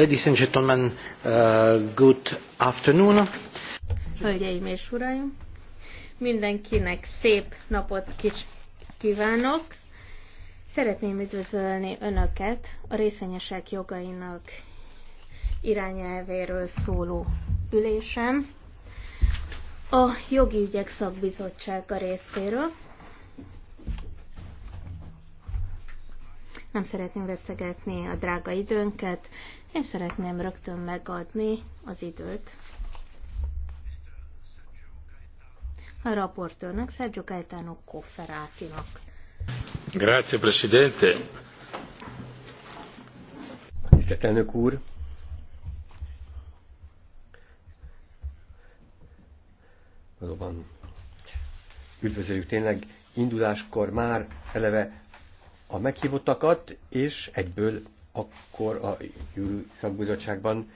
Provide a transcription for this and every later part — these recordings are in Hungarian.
Ladies and gentlemen, uh, good afternoon. Hölgyeim és uraim, mindenkinek szép napot kics- kívánok. Szeretném üdvözölni Önöket a részvényesek jogainak irányelvéről szóló ülésem a Jogi Ügyek Szakbizottsága részéről, nem szeretném veszegetni a drága időnket, én szeretném rögtön megadni az időt a raportőrnek, Sergio Gaetano Kofferátinak. Grazie, Presidente. Tisztelt elnök úr! Valóban üdvözöljük tényleg induláskor már eleve a meghívottakat, és egyből akkor a Júri Szakbizottságban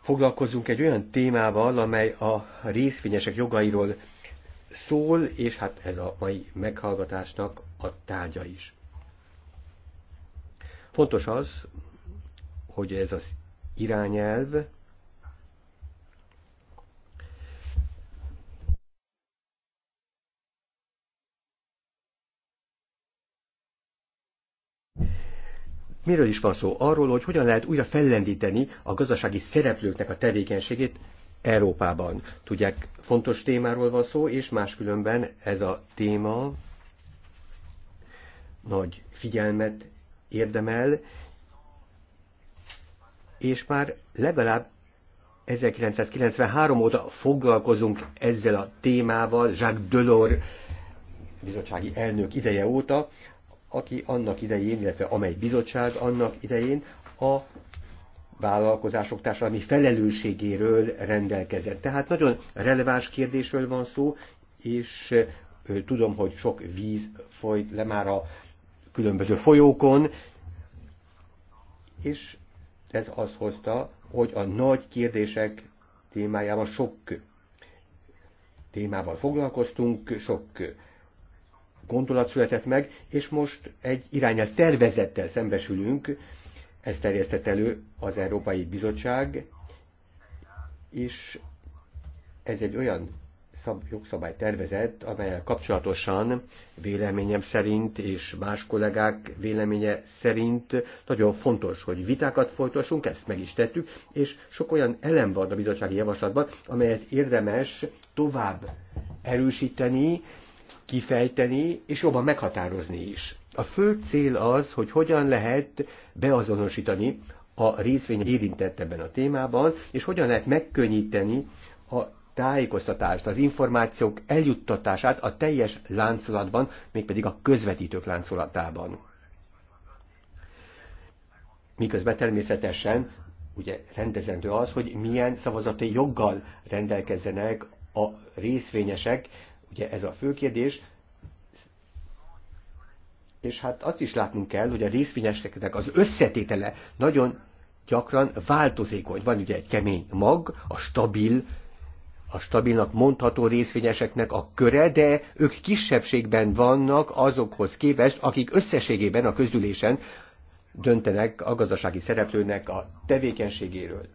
foglalkozunk egy olyan témával, amely a részvényesek jogairól szól, és hát ez a mai meghallgatásnak a tárgya is. Fontos az, hogy ez az irányelv Miről is van szó? Arról, hogy hogyan lehet újra fellendíteni a gazdasági szereplőknek a tevékenységét Európában. Tudják, fontos témáról van szó, és máskülönben ez a téma nagy figyelmet érdemel, és már legalább 1993 óta foglalkozunk ezzel a témával, Jacques Delors bizottsági elnök ideje óta, aki annak idején, illetve amely bizottság annak idején a vállalkozások társadalmi felelősségéről rendelkezett. Tehát nagyon releváns kérdésről van szó, és tudom, hogy sok víz folyt le már a különböző folyókon, és ez azt hozta, hogy a nagy kérdések témájában sok témával foglalkoztunk, sok gondolat született meg, és most egy irányel tervezettel szembesülünk, ezt terjesztett elő az Európai Bizottság, és ez egy olyan szab, jogszabály tervezet, amelyel kapcsolatosan véleményem szerint és más kollégák véleménye szerint nagyon fontos, hogy vitákat folytassunk, ezt meg is tettük, és sok olyan elem van a bizottsági javaslatban, amelyet érdemes tovább erősíteni, kifejteni, és jobban meghatározni is. A fő cél az, hogy hogyan lehet beazonosítani a részvény érintett ebben a témában, és hogyan lehet megkönnyíteni a tájékoztatást, az információk eljuttatását a teljes láncolatban, mégpedig a közvetítők láncolatában. Miközben természetesen ugye rendezendő az, hogy milyen szavazati joggal rendelkezzenek a részvényesek Ugye ez a fő kérdés, és hát azt is látnunk kell, hogy a részvényeseknek az összetétele nagyon gyakran változékony. Van ugye egy kemény mag, a stabil, a stabilnak mondható részvényeseknek a köre, de ők kisebbségben vannak azokhoz képest, akik összességében a közülésen döntenek a gazdasági szereplőnek a tevékenységéről.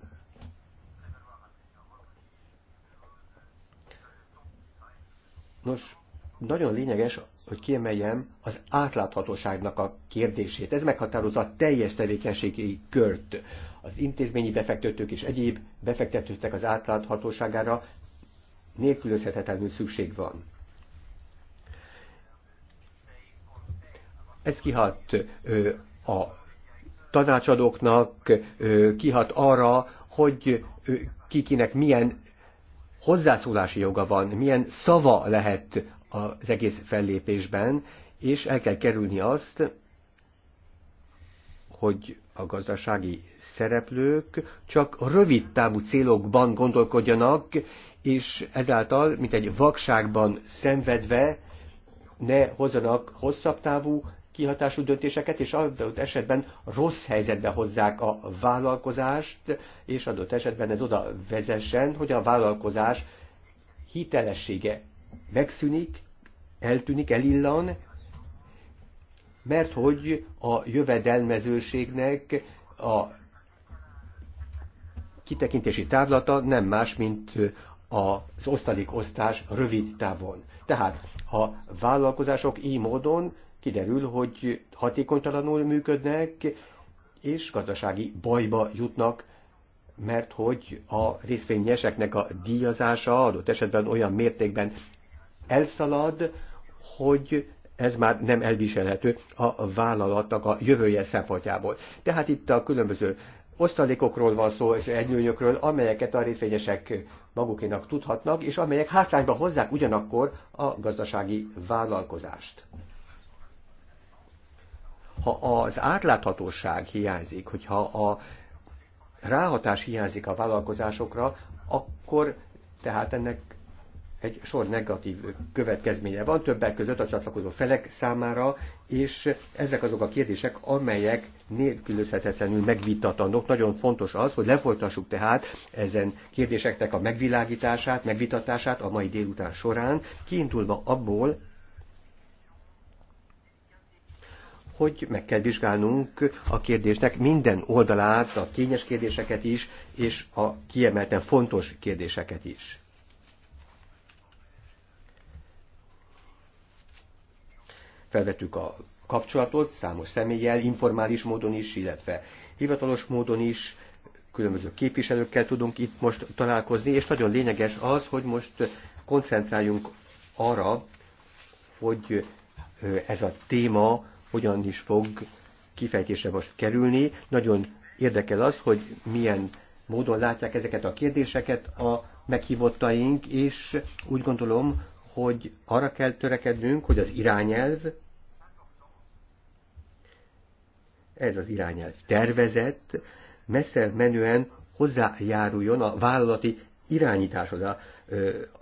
Nos, nagyon lényeges, hogy kiemeljem az átláthatóságnak a kérdését. Ez meghatározza a teljes tevékenységi kört. Az intézményi befektetők és egyéb befektetőknek az átláthatóságára nélkülözhetetlenül szükség van. Ez kihat ö, a tanácsadóknak, ö, kihat arra, hogy ö, kikinek milyen hozzászólási joga van, milyen szava lehet az egész fellépésben, és el kell kerülni azt, hogy a gazdasági szereplők csak rövid távú célokban gondolkodjanak, és ezáltal, mint egy vakságban szenvedve, ne hozzanak hosszabb távú kihatású döntéseket, és adott esetben rossz helyzetbe hozzák a vállalkozást, és adott esetben ez oda vezessen, hogy a vállalkozás hitelessége megszűnik, eltűnik, elillan, mert hogy a jövedelmezőségnek a kitekintési távlata nem más, mint az osztalékosztás rövid távon. Tehát a vállalkozások így módon kiderül, hogy hatékonytalanul működnek, és gazdasági bajba jutnak, mert hogy a részvényeseknek a díjazása adott esetben olyan mértékben elszalad, hogy ez már nem elviselhető a vállalatnak a jövője szempontjából. Tehát itt a különböző osztalékokról van szó, és egynőnyökről, amelyeket a részvényesek magukénak tudhatnak, és amelyek hátrányba hozzák ugyanakkor a gazdasági vállalkozást ha az átláthatóság hiányzik, hogyha a ráhatás hiányzik a vállalkozásokra, akkor tehát ennek egy sor negatív következménye van, többek között a csatlakozó felek számára, és ezek azok a kérdések, amelyek nélkülözhetetlenül megvitatandók. Nagyon fontos az, hogy lefolytassuk tehát ezen kérdéseknek a megvilágítását, megvitatását a mai délután során, kiindulva abból, hogy meg kell vizsgálnunk a kérdésnek minden oldalát, a kényes kérdéseket is, és a kiemelten fontos kérdéseket is. Felvettük a kapcsolatot számos személlyel, informális módon is, illetve hivatalos módon is, különböző képviselőkkel tudunk itt most találkozni, és nagyon lényeges az, hogy most koncentráljunk arra, hogy ez a téma hogyan is fog kifejtésre most kerülni. Nagyon érdekel az, hogy milyen módon látják ezeket a kérdéseket a meghívottaink, és úgy gondolom, hogy arra kell törekednünk, hogy az irányelv, ez az irányelv tervezett, messze menően hozzájáruljon a vállalati irányításhoz a,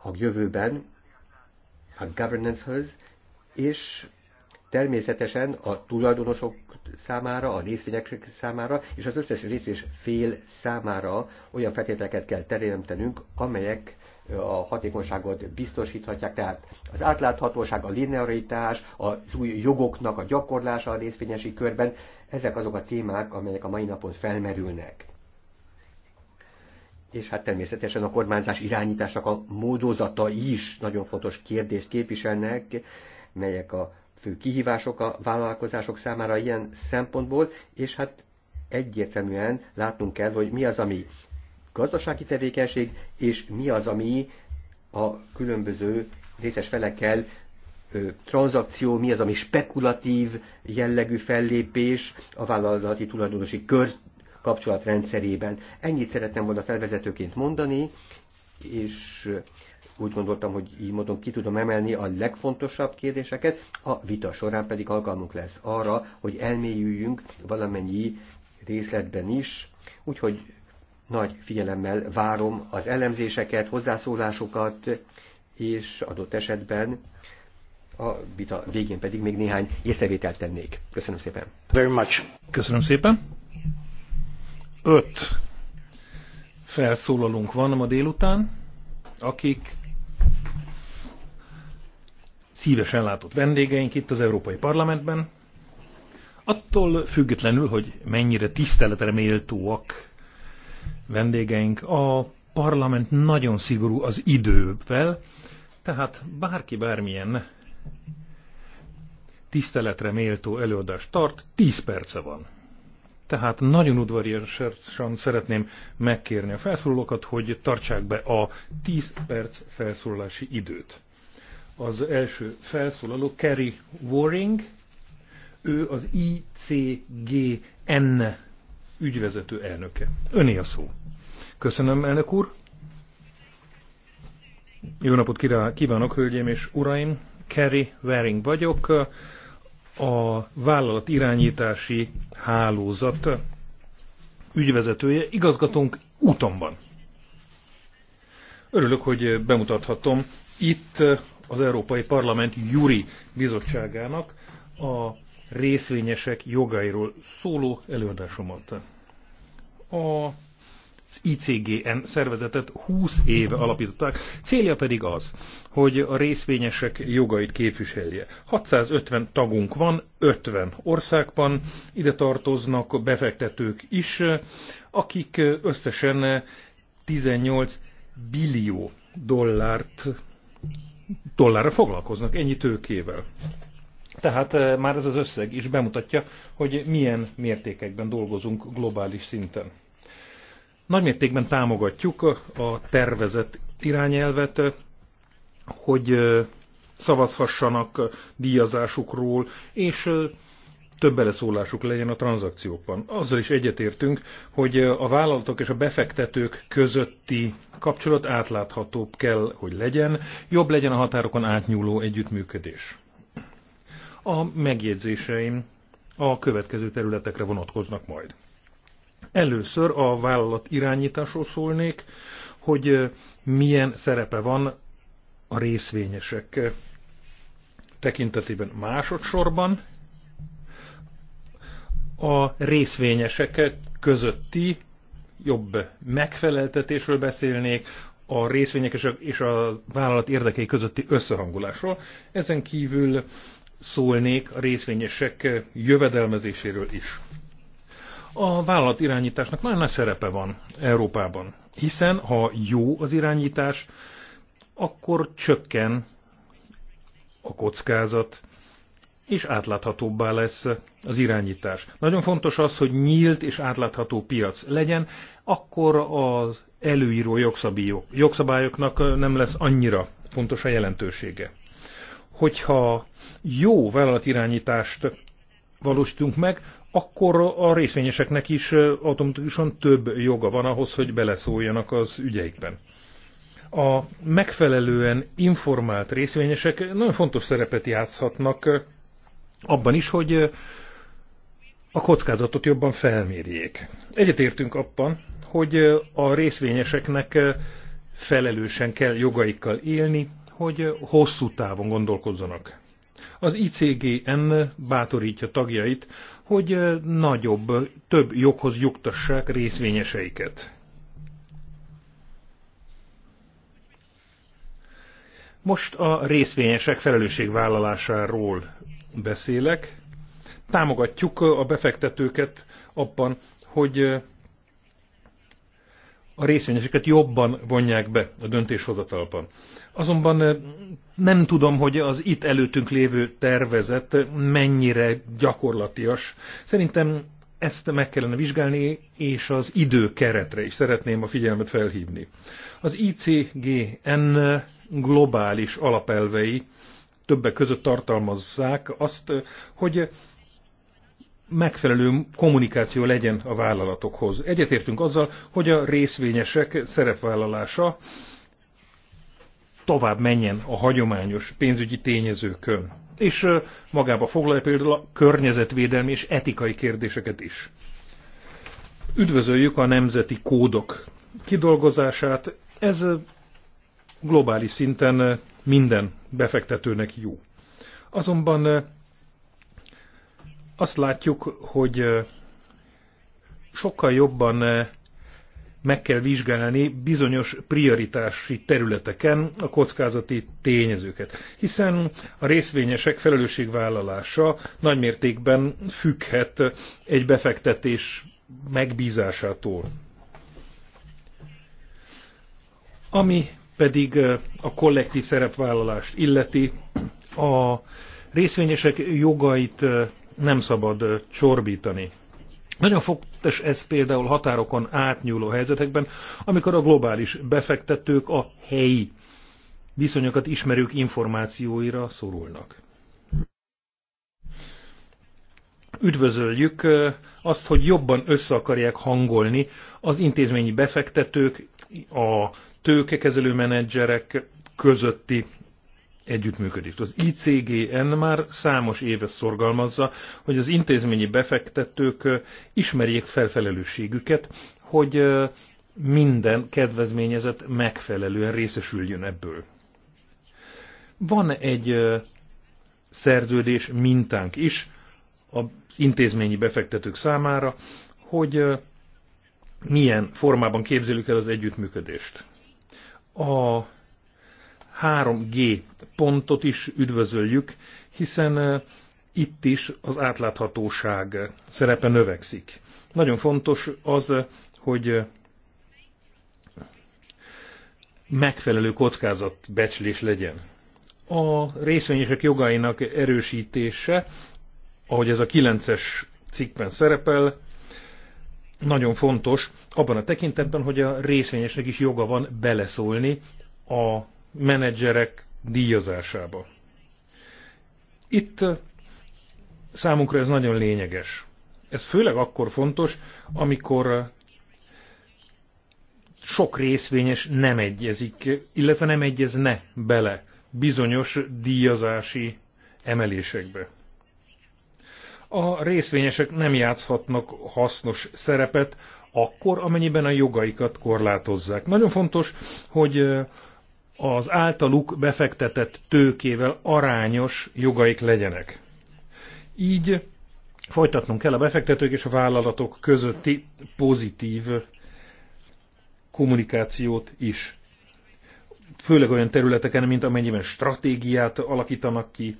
a jövőben, a governance-höz, és természetesen a tulajdonosok számára, a részvények számára és az összes rész és fél számára olyan feltételeket kell teremtenünk, amelyek a hatékonyságot biztosíthatják, tehát az átláthatóság, a linearitás, az új jogoknak a gyakorlása a részvényesi körben, ezek azok a témák, amelyek a mai napon felmerülnek. És hát természetesen a kormányzás irányításnak a módozata is nagyon fontos kérdést képviselnek, melyek a fő kihívások a vállalkozások számára ilyen szempontból, és hát egyértelműen látnunk kell, hogy mi az, ami gazdasági tevékenység, és mi az, ami a különböző részes felekkel tranzakció, mi az, ami spekulatív jellegű fellépés a vállalati tulajdonosi kör kapcsolatrendszerében. Ennyit szerettem volna felvezetőként mondani, és úgy gondoltam, hogy így módon ki tudom emelni a legfontosabb kérdéseket, a vita során pedig alkalmunk lesz arra, hogy elmélyüljünk valamennyi részletben is, úgyhogy nagy figyelemmel várom az elemzéseket, hozzászólásokat, és adott esetben a vita végén pedig még néhány észrevételt tennék. Köszönöm szépen. Very much. Köszönöm szépen. Öt felszólalunk van ma délután, akik szívesen látott vendégeink itt az Európai Parlamentben. Attól függetlenül, hogy mennyire tiszteletre méltóak vendégeink, a parlament nagyon szigorú az idővel, tehát bárki bármilyen tiszteletre méltó előadást tart, 10 perce van. Tehát nagyon udvariasan szeretném megkérni a felszólalókat, hogy tartsák be a 10 perc felszólalási időt az első felszólaló Kerry Waring, ő az ICGN ügyvezető elnöke. Öné a szó. Köszönöm, elnök úr. Jó napot kívánok, hölgyeim és uraim! Kerry Waring vagyok, a vállalat irányítási hálózat ügyvezetője, igazgatónk utamban. Örülök, hogy bemutathatom itt az Európai Parlament Juri Bizottságának a részvényesek jogairól szóló előadásomat. A az ICGN szervezetet 20 éve alapították, célja pedig az, hogy a részvényesek jogait képviselje. 650 tagunk van, 50 országban, ide tartoznak befektetők is, akik összesen 18 billió dollárt dollárra foglalkoznak, ennyi tőkével. Tehát eh, már ez az összeg is bemutatja, hogy milyen mértékekben dolgozunk globális szinten. Nagymértékben támogatjuk a tervezett irányelvet, eh, hogy eh, szavazhassanak díjazásukról, és több beleszólásuk legyen a tranzakciókban. Azzal is egyetértünk, hogy a vállalatok és a befektetők közötti kapcsolat átláthatóbb kell, hogy legyen, jobb legyen a határokon átnyúló együttműködés. A megjegyzéseim a következő területekre vonatkoznak majd. Először a vállalat irányításról szólnék, hogy milyen szerepe van a részvényesek tekintetében másodszorban, a részvényesek közötti jobb megfeleltetésről beszélnék, a részvények és a vállalat érdekei közötti összehangolásról. Ezen kívül szólnék a részvényesek jövedelmezéséről is. A vállalat irányításnak nagyon nagy szerepe van Európában, hiszen ha jó az irányítás, akkor csökken a kockázat, és átláthatóbbá lesz az irányítás. Nagyon fontos az, hogy nyílt és átlátható piac legyen, akkor az előíró jogszabályok, jogszabályoknak nem lesz annyira fontos a jelentősége. Hogyha jó vállalatirányítást valósítunk meg, akkor a részvényeseknek is automatikusan több joga van ahhoz, hogy beleszóljanak az ügyeikben a megfelelően informált részvényesek nagyon fontos szerepet játszhatnak abban is, hogy a kockázatot jobban felmérjék. Egyetértünk abban, hogy a részvényeseknek felelősen kell jogaikkal élni, hogy hosszú távon gondolkozzanak. Az ICGN bátorítja tagjait, hogy nagyobb, több joghoz jogtassák részvényeseiket. Most a részvényesek felelősségvállalásáról beszélek. Támogatjuk a befektetőket abban, hogy a részvényeseket jobban vonják be a döntéshozatalban. Azonban nem tudom, hogy az itt előttünk lévő tervezet mennyire gyakorlatias. Szerintem ezt meg kellene vizsgálni, és az időkeretre is szeretném a figyelmet felhívni. Az ICGN globális alapelvei többek között tartalmazzák azt, hogy megfelelő kommunikáció legyen a vállalatokhoz. Egyetértünk azzal, hogy a részvényesek szerepvállalása tovább menjen a hagyományos pénzügyi tényezőkön. És magába foglalja például a környezetvédelmi és etikai kérdéseket is. Üdvözöljük a nemzeti kódok kidolgozását. Ez globális szinten minden befektetőnek jó. Azonban azt látjuk, hogy sokkal jobban meg kell vizsgálni bizonyos prioritási területeken a kockázati tényezőket, hiszen a részvényesek felelősségvállalása nagymértékben függhet egy befektetés megbízásától. Ami pedig a kollektív szerepvállalást illeti, a részvényesek jogait nem szabad csorbítani. Nagyon fontos ez például határokon átnyúló helyzetekben, amikor a globális befektetők a helyi viszonyokat ismerők információira szorulnak. Üdvözöljük azt, hogy jobban össze akarják hangolni az intézményi befektetők, a tőkekezelő menedzserek közötti együttműködést. Az ICGN már számos éve szorgalmazza, hogy az intézményi befektetők ismerjék felfelelősségüket, hogy minden kedvezményezet megfelelően részesüljön ebből. Van egy szerződés mintánk is az intézményi befektetők számára, hogy milyen formában képzelik el az együttműködést. A 3G pontot is üdvözöljük, hiszen itt is az átláthatóság szerepe növekszik. Nagyon fontos az, hogy megfelelő kockázatbecslés legyen. A részvényesek jogainak erősítése, ahogy ez a 9-es cikkben szerepel, nagyon fontos abban a tekintetben, hogy a részvényesnek is joga van beleszólni a menedzserek díjazásába. Itt uh, számunkra ez nagyon lényeges. Ez főleg akkor fontos, amikor uh, sok részvényes nem egyezik, illetve nem egyezne bele bizonyos díjazási emelésekbe a részvényesek nem játszhatnak hasznos szerepet akkor, amennyiben a jogaikat korlátozzák. Nagyon fontos, hogy eh, az általuk befektetett tőkével arányos jogaik legyenek. Így folytatnunk kell a befektetők és a vállalatok közötti pozitív kommunikációt is. Főleg olyan területeken, mint amennyiben stratégiát alakítanak ki,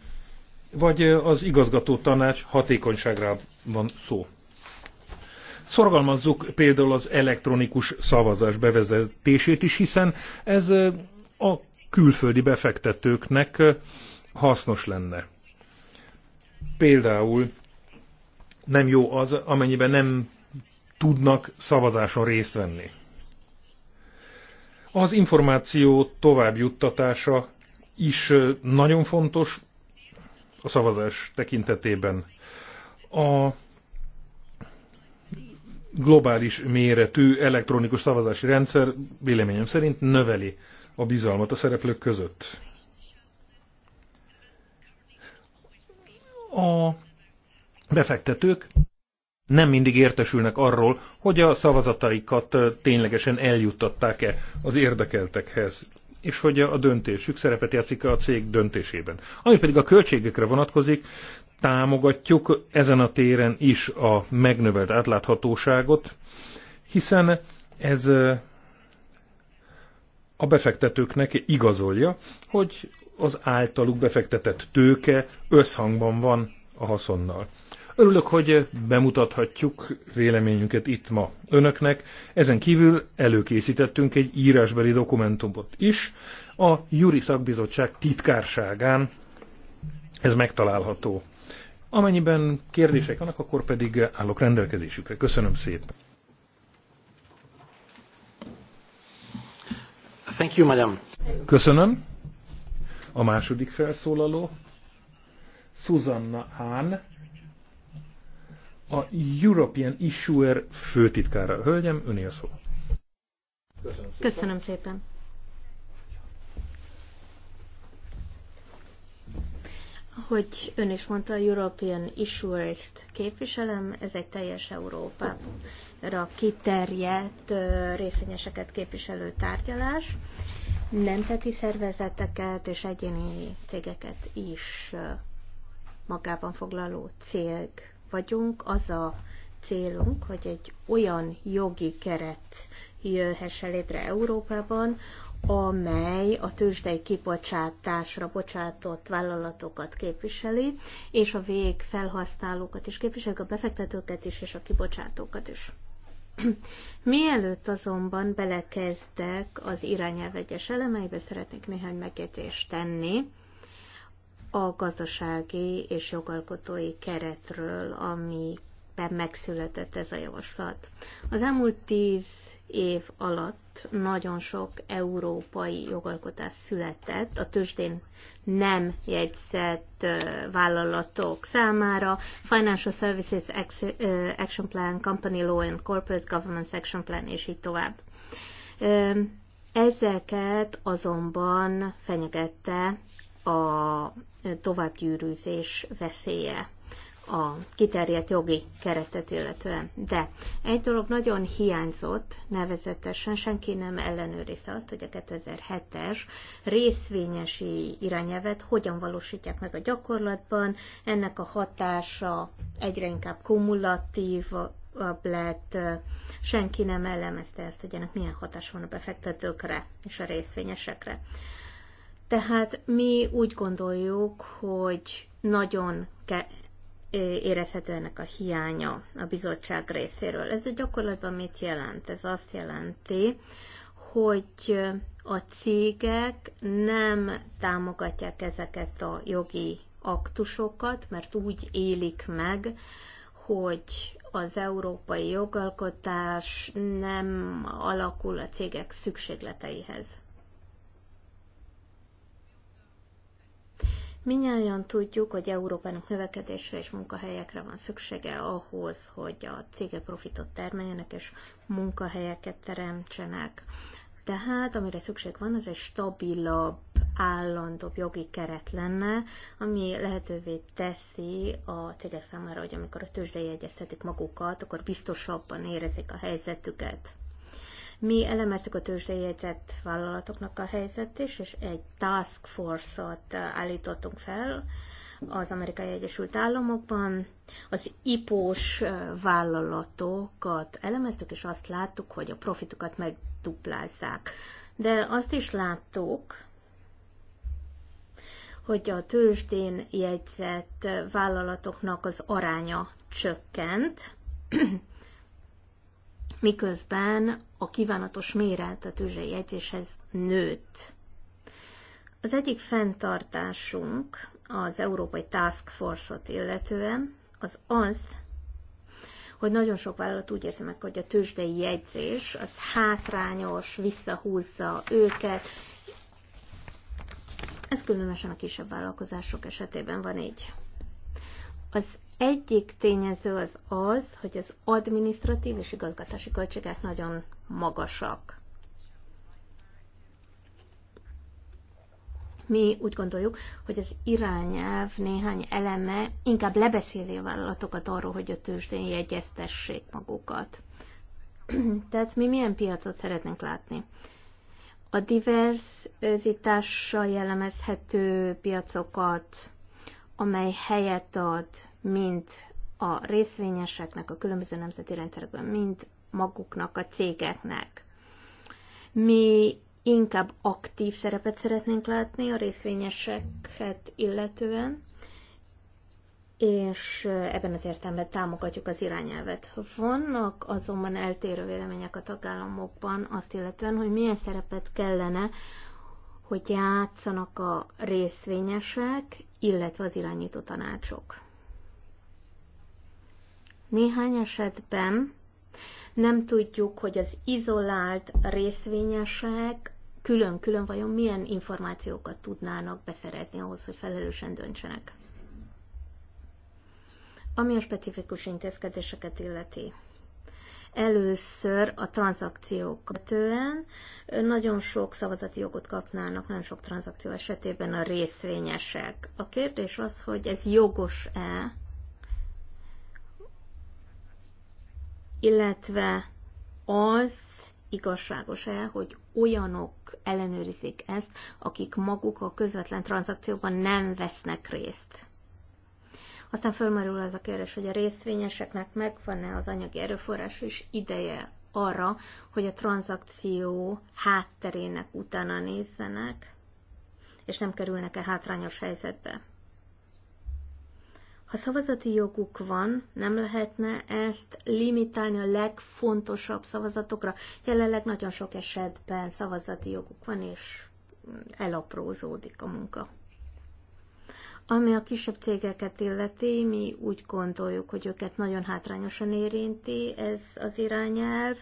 vagy az igazgató tanács hatékonyságra van szó. Szorgalmazzuk például az elektronikus szavazás bevezetését is, hiszen ez a külföldi befektetőknek hasznos lenne. Például nem jó az, amennyiben nem tudnak szavazáson részt venni. Az információ továbbjuttatása is nagyon fontos, a szavazás tekintetében. A globális méretű elektronikus szavazási rendszer véleményem szerint növeli a bizalmat a szereplők között. A befektetők nem mindig értesülnek arról, hogy a szavazataikat ténylegesen eljuttatták-e az érdekeltekhez és hogy a döntésük szerepet játszik a cég döntésében. Ami pedig a költségekre vonatkozik, támogatjuk ezen a téren is a megnövelt átláthatóságot, hiszen ez a befektetőknek igazolja, hogy az általuk befektetett tőke összhangban van a haszonnal. Örülök, hogy bemutathatjuk véleményünket itt ma önöknek. Ezen kívül előkészítettünk egy írásbeli dokumentumot is a Juri Szakbizottság titkárságán. Ez megtalálható. Amennyiben kérdések vannak, akkor pedig állok rendelkezésükre. Köszönöm szépen. Thank you, madam. Köszönöm. A második felszólaló, Susanna Hahn a European Issuer főtitkára. Hölgyem, öné a szó. Köszönöm szépen. Ahogy ön is mondta, a European Issuers-t képviselem, ez egy teljes Európára kiterjedt részvényeseket képviselő tárgyalás. Nemzeti szervezeteket és egyéni cégeket is magában foglaló cég vagyunk, az a célunk, hogy egy olyan jogi keret jöhesse létre Európában, amely a tőzsdei kibocsátásra bocsátott vállalatokat képviseli, és a végfelhasználókat is képviselik, a befektetőket is, és a kibocsátókat is. Mielőtt azonban belekezdek az irányelv egyes elemeibe, szeretnék néhány megjegyzést tenni a gazdasági és jogalkotói keretről, amiben megszületett ez a javaslat. Az elmúlt tíz év alatt nagyon sok európai jogalkotás született a tőzsdén nem jegyzett vállalatok számára. Financial Services Action Plan, Company Law and Corporate Governance Action Plan, és így tovább. Ezeket azonban fenyegette a továbbgyűrűzés veszélye a kiterjedt jogi keretet illetően. De egy dolog nagyon hiányzott, nevezetesen senki nem ellenőrizte azt, hogy a 2007-es részvényesi irányelvet hogyan valósítják meg a gyakorlatban, ennek a hatása egyre inkább kumulatív lett, senki nem elemezte ezt, hogy ennek milyen hatása van a befektetőkre és a részvényesekre. Tehát mi úgy gondoljuk, hogy nagyon ke- érezhető ennek a hiánya a bizottság részéről. Ez a gyakorlatban mit jelent? Ez azt jelenti, hogy a cégek nem támogatják ezeket a jogi aktusokat, mert úgy élik meg, hogy az európai jogalkotás nem alakul a cégek szükségleteihez. Minnyáján tudjuk, hogy Európának növekedésre és munkahelyekre van szüksége ahhoz, hogy a cégek profitot termeljenek és munkahelyeket teremtsenek. Tehát amire szükség van, az egy stabilabb, állandóbb jogi keret lenne, ami lehetővé teszi a cégek számára, hogy amikor a tőzsdei egyeztetik magukat, akkor biztosabban érezik a helyzetüket. Mi elemeztük a jegyzett vállalatoknak a helyzetét, és egy task force-ot eh, állítottunk fel az Amerikai Egyesült Államokban. Az ipós eh, vállalatokat elemeztük, és azt láttuk, hogy a profitukat megduplázzák. De azt is láttuk, hogy a tőzsdén jegyzett eh, vállalatoknak az aránya csökkent, miközben a kívánatos méret a tűzsei jegyzéshez nőtt. Az egyik fenntartásunk az Európai Task Force-ot illetően az az, hogy nagyon sok vállalat úgy érzi meg, hogy a tőzsdei jegyzés az hátrányos, visszahúzza őket. Ez különösen a kisebb vállalkozások esetében van így. Az egyik tényező az az, hogy az administratív és igazgatási költségek nagyon magasak. Mi úgy gondoljuk, hogy az irányelv néhány eleme inkább lebeszéli a vállalatokat arról, hogy a tőzsdén jegyeztessék magukat. Tehát mi milyen piacot szeretnénk látni? A diverzitással jellemezhető piacokat, amely helyet ad mind a részvényeseknek a különböző nemzeti rendszerekben, mind maguknak a cégeknek. Mi inkább aktív szerepet szeretnénk látni a részvényeseket illetően, és ebben az értelemben támogatjuk az irányelvet. Vannak azonban eltérő vélemények a tagállamokban azt illetően, hogy milyen szerepet kellene hogy játszanak a részvényesek, illetve az irányító tanácsok. Néhány esetben nem tudjuk, hogy az izolált részvényesek külön-külön vajon milyen információkat tudnának beszerezni ahhoz, hogy felelősen döntsenek. Ami a specifikus intézkedéseket illeti először a tranzakciók követően nagyon sok szavazati jogot kapnának, nagyon sok tranzakció esetében a részvényesek. A kérdés az, hogy ez jogos-e, illetve az igazságos-e, hogy olyanok ellenőrizik ezt, akik maguk a közvetlen tranzakcióban nem vesznek részt. Aztán fölmerül az a kérdés, hogy a részvényeseknek megvan-e az anyagi erőforrás és ideje arra, hogy a tranzakció hátterének utána nézzenek, és nem kerülnek-e hátrányos helyzetbe. Ha szavazati joguk van, nem lehetne ezt limitálni a legfontosabb szavazatokra. Jelenleg nagyon sok esetben szavazati joguk van, és elaprózódik a munka. Ami a kisebb cégeket illeti, mi úgy gondoljuk, hogy őket nagyon hátrányosan érinti ez az irányelv.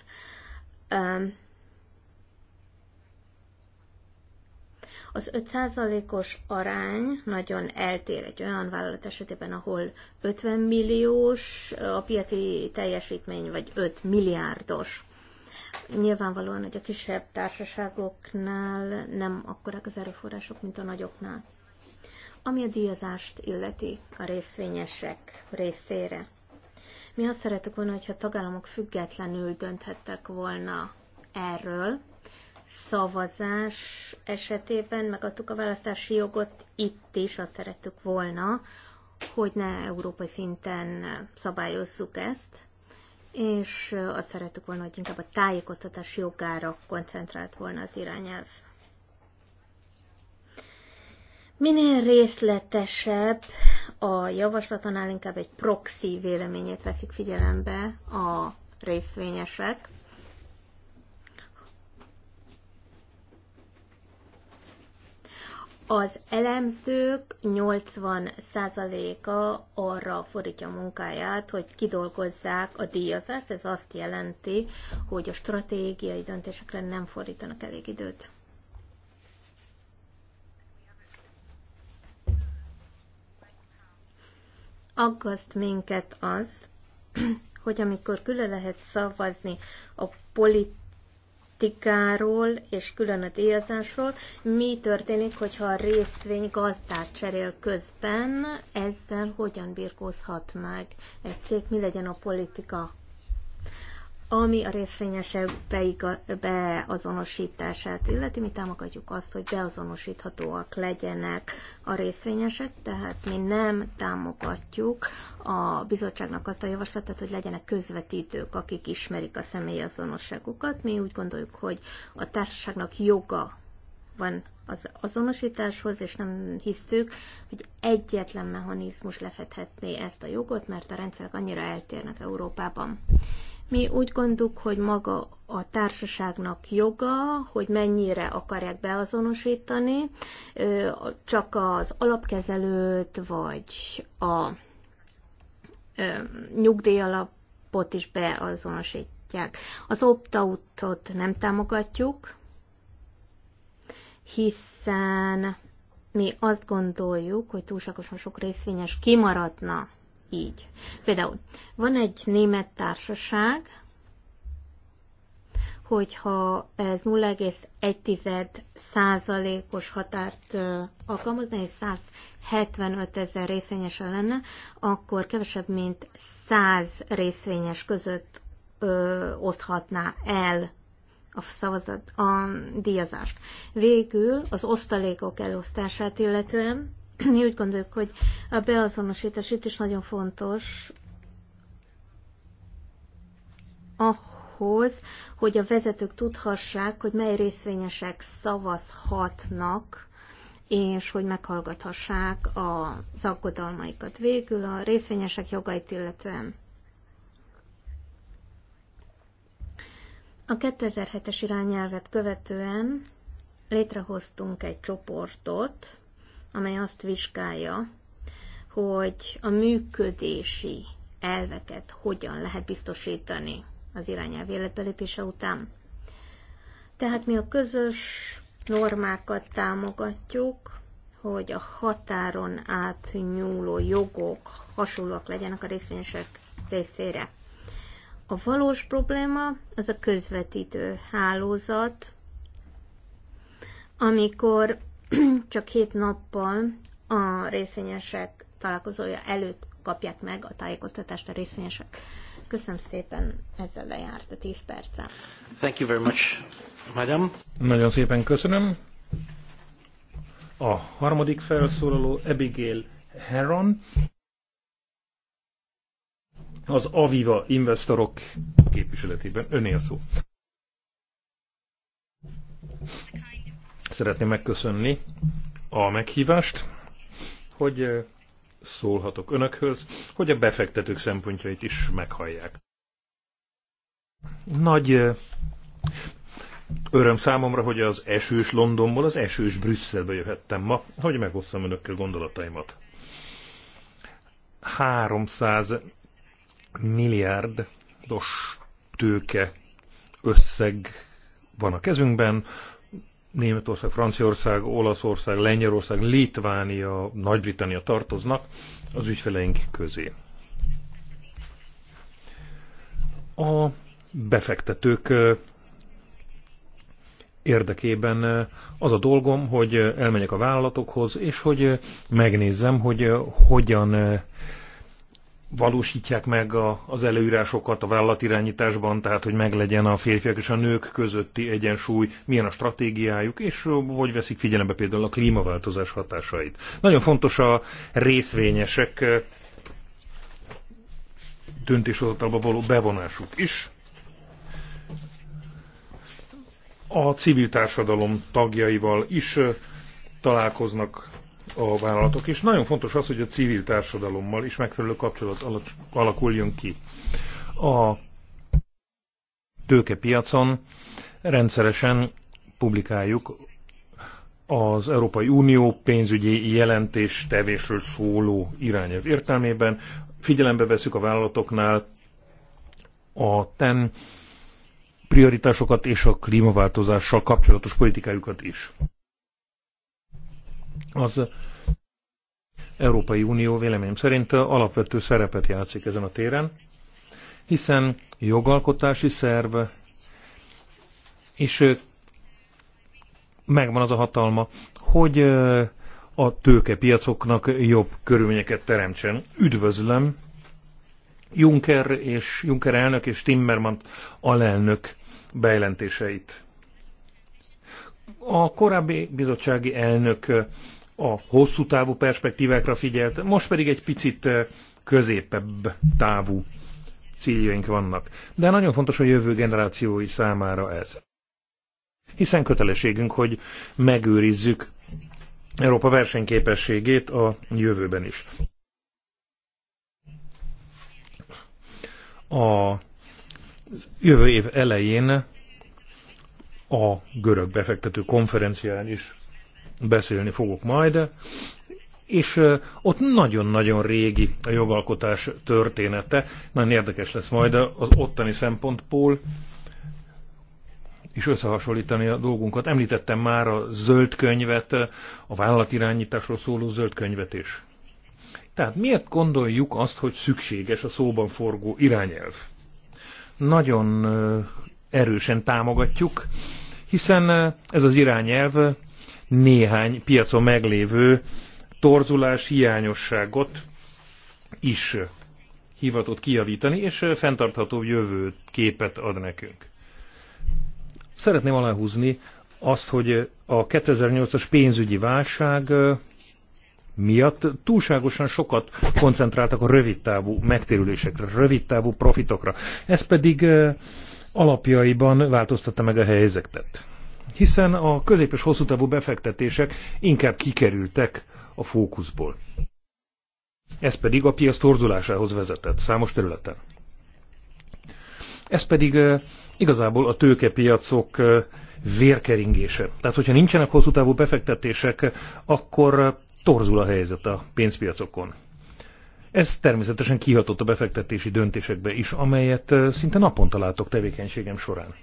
Az 5%-os arány nagyon eltér egy olyan vállalat esetében, ahol 50 milliós a piaci teljesítmény, vagy 5 milliárdos. Nyilvánvalóan, hogy a kisebb társaságoknál nem akkorák az erőforrások, mint a nagyoknál ami a díjazást illeti a részvényesek részére. Mi azt szeretük volna, hogyha a tagállamok függetlenül dönthettek volna erről, szavazás esetében megadtuk a választási jogot, itt is azt szerettük volna, hogy ne európai szinten szabályozzuk ezt, és azt szerettük volna, hogy inkább a tájékoztatás jogára koncentrált volna az irányelv. Minél részletesebb a annál inkább egy proxy véleményét veszik figyelembe a részvényesek. Az elemzők 80%-a arra fordítja a munkáját, hogy kidolgozzák a díjazást. Ez azt jelenti, hogy a stratégiai döntésekre nem fordítanak elég időt. aggaszt minket az, hogy amikor külön lehet szavazni a politikáról és külön a díjazásról, mi történik, hogyha a részvény gazdát cserél közben, ezzel hogyan birkózhat meg egy cég, mi legyen a politika ami a részvényesek beazonosítását illeti, mi támogatjuk azt, hogy beazonosíthatóak legyenek a részvényesek, tehát mi nem támogatjuk a bizottságnak azt a javaslatát, hogy legyenek közvetítők, akik ismerik a személyazonosságukat. Mi úgy gondoljuk, hogy a társaságnak joga van az azonosításhoz, és nem hisztük, hogy egyetlen mechanizmus lefedhetné ezt a jogot, mert a rendszerek annyira eltérnek Európában. Mi úgy gondoljuk, hogy maga a társaságnak joga, hogy mennyire akarják beazonosítani, csak az alapkezelőt vagy a nyugdíjalapot is beazonosítják. Az opt-outot nem támogatjuk, hiszen mi azt gondoljuk, hogy túlságosan sok részvényes kimaradna így. Például van egy német társaság, hogyha ez 0,1 százalékos határt alkalmazna, és 175 ezer részvényesen lenne, akkor kevesebb, mint 100 részvényes között ö, oszthatná el a szavazat, a díjazást. Végül az osztalékok elosztását illetően mi úgy gondoljuk, hogy a beazonosítás itt is nagyon fontos ahhoz, hogy a vezetők tudhassák, hogy mely részvényesek szavazhatnak és hogy meghallgathassák az aggodalmaikat. Végül a részvényesek jogait illetően. A 2007-es irányelvet követően létrehoztunk egy csoportot, amely azt vizsgálja, hogy a működési elveket hogyan lehet biztosítani az irányelv életbelépése után. Tehát mi a közös normákat támogatjuk, hogy a határon átnyúló jogok hasonlóak legyenek a részvényesek részére. A valós probléma az a közvetítő hálózat, amikor csak hét nappal a részvényesek találkozója előtt kapják meg a tájékoztatást a részvényesek. Köszönöm szépen, ezzel lejárt a 10 percem. Thank you very much, madam. Nagyon szépen köszönöm. A harmadik felszólaló Abigail Heron, az Aviva investorok képviseletében önél szó. Szeretném megköszönni a meghívást, hogy eh, szólhatok önökhöz, hogy a befektetők szempontjait is meghallják. Nagy eh, öröm számomra, hogy az esős Londonból, az esős Brüsszelbe jöhettem ma, hogy megosszam önökkel gondolataimat. 300 milliárdos tőke összeg van a kezünkben, Németország, Franciaország, Olaszország, Lengyelország, Litvánia, Nagy-Britannia tartoznak az ügyfeleink közé. A befektetők érdekében az a dolgom, hogy elmenjek a vállalatokhoz, és hogy megnézzem, hogy hogyan valósítják meg a, az előírásokat a vállalatirányításban, tehát hogy meglegyen a férfiak és a nők közötti egyensúly, milyen a stratégiájuk, és hogy veszik figyelembe például a klímaváltozás hatásait. Nagyon fontos a részvényesek döntéshozatalba való bevonásuk is. A civil társadalom tagjaival is találkoznak a vállalatok, és nagyon fontos az, hogy a civil társadalommal is megfelelő kapcsolat alakuljon ki. A tőkepiacon rendszeresen publikáljuk az Európai Unió pénzügyi jelentés tevésről szóló irányelv értelmében. Figyelembe veszük a vállalatoknál a TEN prioritásokat és a klímaváltozással kapcsolatos politikájukat is. Az Európai Unió véleményem szerint alapvető szerepet játszik ezen a téren, hiszen jogalkotási szerv, és megvan az a hatalma, hogy a tőkepiacoknak jobb körülményeket teremtsen. Üdvözlöm Juncker és Juncker elnök és Timmermans alelnök bejelentéseit. A korábbi bizottsági elnök a hosszú távú perspektívákra figyelt, most pedig egy picit középebb távú céljaink vannak. De nagyon fontos a jövő generációi számára ez. Hiszen kötelességünk, hogy megőrizzük Európa versenyképességét a jövőben is. A jövő év elején a görög befektető konferencián is beszélni fogok majd, és ott nagyon-nagyon régi a jogalkotás története, nagyon érdekes lesz majd az ottani szempontból, és összehasonlítani a dolgunkat. Említettem már a zöld könyvet, a vállalatirányításról szóló zöld könyvet is. Tehát miért gondoljuk azt, hogy szükséges a szóban forgó irányelv? Nagyon erősen támogatjuk hiszen eh, ez az irányelv néhány piacon meglévő torzulás hiányosságot is hivatott kijavítani, és eh, fenntartható jövő képet ad nekünk. Szeretném aláhúzni azt, hogy eh, a 2008-as pénzügyi válság miatt túlságosan sokat koncentráltak a rövidtávú megtérülésekre, rövidtávú profitokra. Ez pedig alapjaiban változtatta meg a helyzetet. Hiszen a közép- és hosszú távú befektetések inkább kikerültek a fókuszból. Ez pedig a piac torzulásához vezetett számos területen. Ez pedig eh, igazából a tőkepiacok eh, vérkeringése. Tehát, hogyha nincsenek hosszú távú befektetések, akkor eh, torzul a helyzet a pénzpiacokon. Ez természetesen kihatott a befektetési döntésekbe is, amelyet szinte naponta látok tevékenységem során.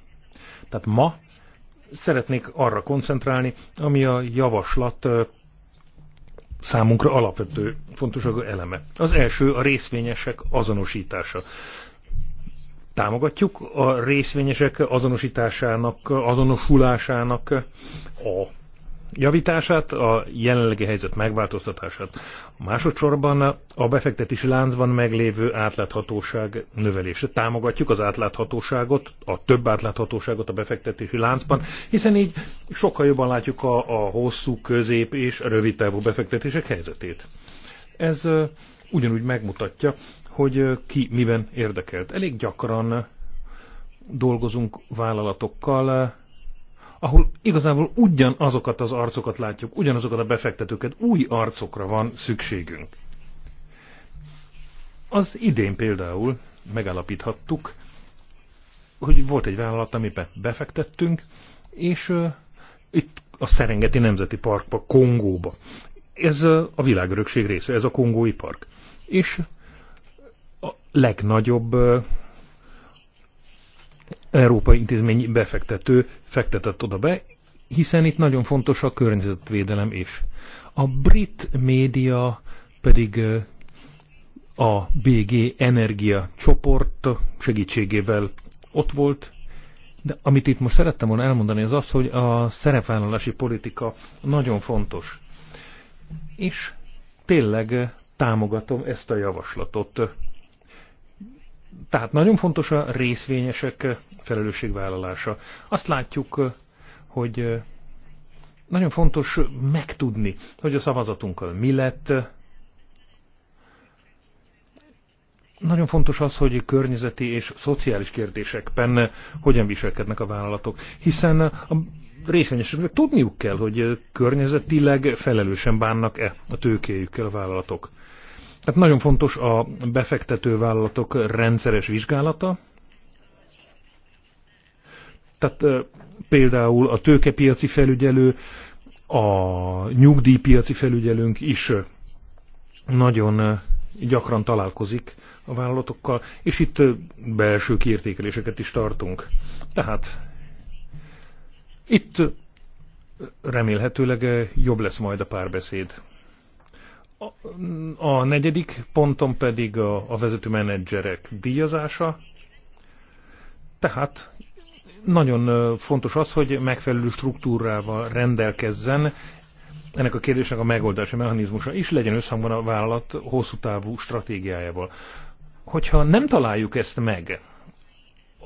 Tehát ma szeretnék arra koncentrálni, ami a javaslat számunkra alapvető fontosságú eleme. Az első a részvényesek azonosítása. Támogatjuk a részvényesek azonosításának, azonosulásának a javítását, a jelenlegi helyzet megváltoztatását. Másodszorban a befektetési láncban meglévő átláthatóság növelése. Támogatjuk az átláthatóságot, a több átláthatóságot a befektetési láncban, hiszen így sokkal jobban látjuk a, a hosszú, közép és rövid távú befektetések helyzetét. Ez ugyanúgy megmutatja, hogy ki miben érdekelt. Elég gyakran dolgozunk vállalatokkal, ahol igazából ugyanazokat az arcokat látjuk, ugyanazokat a befektetőket, új arcokra van szükségünk. Az idén például megállapíthattuk, hogy volt egy vállalat, amiben befektettünk, és uh, itt a Szerengeti Nemzeti Parkba, Kongóba. Ez uh, a világörökség része, ez a kongói park. És a legnagyobb uh, európai intézményi befektető fektetett oda be, hiszen itt nagyon fontos a környezetvédelem is. A brit média pedig a BG Energia csoport segítségével ott volt, de amit itt most szerettem volna elmondani, az az, hogy a szerepvállalási politika nagyon fontos. És tényleg támogatom ezt a javaslatot. Tehát nagyon fontos a részvényesek felelősségvállalása. Azt látjuk, hogy nagyon fontos megtudni, hogy a szavazatunkkal mi lett. Nagyon fontos az, hogy környezeti és szociális kérdésekben hogyan viselkednek a vállalatok, hiszen a részvényeseknek tudniuk kell, hogy környezetileg felelősen bánnak-e a tőkéjükkel a vállalatok. Tehát nagyon fontos a befektetővállalatok rendszeres vizsgálata. Tehát például a tőkepiaci felügyelő, a nyugdíjpiaci felügyelőnk is nagyon gyakran találkozik a vállalatokkal, és itt belső kiértékeléseket is tartunk. Tehát itt remélhetőleg jobb lesz majd a párbeszéd. A, negyedik ponton pedig a, a vezető menedzserek díjazása. Tehát nagyon fontos az, hogy megfelelő struktúrával rendelkezzen ennek a kérdésnek a megoldási mechanizmusa is legyen összhangban a vállalat hosszú távú stratégiájával. Hogyha nem találjuk ezt meg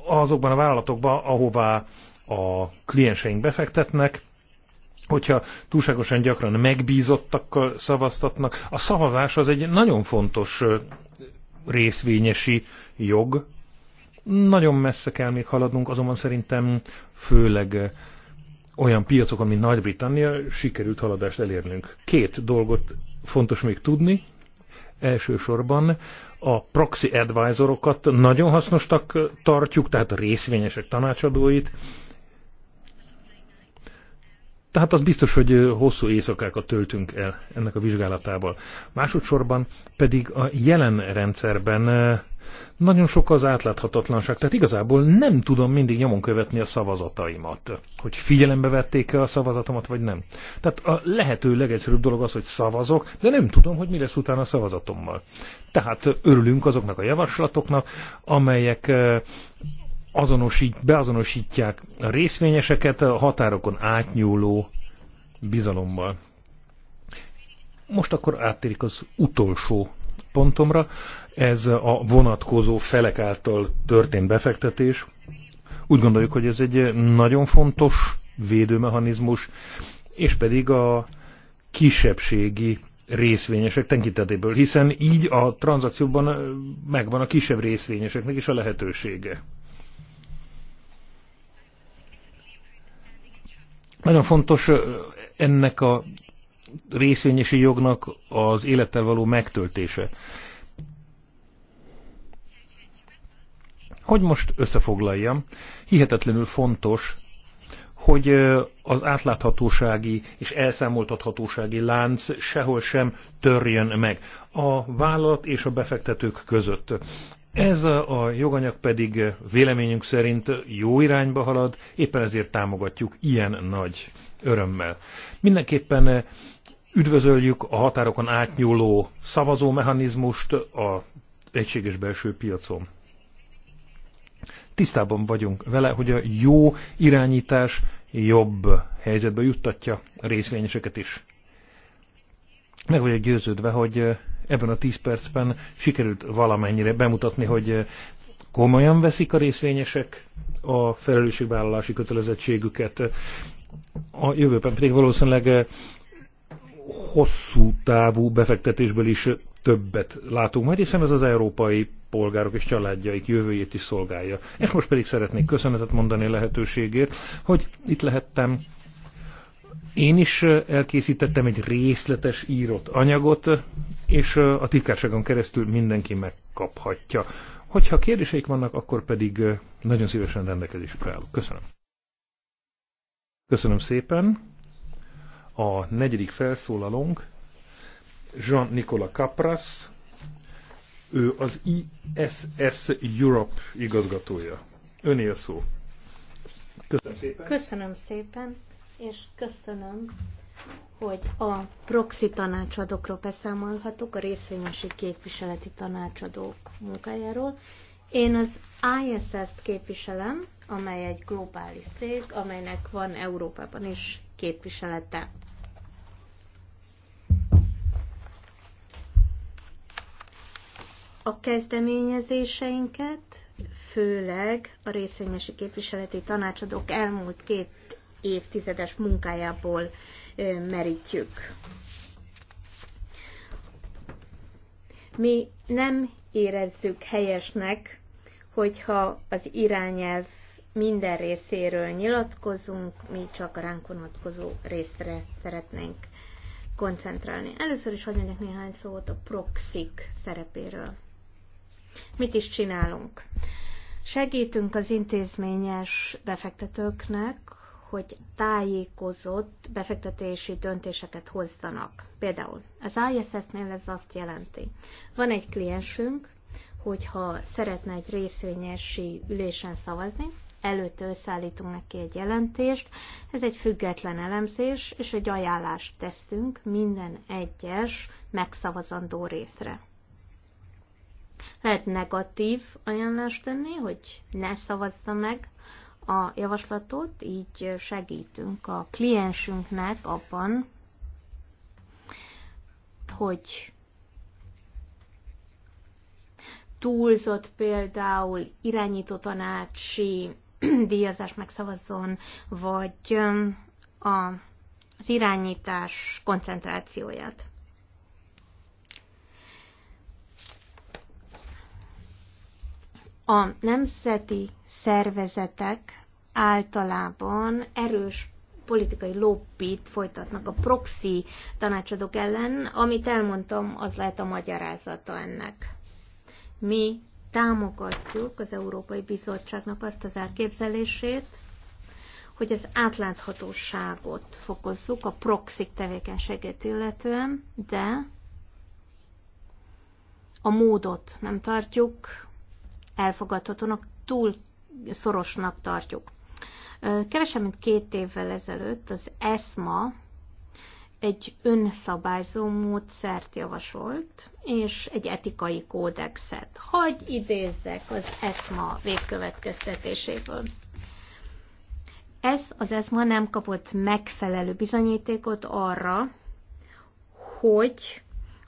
azokban a vállalatokban, ahová a klienseink befektetnek, hogyha túlságosan gyakran megbízottakkal szavaztatnak. A szavazás az egy nagyon fontos részvényesi jog. Nagyon messze kell még haladnunk, azonban szerintem főleg olyan piacokon, mint Nagy-Britannia, sikerült haladást elérnünk. Két dolgot fontos még tudni. Elsősorban a proxy advisorokat nagyon hasznosnak tartjuk, tehát a részvényesek tanácsadóit, tehát az biztos, hogy hosszú éjszakákat töltünk el ennek a vizsgálatával. Másodszorban pedig a jelen rendszerben nagyon sok az átláthatatlanság, tehát igazából nem tudom mindig nyomon követni a szavazataimat, hogy figyelembe vették-e a szavazatomat, vagy nem. Tehát a lehető legegyszerűbb dolog az, hogy szavazok, de nem tudom, hogy mi lesz utána a szavazatommal. Tehát örülünk azoknak a javaslatoknak, amelyek azonosít, beazonosítják a részvényeseket a határokon átnyúló bizalommal. Most akkor áttérik az utolsó pontomra, ez a vonatkozó felek által történt befektetés. Úgy gondoljuk, hogy ez egy nagyon fontos védőmechanizmus, és pedig a kisebbségi részvényesek tekintetéből, hiszen így a tranzakcióban megvan a kisebb részvényeseknek is a lehetősége. Nagyon fontos ennek a részvényesi jognak az élettel való megtöltése. Hogy most összefoglaljam, hihetetlenül fontos, hogy az átláthatósági és elszámoltathatósági lánc sehol sem törjön meg a vállalat és a befektetők között. Ez a joganyag pedig véleményünk szerint jó irányba halad, éppen ezért támogatjuk ilyen nagy örömmel. Mindenképpen üdvözöljük a határokon átnyúló szavazómechanizmust a egységes belső piacon. Tisztában vagyunk vele, hogy a jó irányítás jobb helyzetbe juttatja a részvényeseket is. Meg vagyok győződve, hogy ebben a 10 percben sikerült valamennyire bemutatni, hogy eh, komolyan veszik a részvényesek a felelősségvállalási kötelezettségüket. A jövőben pedig valószínűleg eh, hosszú távú befektetésből is többet látunk majd, hiszen ez az európai polgárok és családjaik jövőjét is szolgálja. És most pedig szeretnék köszönetet mondani a lehetőségért, hogy itt lehettem, én is elkészítettem egy részletes írott anyagot, és a titkárságon keresztül mindenki megkaphatja. Hogyha kérdéseik vannak, akkor pedig nagyon szívesen rendelkezésükre állok. Köszönöm. Köszönöm szépen. A negyedik felszólalónk Jean-Nicolas Capras, ő az ISS Europe igazgatója. Önél szó. Köszönöm szépen. Köszönöm szépen és köszönöm, hogy a proxy tanácsadókról beszámolhatok, a részvényesi képviseleti tanácsadók munkájáról. Én az ISS-t képviselem, amely egy globális cég, amelynek van Európában is képviselete. A kezdeményezéseinket főleg a részvényesi képviseleti tanácsadók elmúlt két évtizedes munkájából merítjük. Mi nem érezzük helyesnek, hogyha az irányelv minden részéről nyilatkozunk, mi csak a ránk vonatkozó részre szeretnénk koncentrálni. Először is hagyj mondjak néhány szót a proxik szerepéről. Mit is csinálunk? Segítünk az intézményes befektetőknek, hogy tájékozott befektetési döntéseket hozzanak. Például az ISS-nél ez azt jelenti. Van egy kliensünk, hogyha szeretne egy részvényesi ülésen szavazni, előtte összeállítunk neki egy jelentést, ez egy független elemzés, és egy ajánlást teszünk minden egyes megszavazandó részre. Lehet negatív ajánlást tenni, hogy ne szavazza meg a javaslatot, így segítünk a kliensünknek abban, hogy túlzott például irányító tanácsi díjazás megszavazzon, vagy a, az irányítás koncentrációját. A nemzeti szervezetek általában erős politikai lobbit folytatnak a proxy tanácsadók ellen, amit elmondtam, az lehet a magyarázata ennek. Mi támogatjuk az Európai Bizottságnak azt az elképzelését, hogy az átláthatóságot fokozzuk a proxy tevékenységet illetően, de a módot nem tartjuk elfogadhatónak, túl szorosnak tartjuk. Kevesebb, mint két évvel ezelőtt az ESMA egy önszabályzó módszert javasolt, és egy etikai kódexet. Hagy idézzek az ESMA végkövetkeztetéséből. Ez az ESMA nem kapott megfelelő bizonyítékot arra, hogy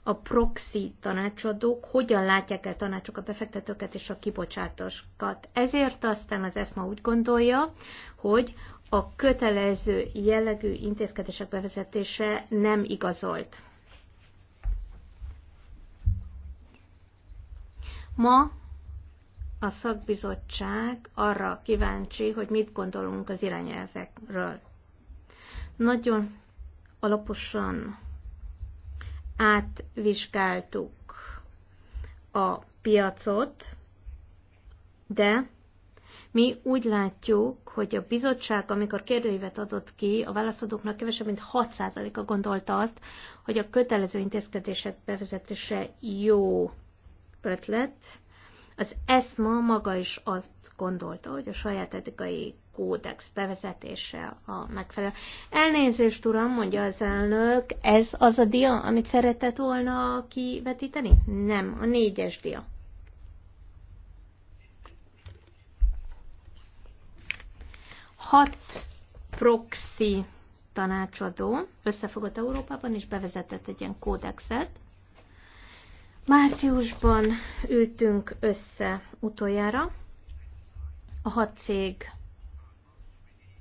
a proxy tanácsadók hogyan látják el tanácsokat, befektetőket és a kibocsátóskat. Ezért aztán az ESMA úgy gondolja, hogy a kötelező jellegű intézkedések bevezetése nem igazolt. Ma a szakbizottság arra kíváncsi, hogy mit gondolunk az irányelvekről. Nagyon alaposan átvizsgáltuk a piacot, de mi úgy látjuk, hogy a bizottság, amikor kérdőívet adott ki, a válaszadóknak kevesebb, mint 6%-a gondolta azt, hogy a kötelező intézkedések bevezetése jó ötlet. Az ESMA maga is azt gondolta, hogy a saját etikai kódex bevezetése a megfelelő. Elnézést, uram, mondja az elnök, ez az a dia, amit szeretett volna kivetíteni? Nem, a négyes dia. Hat proxy tanácsadó összefogott Európában, és bevezetett egy ilyen kódexet, Márciusban ültünk össze utoljára. A hat cég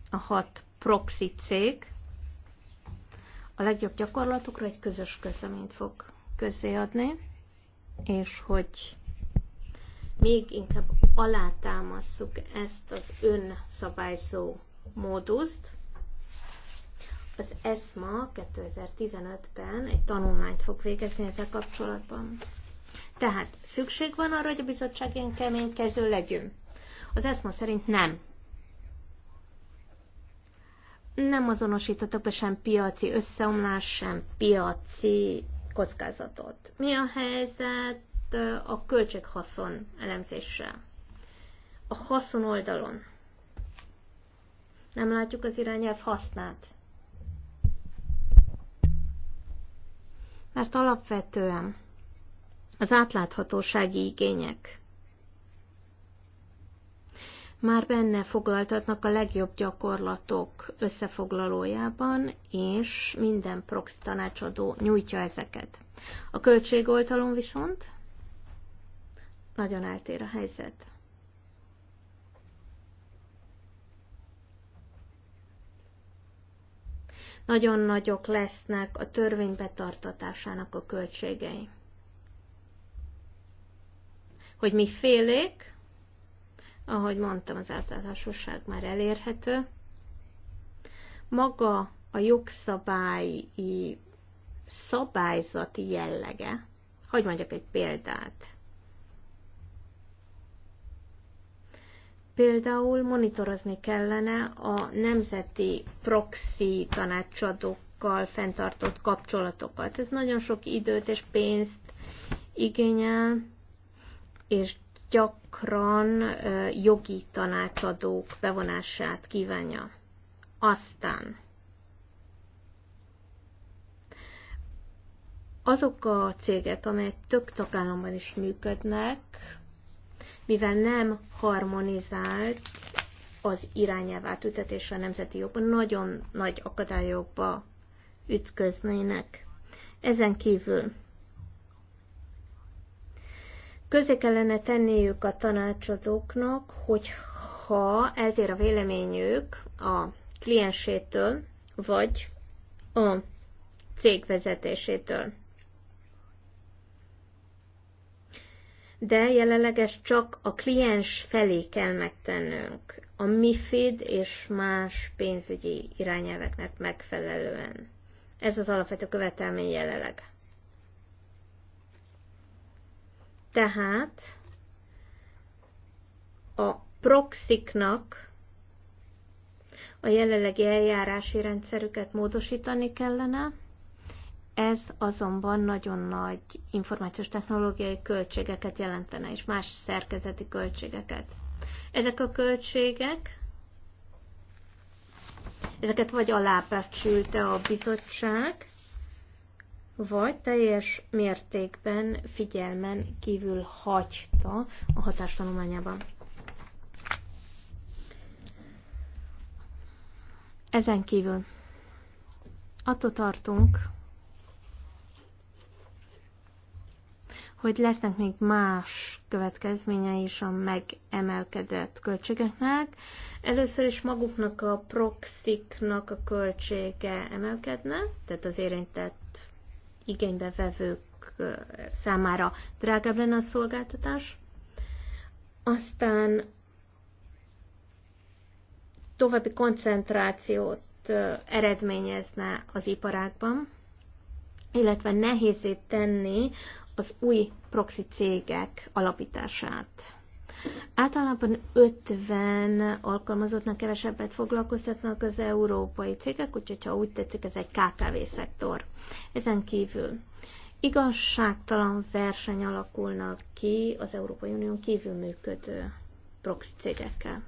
a hat proxy cég a legjobb gyakorlatokra egy közös közleményt fog közéadni, és hogy még inkább alátámasszuk ezt az önszabályzó móduszt. Az ESMA 2015-ben egy tanulmányt fog végezni ezzel kapcsolatban. Tehát szükség van arra, hogy a bizottság ilyen keménykező legyen. Az ESMA szerint nem nem azonosítottak be sem piaci összeomlás, sem piaci kockázatot. Mi a helyzet a költséghaszon elemzéssel? A haszon oldalon. Nem látjuk az irányelv hasznát. Mert alapvetően az átláthatósági igények már benne foglaltatnak a legjobb gyakorlatok összefoglalójában, és minden prox tanácsadó nyújtja ezeket. A költségoltalom viszont nagyon eltér a helyzet. Nagyon nagyok lesznek a törvény betartatásának a költségei. Hogy mi félék, ahogy mondtam, az általánosság már elérhető. Maga a jogszabályi szabályzati jellege, hogy mondjak egy példát, például monitorozni kellene a nemzeti proxy tanácsadókkal fenntartott kapcsolatokat. Ez nagyon sok időt és pénzt igényel, és gyakran jogi tanácsadók bevonását kívánja. Aztán azok a cégek, amelyek több tagállamban is működnek, mivel nem harmonizált az irányelvát átültetése a nemzeti jogban, nagyon nagy akadályokba ütköznének. Ezen kívül Közé kellene tenniük a tanácsadóknak, hogy ha eltér a véleményük a kliensétől, vagy a cég vezetésétől. de jelenleg ezt csak a kliens felé kell megtennünk, a MIFID és más pénzügyi irányelveknek megfelelően. Ez az alapvető követelmény jelenleg. Tehát a proxiknak a jelenlegi eljárási rendszerüket módosítani kellene, ez azonban nagyon nagy információs technológiai költségeket jelentene, és más szerkezeti költségeket. Ezek a költségek, ezeket vagy alábecsülte a bizottság, vagy teljes mértékben figyelmen kívül hagyta a hatástanulmányában. Ezen kívül attól tartunk, hogy lesznek még más következményei is a megemelkedett költségeknek. Először is maguknak a proxiknak a költsége emelkedne, tehát az érintett igénybevevők számára drágább lenne a szolgáltatás. Aztán további koncentrációt eredményezne az iparákban, illetve nehézé tenni az új proxy cégek alapítását. Általában 50 alkalmazottnak kevesebbet foglalkoztatnak az európai cégek, úgyhogy ha úgy tetszik, ez egy KKV-szektor. Ezen kívül igazságtalan verseny alakulnak ki az Európai Unión kívül működő proxy cégekkel.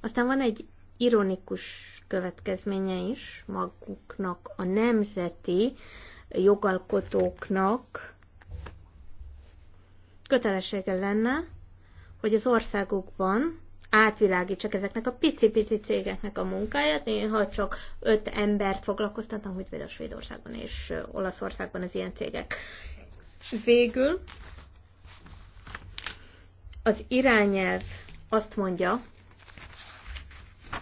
Aztán van egy ironikus következménye is maguknak a nemzeti jogalkotóknak kötelessége lenne, hogy az országukban átvilágítsak ezeknek a pici-pici cégeknek a munkáját. Néha csak öt embert foglalkoztattam, hogy például Svédországban és Olaszországban az ilyen cégek. Végül az irányelv azt mondja,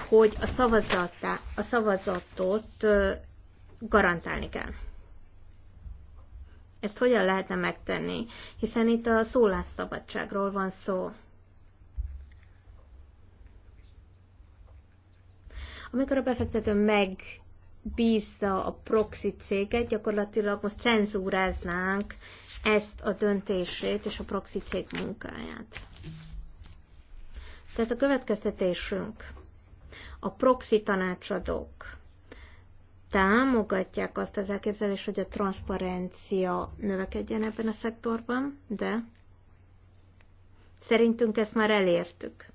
hogy a, szavazatá, a szavazatot garantálni kell. Ezt hogyan lehetne megtenni? Hiszen itt a szólásszabadságról van szó. Amikor a befektető megbízza a proxy céget, gyakorlatilag most cenzúráznánk ezt a döntését és a proxy cég munkáját. Tehát a következtetésünk, a proxy tanácsadók támogatják azt az elképzelést, hogy a transzparencia növekedjen ebben a szektorban, de szerintünk ezt már elértük.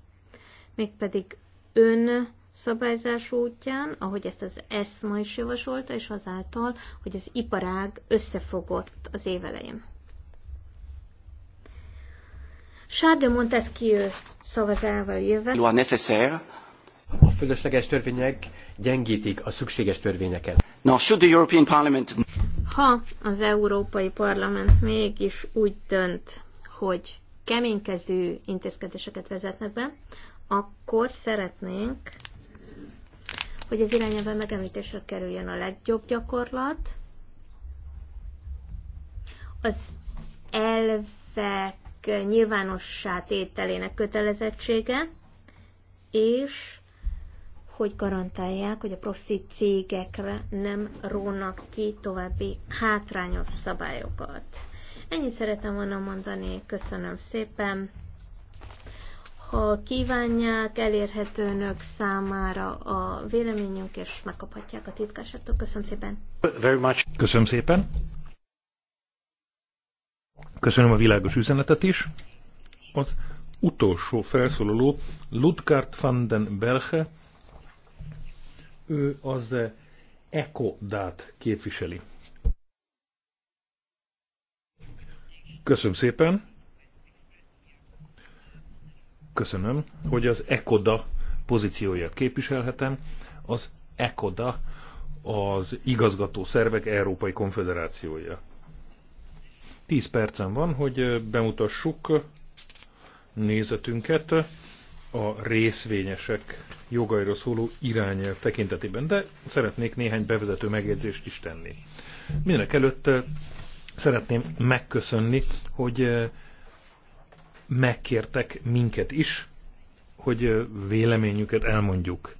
Mégpedig ön szabályzás útján, ahogy ezt az ESMA is javasolta, és azáltal, hogy az iparág összefogott az évelején. Charles de Montesquieu szavazával jövve. A fölösleges törvények gyengítik a szükséges törvényeket. Now, should the European Parliament... Ha az Európai Parlament mégis úgy dönt, hogy keménykező intézkedéseket vezetnek be, akkor szeretnénk hogy az irányelven megemlítésre kerüljön a legjobb gyakorlat, az elvek nyilvánossá tételének kötelezettsége, és hogy garantálják, hogy a profi cégekre nem rónak ki további hátrányos szabályokat. Ennyit szeretem volna mondani, köszönöm szépen! Ha kívánják, elérhető önök számára a véleményünk, és megkaphatják a titkárságtól. Köszönöm szépen. Very much. Köszönöm szépen. Köszönöm a világos üzenetet is. Az utolsó felszólaló Ludgard van den Berge, ő az Dát képviseli. Köszönöm szépen! köszönöm, hogy az ECODA pozícióját képviselhetem. Az ECODA az igazgató szervek Európai Konfederációja. Tíz percen van, hogy bemutassuk nézetünket a részvényesek jogaira szóló irányelv tekintetében, de szeretnék néhány bevezető megjegyzést is tenni. Mindenek előtt szeretném megköszönni, hogy megkértek minket is, hogy véleményüket elmondjuk.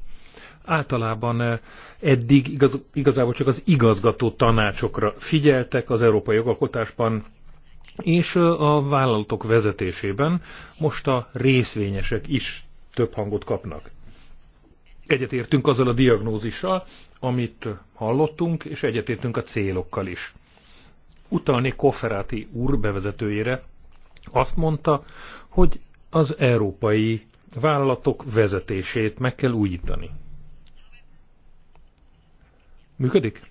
Általában eddig igaz, igazából csak az igazgató tanácsokra figyeltek az európai jogalkotásban, és a vállalatok vezetésében most a részvényesek is több hangot kapnak. Egyetértünk azzal a diagnózissal, amit hallottunk, és egyetértünk a célokkal is. Utalni Kofferáti úr bevezetőjére, azt mondta, hogy az európai vállalatok vezetését meg kell újítani. Működik?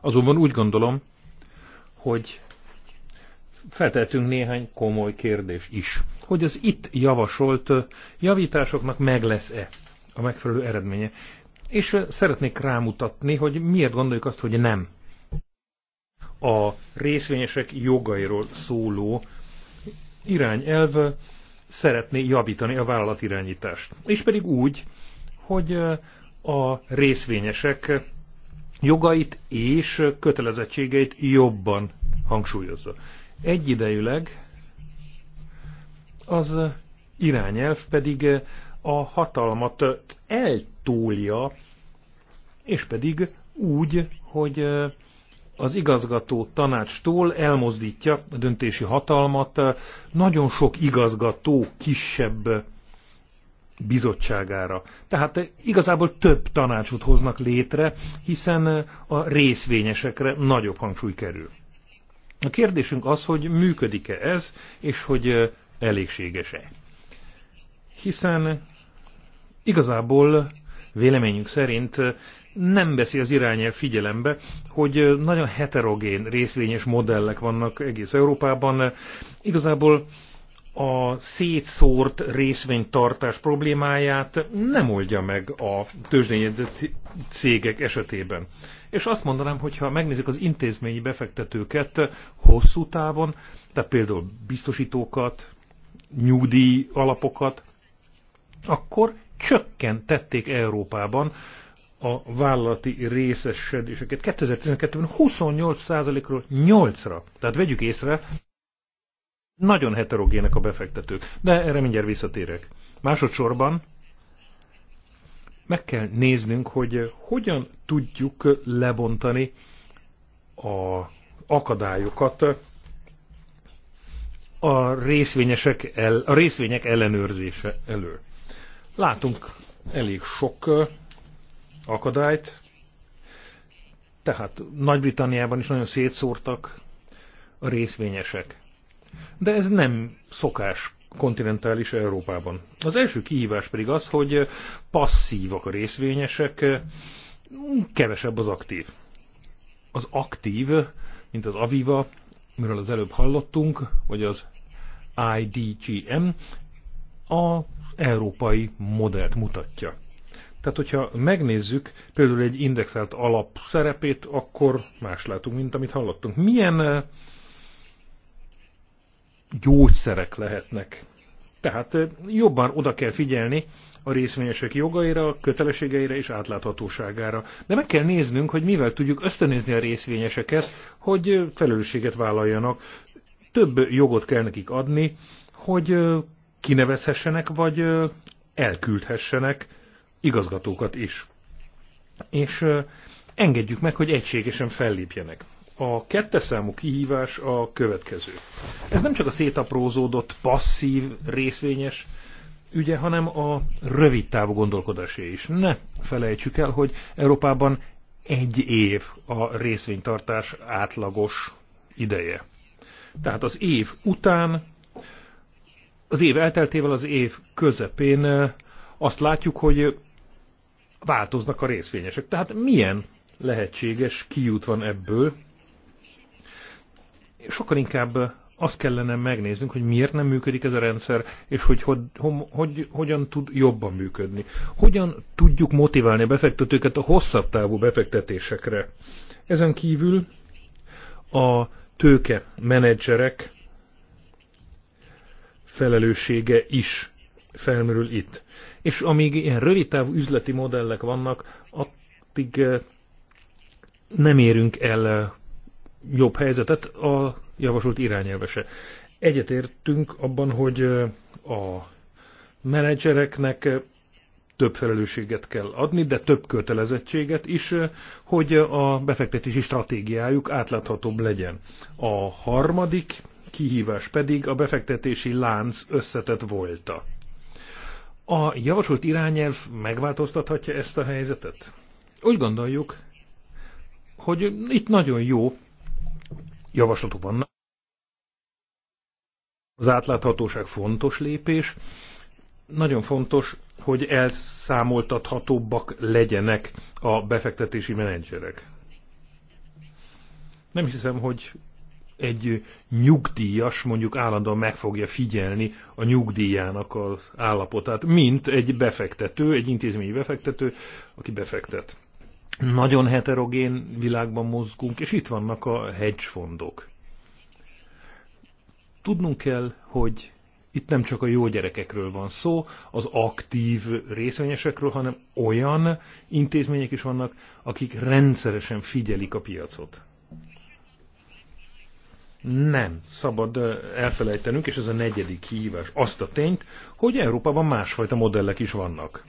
Azonban úgy gondolom, hogy feltehetünk néhány komoly kérdés is. Hogy az itt javasolt javításoknak meg lesz-e a megfelelő eredménye. És szeretnék rámutatni, hogy miért gondoljuk azt, hogy nem. A részvényesek jogairól szóló irányelv szeretné javítani a vállalatirányítást. És pedig úgy, hogy a részvényesek jogait és kötelezettségeit jobban hangsúlyozza. Egyidejűleg az irányelv pedig a hatalmat eltúlja, és pedig úgy, hogy az igazgató tanácstól elmozdítja a döntési hatalmat nagyon sok igazgató kisebb bizottságára. Tehát igazából több tanácsot hoznak létre, hiszen a részvényesekre nagyobb hangsúly kerül. A kérdésünk az, hogy működik-e ez, és hogy elégséges-e. Hiszen igazából véleményünk szerint nem veszi az irányel figyelembe, hogy nagyon heterogén részvényes modellek vannak egész Európában. Igazából a szétszórt részvénytartás problémáját nem oldja meg a tőzsdényedzett cégek esetében. És azt mondanám, hogy ha megnézzük az intézményi befektetőket hosszú távon, tehát például biztosítókat, nyugdíj alapokat, akkor csökkentették Európában a vállalati részesedéseket. 2012-ben 28%-ról 8-ra. Tehát vegyük észre, nagyon heterogének a befektetők. De erre mindjárt visszatérek. Másodszorban meg kell néznünk, hogy hogyan tudjuk lebontani a akadályokat a, részvényesek el, a részvények ellenőrzése elő. Látunk elég sok akadályt. Tehát Nagy-Britanniában is nagyon szétszórtak a részvényesek. De ez nem szokás kontinentális Európában. Az első kihívás pedig az, hogy passzívak a részvényesek, kevesebb az aktív. Az aktív, mint az Aviva, miről az előbb hallottunk, vagy az IDGM, az európai modellt mutatja. Tehát, hogyha megnézzük például egy indexelt alap szerepét, akkor más látunk, mint amit hallottunk. Milyen gyógyszerek lehetnek? Tehát jobban oda kell figyelni a részvényesek jogaira, kötelességeire és átláthatóságára. De meg kell néznünk, hogy mivel tudjuk ösztönözni a részvényeseket, hogy felelősséget vállaljanak. Több jogot kell nekik adni, hogy kinevezhessenek, vagy elküldhessenek igazgatókat is. És engedjük meg, hogy egységesen fellépjenek. A kettes számú kihívás a következő. Ez nem csak a szétaprózódott, passzív, részvényes ügye, hanem a rövid távú gondolkodásé is. Ne felejtsük el, hogy Európában egy év a részvénytartás átlagos ideje. Tehát az év után, az év elteltével, az év közepén azt látjuk, hogy változnak a részvényesek. Tehát milyen lehetséges kiút van ebből? Sokkal inkább azt kellene megnéznünk, hogy miért nem működik ez a rendszer, és hogy, hogy, hogy hogyan tud jobban működni. Hogyan tudjuk motiválni a befektetőket a hosszabb távú befektetésekre. Ezen kívül a tőke menedzserek felelőssége is felmerül itt. És amíg ilyen rövid távú üzleti modellek vannak, addig eh, nem érünk el eh, jobb helyzetet a javasolt irányelvese. Egyetértünk abban, hogy eh, a menedzsereknek több felelősséget kell adni, de több kötelezettséget is, hogy a befektetési stratégiájuk átláthatóbb legyen. A harmadik kihívás pedig a befektetési lánc összetett volta. A javasolt irányelv megváltoztathatja ezt a helyzetet? Úgy gondoljuk, hogy itt nagyon jó javaslatok vannak. Az átláthatóság fontos lépés. Nagyon fontos, hogy elszámoltathatóbbak legyenek a befektetési menedzserek. Nem hiszem, hogy egy nyugdíjas mondjuk állandóan meg fogja figyelni a nyugdíjának az állapotát, mint egy befektető, egy intézményi befektető, aki befektet. Nagyon heterogén világban mozgunk, és itt vannak a hedge fondok. Tudnunk kell, hogy itt nem csak a jó gyerekekről van szó, az aktív részvényesekről, hanem olyan intézmények is vannak, akik rendszeresen figyelik a piacot nem szabad elfelejtenünk, és ez a negyedik hívás, azt a tényt, hogy Európában másfajta modellek is vannak.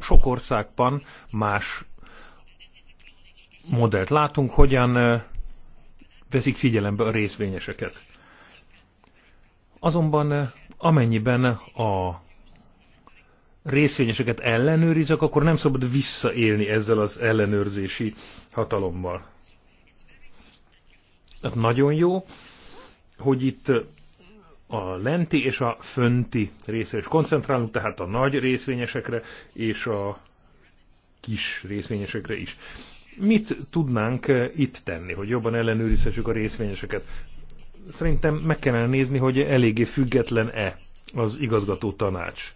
Sok országban más modellt látunk, hogyan veszik figyelembe a részvényeseket. Azonban amennyiben a részvényeseket ellenőrizek, akkor nem szabad visszaélni ezzel az ellenőrzési hatalommal. Tehát nagyon jó, hogy itt a lenti és a fönti része is koncentrálunk, tehát a nagy részvényesekre és a kis részvényesekre is. Mit tudnánk eh, itt tenni, hogy jobban ellenőrizhessük a részvényeseket? Szerintem meg kellene nézni, hogy eléggé független-e az igazgató tanács.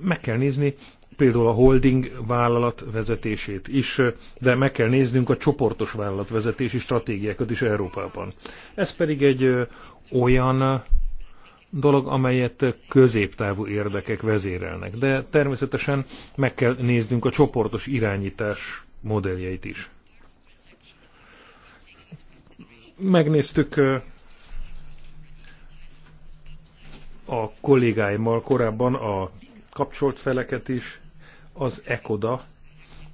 Meg kell nézni, például a holding vállalat vezetését is, de meg kell néznünk a csoportos vállalat vezetési stratégiákat is Európában. Ez pedig egy olyan dolog, amelyet középtávú érdekek vezérelnek, de természetesen meg kell néznünk a csoportos irányítás modelljeit is. Megnéztük a kollégáimmal korábban a kapcsolt feleket is, az ECODA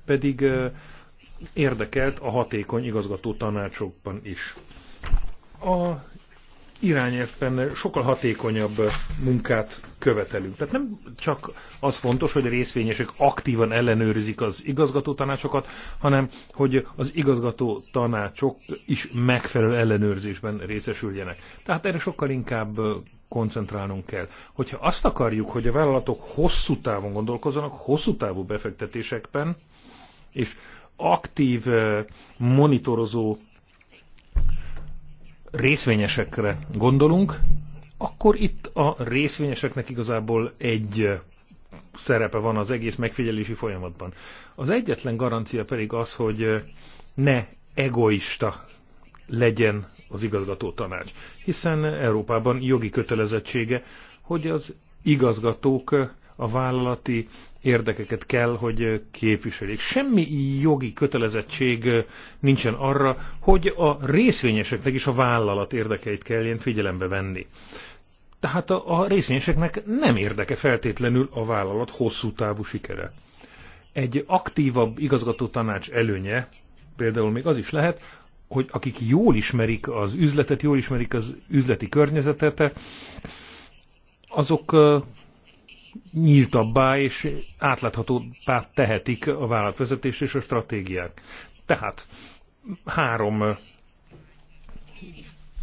pedig érdekelt a hatékony igazgató tanácsokban is. A irányelvben sokkal hatékonyabb munkát követelünk. Tehát nem csak az fontos, hogy a részvényesek aktívan ellenőrizik az igazgató tanácsokat, hanem hogy az igazgató tanácsok is megfelelő ellenőrzésben részesüljenek. Tehát erre sokkal inkább koncentrálnunk kell. Hogyha azt akarjuk, hogy a vállalatok hosszú távon gondolkozzanak, hosszú távú befektetésekben, és aktív eh, monitorozó részvényesekre gondolunk, akkor itt a részvényeseknek igazából egy eh, szerepe van az egész megfigyelési folyamatban. Az egyetlen garancia pedig az, hogy eh, ne egoista legyen az igazgató tanács, hiszen Európában jogi kötelezettsége, hogy az igazgatók eh, a vállalati érdekeket kell, hogy képviseljék. Semmi jogi kötelezettség nincsen arra, hogy a részvényeseknek is a vállalat érdekeit kelljen figyelembe venni. Tehát a, a részvényeseknek nem érdeke feltétlenül a vállalat hosszú távú sikere. Egy aktívabb igazgató tanács előnye, például még az is lehet, hogy akik jól ismerik az üzletet, jól ismerik az üzleti környezetet, azok nyíltabbá és átláthatóbbá tehetik a vállalatvezetés és a stratégiák. Tehát három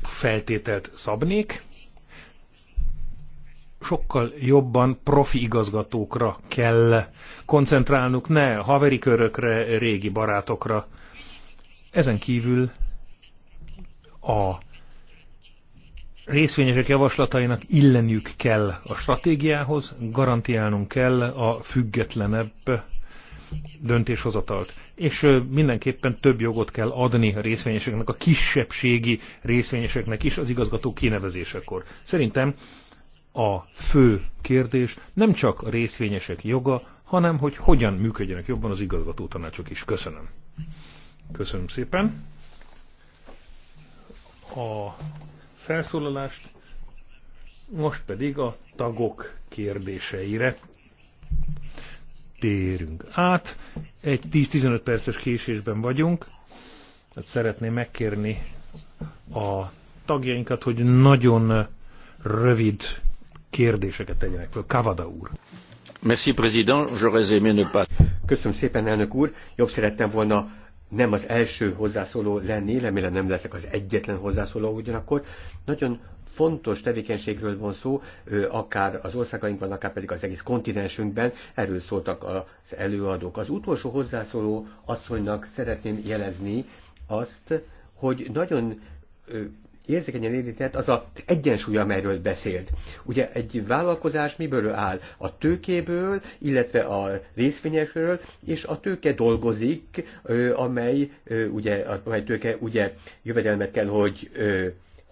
feltételt szabnék, sokkal jobban profi igazgatókra kell koncentrálnunk, ne haveri körökre, régi barátokra. Ezen kívül a részvényesek javaslatainak illeniük kell a stratégiához, garantiálnunk kell a függetlenebb döntéshozatalt. És mindenképpen több jogot kell adni a részvényeseknek, a kisebbségi részvényeseknek is az igazgató kinevezésekor. Szerintem a fő kérdés nem csak a részvényesek joga, hanem hogy hogyan működjenek jobban az igazgató tanácsok is. Köszönöm. Köszönöm szépen. A felszólalást, most pedig a tagok kérdéseire térünk át. Egy 10-15 perces késésben vagyunk, tehát szeretném megkérni a tagjainkat, hogy nagyon rövid kérdéseket tegyenek fel. Kavada úr. Merci, président. Köszönöm szépen, elnök úr. Jobb szerettem volna nem az első hozzászóló lenni, remélem nem leszek az egyetlen hozzászóló ugyanakkor. Nagyon fontos tevékenységről van szó, akár az országainkban, akár pedig az egész kontinensünkben, erről szóltak az előadók. Az utolsó hozzászóló asszonynak szeretném jelezni azt, hogy nagyon érzékenyen érintett az a egyensúly, amelyről beszélt. Ugye egy vállalkozás miből áll? A tőkéből, illetve a részvényekről, és a tőke dolgozik, amely, ugye, amely tőke ugye jövedelmet kell, hogy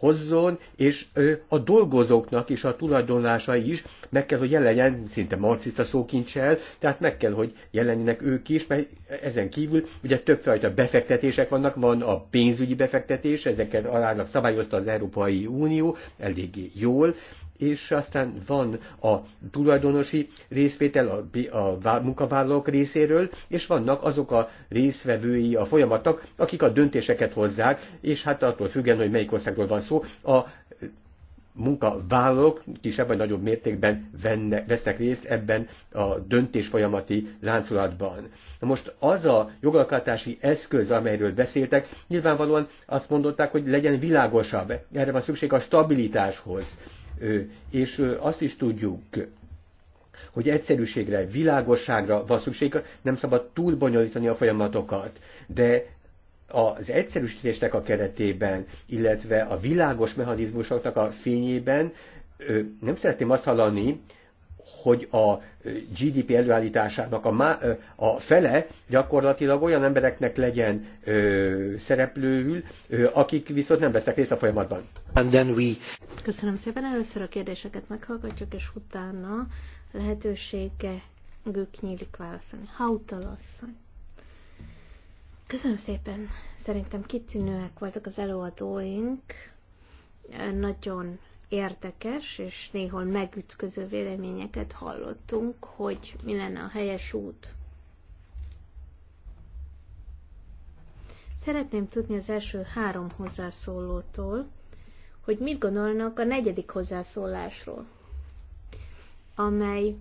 hozzon, és a dolgozóknak is a tulajdonlásai is meg kell, hogy jelenjen, szinte marxista szókincsel, tehát meg kell, hogy jelenjenek ők is, mert ezen kívül ugye többfajta befektetések vannak, van a pénzügyi befektetés, ezeket alának szabályozta az Európai Unió, eléggé jól, és aztán van a tulajdonosi részvétel a, a munkavállalók részéről, és vannak azok a részvevői a folyamatnak, akik a döntéseket hozzák, és hát attól függően, hogy melyik országról van szó, szó, a munkavállalók kisebb vagy nagyobb mértékben venne, vesznek részt ebben a döntés folyamati láncolatban. Na most az a jogalkotási eszköz, amelyről beszéltek, nyilvánvalóan azt mondották, hogy legyen világosabb. Erre van szükség a stabilitáshoz. És azt is tudjuk, hogy egyszerűségre, világosságra van szükség, nem szabad túlbonyolítani a folyamatokat, de az egyszerűsítésnek a keretében, illetve a világos mechanizmusoknak a fényében nem szeretném azt hallani, hogy a GDP előállításának a, má, a fele gyakorlatilag olyan embereknek legyen ö, szereplőül, ö, akik viszont nem vesznek részt a folyamatban. And then we... Köszönöm szépen. Először a kérdéseket meghallgatjuk, és utána lehetősége nyílik válaszolni. Hautalasszony. Köszönöm szépen. Szerintem kitűnőek voltak az előadóink. Nagyon érdekes és néhol megütköző véleményeket hallottunk, hogy mi lenne a helyes út. Szeretném tudni az első három hozzászólótól, hogy mit gondolnak a negyedik hozzászólásról, amely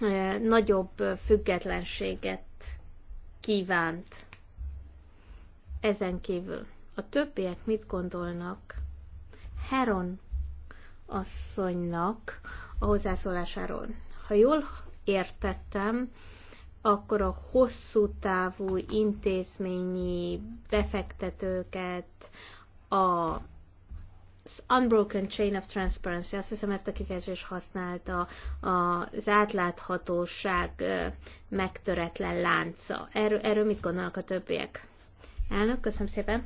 eh, nagyobb függetlenséget kívánt. Ezen kívül a többiek mit gondolnak Heron asszonynak a hozzászólásáról? Ha jól értettem, akkor a hosszú távú intézményi befektetőket, a unbroken chain of transparency, azt hiszem ezt a kifejezést használta az átláthatóság megtöretlen lánca. Erről, erről mit gondolnak a többiek? Elnök, köszönöm szépen.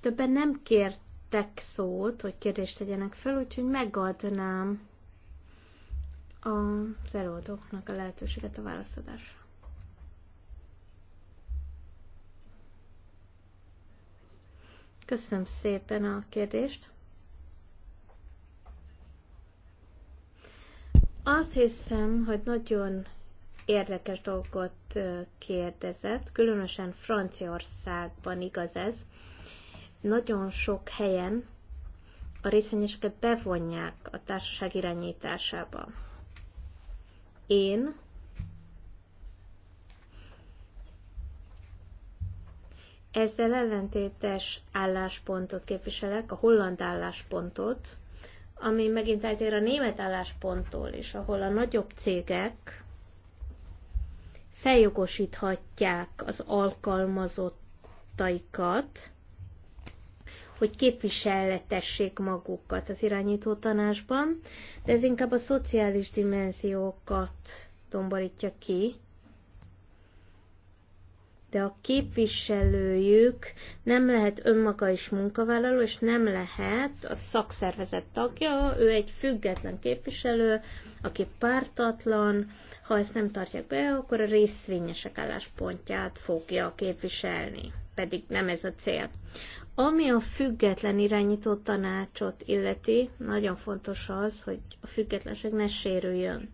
Többen nem kértek szót, hogy kérdést tegyenek fel, úgyhogy megadnám az előadóknak a lehetőséget a válaszadásra. Köszönöm szépen a kérdést. Azt hiszem, hogy nagyon érdekes dolgot kérdezett, különösen Franciaországban igaz ez. Nagyon sok helyen a részvényeseket bevonják a társaság irányításába. Én Ezzel ellentétes álláspontot képviselek, a holland álláspontot, ami megint eltér a német állásponttól is, ahol a nagyobb cégek feljogosíthatják az alkalmazottaikat, hogy képviseletessék magukat az irányító tanásban, de ez inkább a szociális dimenziókat domborítja ki, de a képviselőjük nem lehet önmaga is munkavállaló, és nem lehet a szakszervezet tagja, ő egy független képviselő, aki pártatlan, ha ezt nem tartják be, akkor a részvényesek álláspontját fogja képviselni, pedig nem ez a cél. Ami a független irányító tanácsot illeti, nagyon fontos az, hogy a függetlenség ne sérüljön.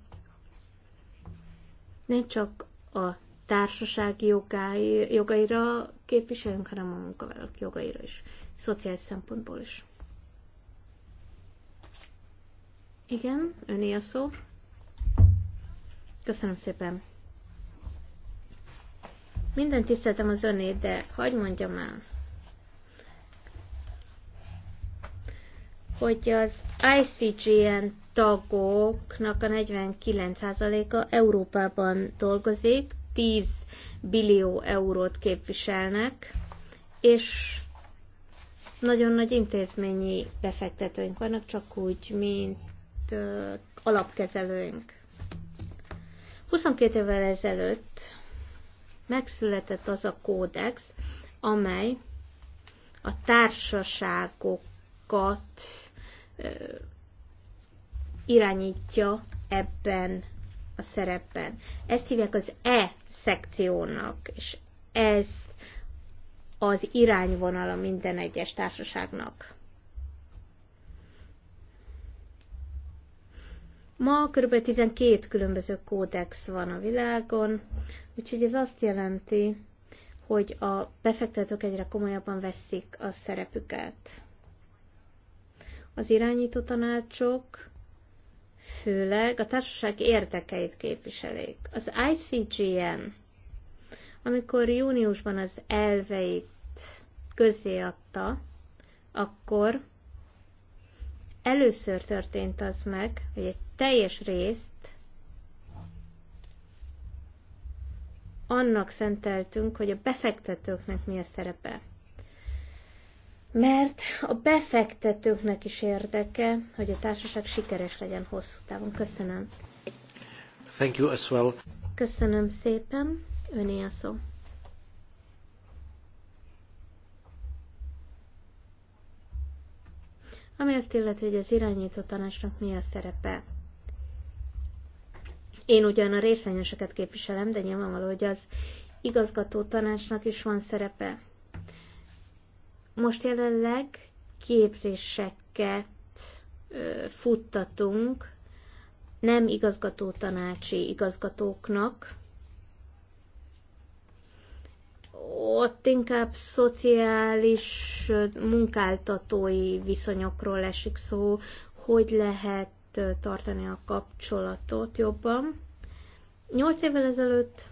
Ne csak a társasági jogai, jogaira képviseljünk, hanem a munkavállalók jogaira is, szociális szempontból is. Igen, öné a szó. Köszönöm szépen. Minden tiszteltem az önét, de hagyd mondjam el, hogy az ICGN tagoknak a 49%-a Európában dolgozik, 10 billió eurót képviselnek, és nagyon nagy intézményi befektetőink vannak, csak úgy, mint ö, alapkezelőink. 22 évvel ezelőtt megszületett az a kódex, amely a társaságokat ö, irányítja ebben a szerepben. Ezt hívják az E szekciónak, és ez az irányvonala minden egyes társaságnak. Ma kb. 12 különböző kódex van a világon, úgyhogy ez azt jelenti, hogy a befektetők egyre komolyabban veszik a szerepüket. Az irányító tanácsok főleg a társaság érdekeit képviselik. Az ICGM, amikor júniusban az elveit adta, akkor először történt az meg, hogy egy teljes részt annak szenteltünk, hogy a befektetőknek mi a szerepe mert a befektetőknek is érdeke, hogy a társaság sikeres legyen hosszú távon. Köszönöm. Thank you as well. Köszönöm szépen. Öné a szó. Ami azt illeti, hogy az irányító tanácsnak mi a szerepe. Én ugyan a részvényeseket képviselem, de nyilvánvaló, hogy az igazgató tanácsnak is van szerepe most jelenleg képzéseket futtatunk nem igazgató tanácsi igazgatóknak. Ott inkább szociális munkáltatói viszonyokról esik szó, hogy lehet tartani a kapcsolatot jobban. Nyolc évvel ezelőtt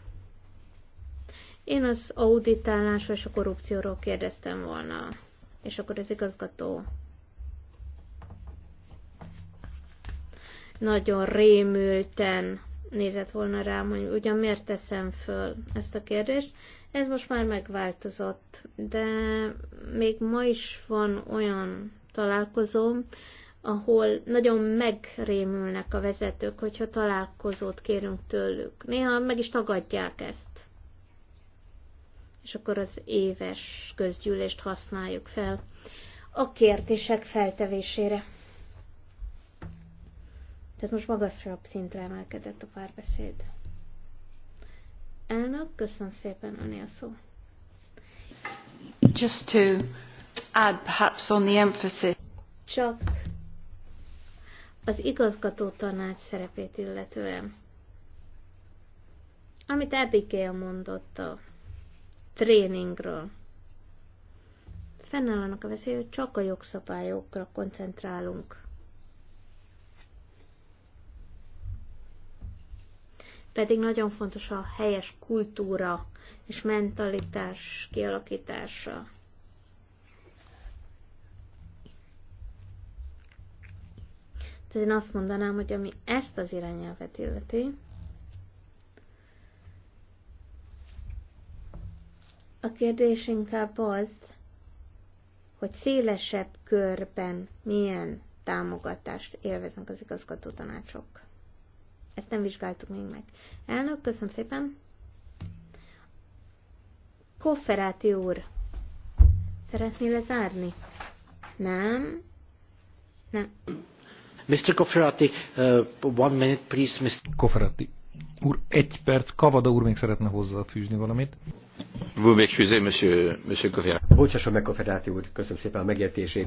én az auditálásról és a korrupcióról kérdeztem volna, és akkor az igazgató nagyon rémülten nézett volna rám, hogy ugyan miért teszem föl ezt a kérdést. Ez most már megváltozott, de még ma is van olyan találkozom, ahol nagyon megrémülnek a vezetők, hogyha találkozót kérünk tőlük. Néha meg is tagadják ezt és akkor az éves közgyűlést használjuk fel a kérdések feltevésére. Tehát most magasabb szintre emelkedett a párbeszéd. Elnök, köszönöm szépen, öné a szó. Just to add perhaps on the emphasis. Csak az igazgató tanács szerepét illetően. Amit Abigail mondott a tréningről. Fennáll annak a veszély, hogy csak a jogszabályokra koncentrálunk. Pedig nagyon fontos a helyes kultúra és mentalitás kialakítása. Tehát én azt mondanám, hogy ami ezt az irányelvet illeti, A kérdés inkább az, hogy szélesebb körben milyen támogatást élveznek az igazgató tanácsok. Ezt nem vizsgáltuk még meg. Elnök, köszönöm szépen. Kofferáti úr, szeretné lezárni? Nem? Nem. Mr. Kofferati, uh, one minute, please. Mr. Kofferati úr, egy perc. Kavada úr még szeretne hozzáfűzni valamit. Vous m'excusez, monsieur, monsieur Bocsásson meg, úr, köszönöm szépen a megértését.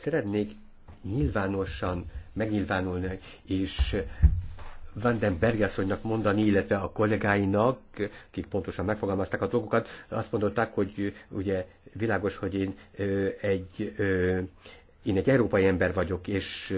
Szeretnék nyilvánosan megnyilvánulni, és Vandenberg asszonynak mondani, illetve a kollégáinak, akik pontosan megfogalmazták a dolgokat, azt mondották, hogy ugye világos, hogy én egy én egy európai ember vagyok, és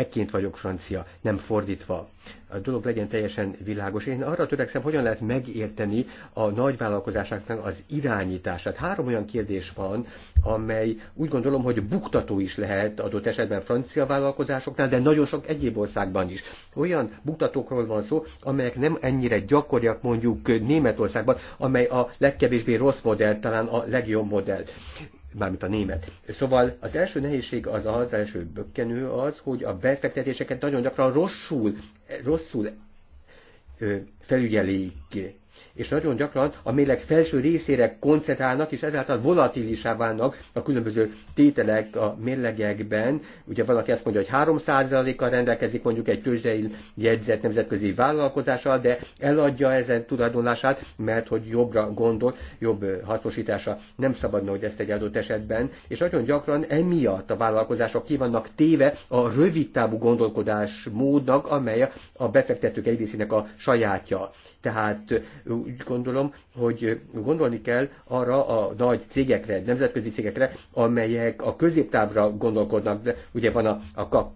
ekként vagyok francia, nem fordítva. A dolog legyen teljesen világos. Én arra törekszem, hogyan lehet megérteni a nagyvállalkozásoknak az irányítását. Három olyan kérdés van, amely úgy gondolom, hogy buktató is lehet adott esetben francia vállalkozásoknál, de nagyon sok egyéb országban is. Olyan buktatókról van szó, amelyek nem ennyire gyakoriak mondjuk Németországban, amely a legkevésbé rossz modell, talán a legjobb modell mármint a német. Szóval az első nehézség az az első bökkenő az, hogy a befektetéseket nagyon gyakran rosszul, rosszul felügyelik és nagyon gyakran a mérleg felső részére koncentrálnak, és ezáltal volatilisá válnak a különböző tételek a mérlegekben. Ugye valaki azt mondja, hogy 3%-kal rendelkezik mondjuk egy tőzsdei jegyzett nemzetközi vállalkozással, de eladja ezen tulajdonlását, mert hogy jobbra gondol, jobb hasznosítása nem szabadna, hogy ezt egy adott esetben, és nagyon gyakran emiatt a vállalkozások ki vannak téve a rövid távú gondolkodás módnak, amely a befektetők egy részének a sajátja. Tehát úgy gondolom, hogy gondolni kell arra a nagy cégekre, nemzetközi cégekre, amelyek a középtávra gondolkodnak. De ugye van a, a KAK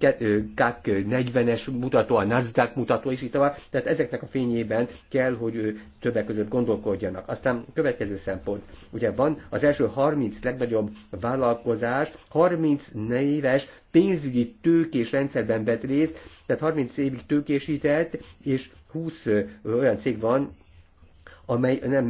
40-es mutató, a NASDAQ mutató is itt tovább, tehát ezeknek a fényében kell, hogy ő többek között gondolkodjanak. Aztán következő szempont. Ugye van az első 30 legnagyobb vállalkozás, 30 éves pénzügyi tőkés rendszerben vett részt, tehát 30 évig tőkésített, és 20 olyan cég van, amely, nem,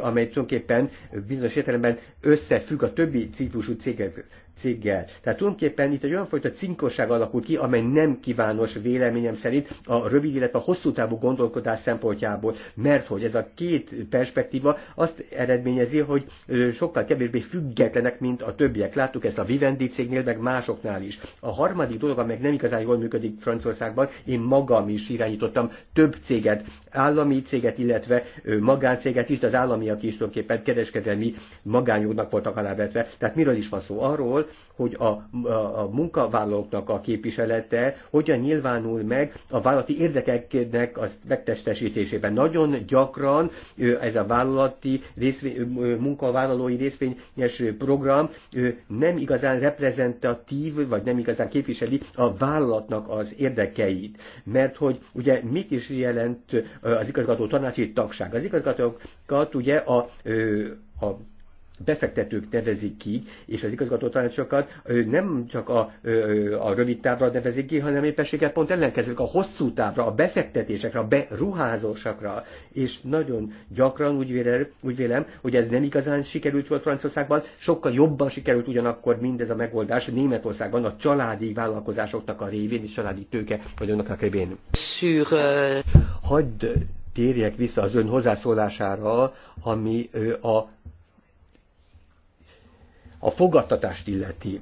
amely tulajdonképpen bizonyos értelemben összefügg a többi ciklusú cégek ciggel. Tehát tulajdonképpen itt egy olyan fajta cinkosság alakul ki, amely nem kívános véleményem szerint a rövid, illetve a hosszú távú gondolkodás szempontjából, mert hogy ez a két perspektíva azt eredményezi, hogy sokkal kevésbé függetlenek, mint a többiek. Láttuk ezt a Vivendi cégnél, meg másoknál is. A harmadik dolog, amely nem igazán jól működik Franciaországban, én magam is irányítottam több céget, állami céget, illetve magáncéget is, de az államiak is tulajdonképpen kereskedelmi magányoknak voltak alávetve. Tehát miről is van szó? Arról, hogy a, a, a munkavállalóknak a képviselete hogyan nyilvánul meg a vállalati érdekeknek a megtestesítésében. Nagyon gyakran ez a vállalati részvény, munkavállalói részvényes program nem igazán reprezentatív, vagy nem igazán képviseli a vállalatnak az érdekeit. Mert hogy ugye mit is jelent az igazgató tanácsi tagság? Az igazgatókat ugye a, a befektetők nevezik ki, és az igazgató tanácsokat nem csak a, a rövid távra nevezik ki, hanem éppességet pont ellenkezők a hosszú távra, a befektetésekre, a beruházósakra. És nagyon gyakran úgy vélem, úgy vélem hogy ez nem igazán sikerült volt Franciaországban, sokkal jobban sikerült ugyanakkor mindez a megoldás Németországban a családi vállalkozásoknak a révén és családi tőke vagyonoknak révén. Sur, Hagyd térjek vissza az ön hozzászólására, ami a a fogadtatást illeti,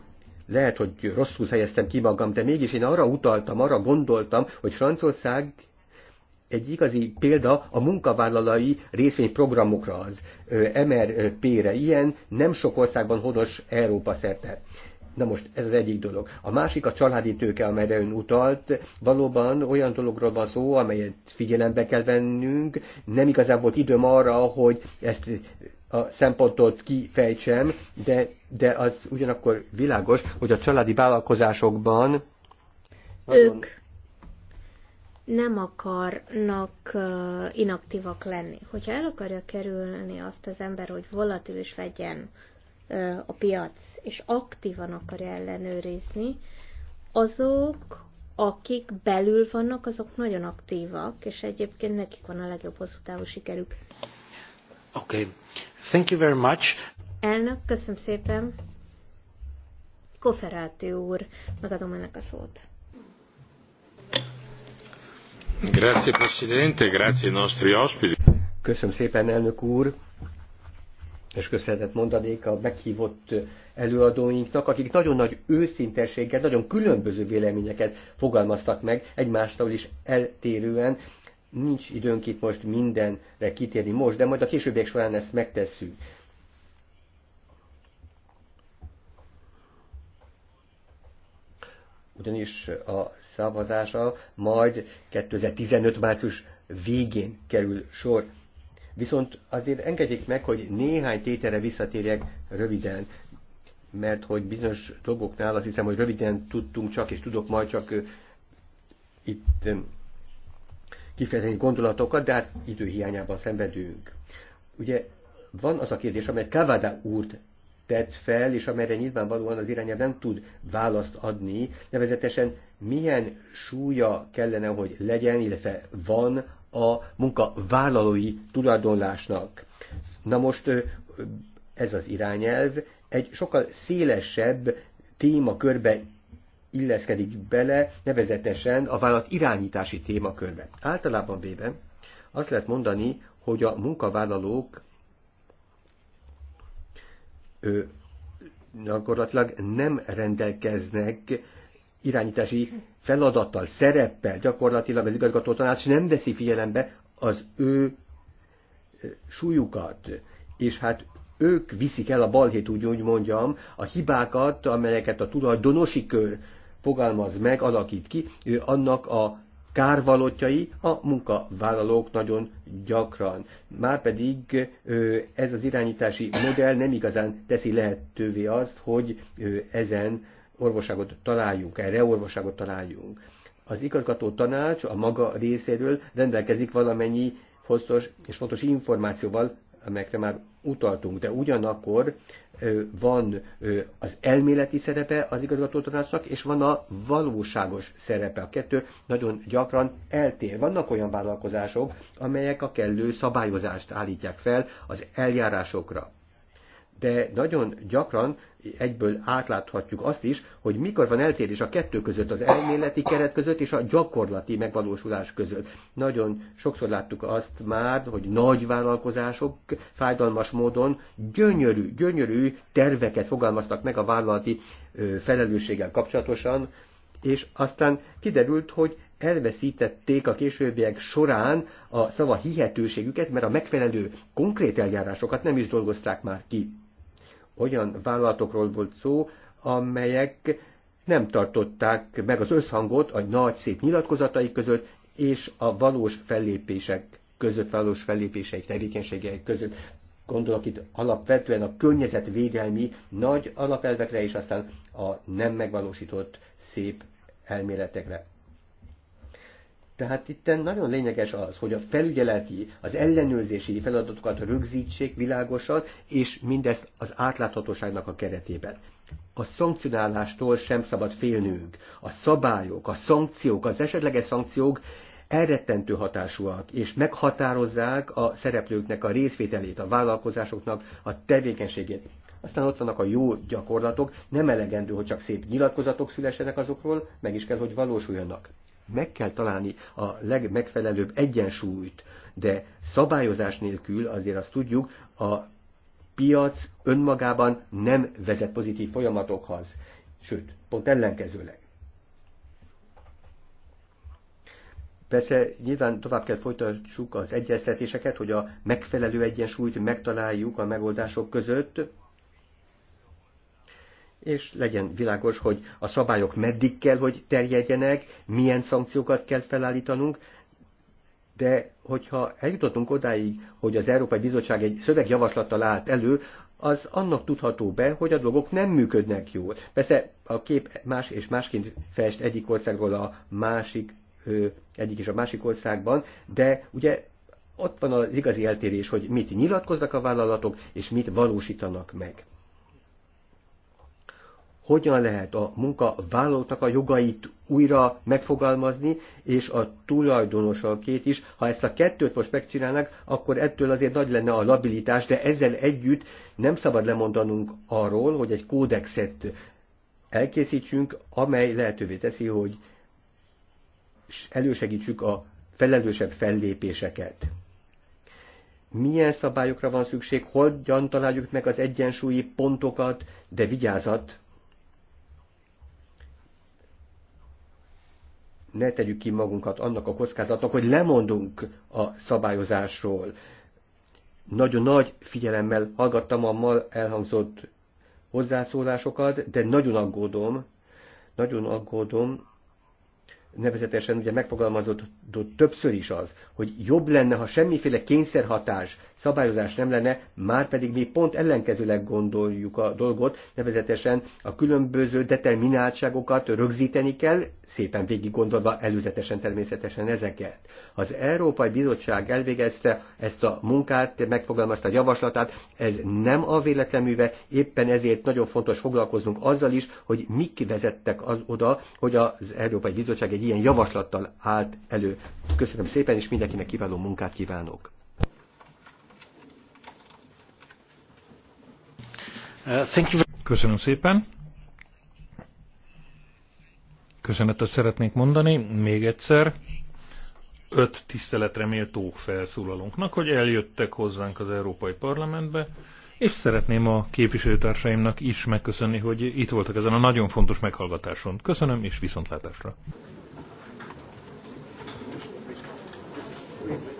lehet, hogy rosszul helyeztem ki magam, de mégis én arra utaltam, arra gondoltam, hogy Franciaország egy igazi példa a munkavállalai részvényprogramokra az, MRP-re er ilyen, nem sok országban honos Európa szerte. Na most ez az egyik dolog. A másik a családi tőke, amelyre ön utalt. Valóban olyan dologról van szó, amelyet figyelembe kell vennünk. Nem igazán volt időm arra, hogy ezt a szempontot kifejtsem, de, de az ugyanakkor világos, hogy a családi vállalkozásokban ők nem akarnak inaktívak lenni. Hogyha el akarja kerülni azt az ember, hogy volatilis legyen a piac, és aktívan akarja ellenőrizni, azok, akik belül vannak, azok nagyon aktívak, és egyébként nekik van a legjobb hosszú távú sikerük. Okay. Thank you very much. Elnök, köszönöm szépen. Koferáti úr, megadom ennek a szót. Grazie Presidente, grazie nostri ospiti. Köszönöm szépen, elnök úr, és köszönetet mondanék a meghívott előadóinknak, akik nagyon nagy őszintességgel, nagyon különböző véleményeket fogalmaztak meg, egymástól is eltérően, nincs időnk itt most mindenre kitérni most, de majd a későbbiek során ezt megtesszük. Ugyanis a szavazása majd 2015 március végén kerül sor. Viszont azért engedjék meg, hogy néhány tételre visszatérjek röviden, mert hogy bizonyos dolgoknál azt hiszem, hogy röviden tudtunk csak, és tudok majd csak itt kifejezni gondolatokat, de hát időhiányában szenvedünk. Ugye van az a kérdés, amelyet Kavada úrt tett fel, és amelyre nyilvánvalóan az irányában nem tud választ adni, nevezetesen milyen súlya kellene, hogy legyen, illetve van a munkavállalói tulajdonlásnak. Na most ez az irányelv egy sokkal szélesebb témakörbe illeszkedik bele nevezetesen a vállalat irányítási témakörbe. Általában véve azt lehet mondani, hogy a munkavállalók ő, gyakorlatilag nem rendelkeznek irányítási feladattal, szereppel, gyakorlatilag az igazgató tanács nem veszi figyelembe az ő súlyukat, és hát ők viszik el a balhét, úgy, úgy mondjam, a hibákat, amelyeket a tulajdonosi kör fogalmaz meg, alakít ki, ő annak a kárvalotjai a munkavállalók nagyon gyakran. Márpedig ez az irányítási modell nem igazán teszi lehetővé azt, hogy ezen orvoságot találjunk, erre orvoságot találjunk. Az igazgató tanács a maga részéről rendelkezik valamennyi fontos és fontos információval, amelyekre már utaltunk, de ugyanakkor van az elméleti szerepe az igazgatótanácsnak, és van a valóságos szerepe. A kettő nagyon gyakran eltér. Vannak olyan vállalkozások, amelyek a kellő szabályozást állítják fel az eljárásokra de nagyon gyakran egyből átláthatjuk azt is, hogy mikor van eltérés a kettő között, az elméleti keret között és a gyakorlati megvalósulás között. Nagyon sokszor láttuk azt már, hogy nagy vállalkozások fájdalmas módon gyönyörű, gyönyörű terveket fogalmaztak meg a vállalati felelősséggel kapcsolatosan, és aztán kiderült, hogy elveszítették a későbbiek során a szava hihetőségüket, mert a megfelelő konkrét eljárásokat nem is dolgozták már ki olyan vállalatokról volt szó, amelyek nem tartották meg az összhangot a nagy szép nyilatkozataik között és a valós fellépések között, valós fellépéseik, tevékenységeik között. Gondolok itt alapvetően a környezetvédelmi nagy alapelvekre, és aztán a nem megvalósított szép elméletekre. Tehát itt nagyon lényeges az, hogy a felügyeleti, az ellenőrzési feladatokat rögzítsék világosan, és mindezt az átláthatóságnak a keretében. A szankcionálástól sem szabad félnünk. A szabályok, a szankciók, az esetleges szankciók elrettentő hatásúak, és meghatározzák a szereplőknek a részvételét, a vállalkozásoknak a tevékenységét. Aztán ott vannak a jó gyakorlatok, nem elegendő, hogy csak szép nyilatkozatok szülessenek azokról, meg is kell, hogy valósuljanak meg kell találni a legmegfelelőbb egyensúlyt, de szabályozás nélkül azért azt tudjuk, a piac önmagában nem vezet pozitív folyamatokhoz, sőt, pont ellenkezőleg. Persze nyilván tovább kell folytassuk az egyeztetéseket, hogy a megfelelő egyensúlyt megtaláljuk a megoldások között, és legyen világos, hogy a szabályok meddig kell, hogy terjedjenek, milyen szankciókat kell felállítanunk, de hogyha eljutottunk odáig, hogy az Európai Bizottság egy szövegjavaslattal állt elő, az annak tudható be, hogy a dolgok nem működnek jól. Persze a kép más és másként fest egyik országról a másik, egyik és a másik országban, de ugye ott van az igazi eltérés, hogy mit nyilatkoznak a vállalatok, és mit valósítanak meg hogyan lehet a munkavállalóknak a jogait újra megfogalmazni, és a tulajdonosokét is. Ha ezt a kettőt most megcsinálnak, akkor ettől azért nagy lenne a labilitás, de ezzel együtt nem szabad lemondanunk arról, hogy egy kódexet elkészítsünk, amely lehetővé teszi, hogy elősegítsük a felelősebb fellépéseket milyen szabályokra van szükség, hogyan találjuk meg az egyensúlyi pontokat, de vigyázat, ne tegyük ki magunkat annak a kockázatnak, hogy lemondunk a szabályozásról. Nagyon nagy figyelemmel hallgattam a ma elhangzott hozzászólásokat, de nagyon aggódom, nagyon aggódom, nevezetesen ugye megfogalmazott többször is az, hogy jobb lenne, ha semmiféle kényszerhatás, szabályozás nem lenne, már pedig mi pont ellenkezőleg gondoljuk a dolgot, nevezetesen a különböző determináltságokat rögzíteni kell, szépen végig gondolva előzetesen természetesen ezeket. Az Európai Bizottság elvégezte ezt a munkát, megfogalmazta a javaslatát, ez nem a véletleműve, éppen ezért nagyon fontos foglalkoznunk azzal is, hogy mik vezettek az oda, hogy az Európai Bizottság egy ilyen javaslattal állt elő. Köszönöm szépen, és mindenkinek kiváló munkát kívánok. Uh, Köszönöm szépen köszönetet szeretnék mondani még egyszer öt tiszteletre méltó felszólalónknak, hogy eljöttek hozzánk az Európai Parlamentbe, és szeretném a képviselőtársaimnak is megköszönni, hogy itt voltak ezen a nagyon fontos meghallgatáson. Köszönöm, és viszontlátásra! Thank you.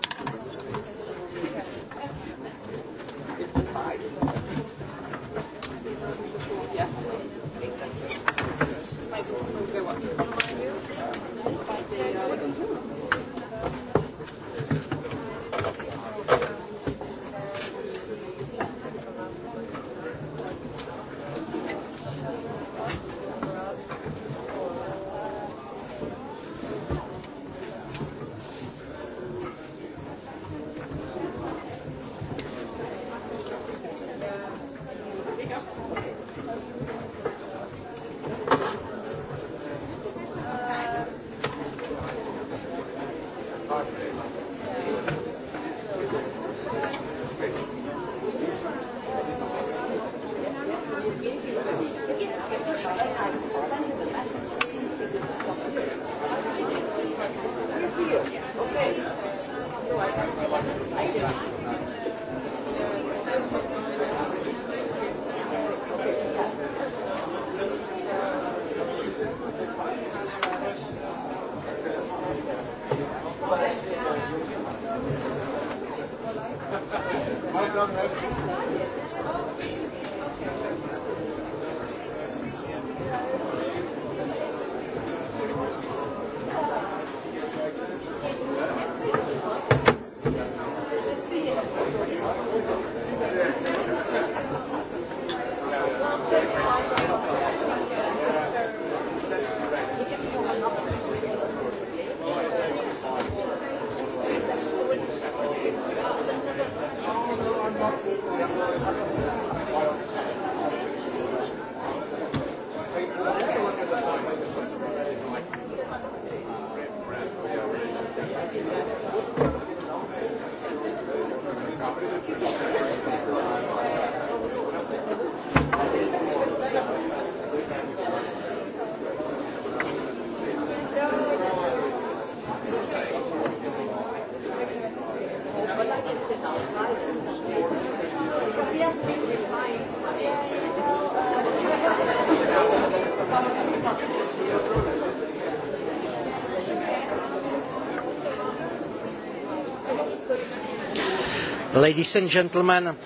Ladies and gentlemen.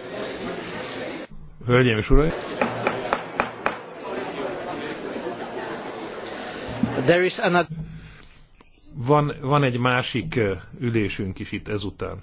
Hölgyeim és uraim. There is another... van, van egy másik ülésünk is itt ezután.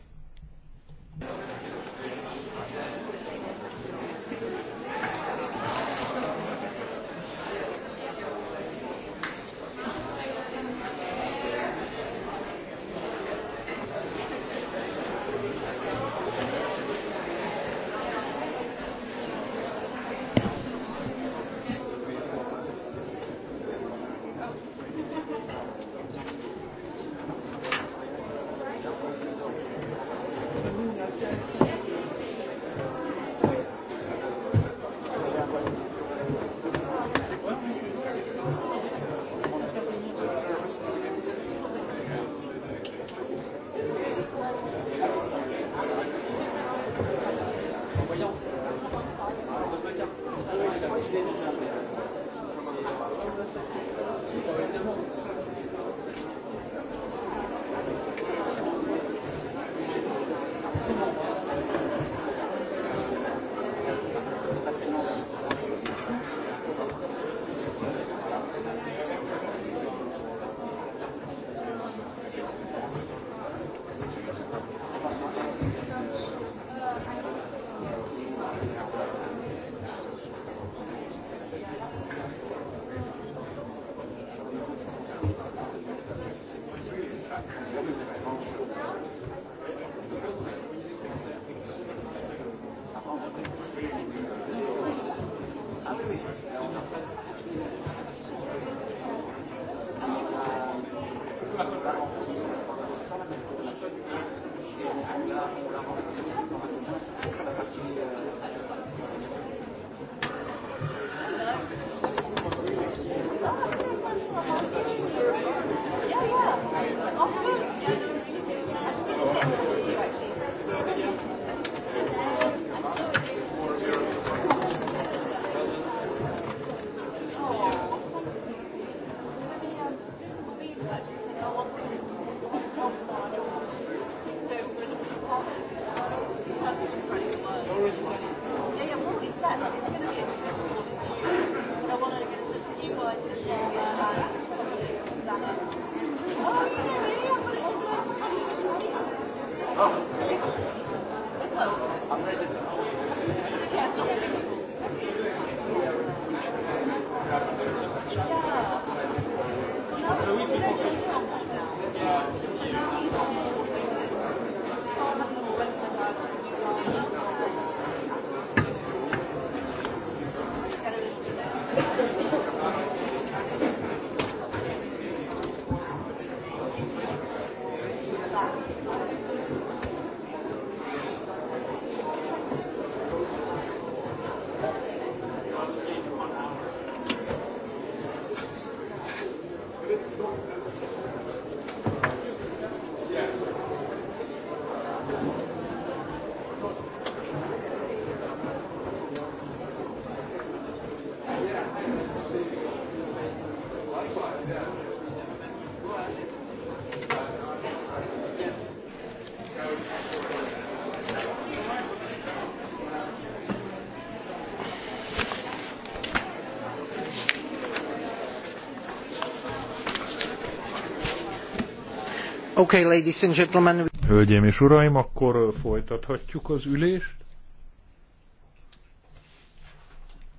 Okay, ladies and gentlemen. Hölgyeim és uraim, akkor folytathatjuk az ülést.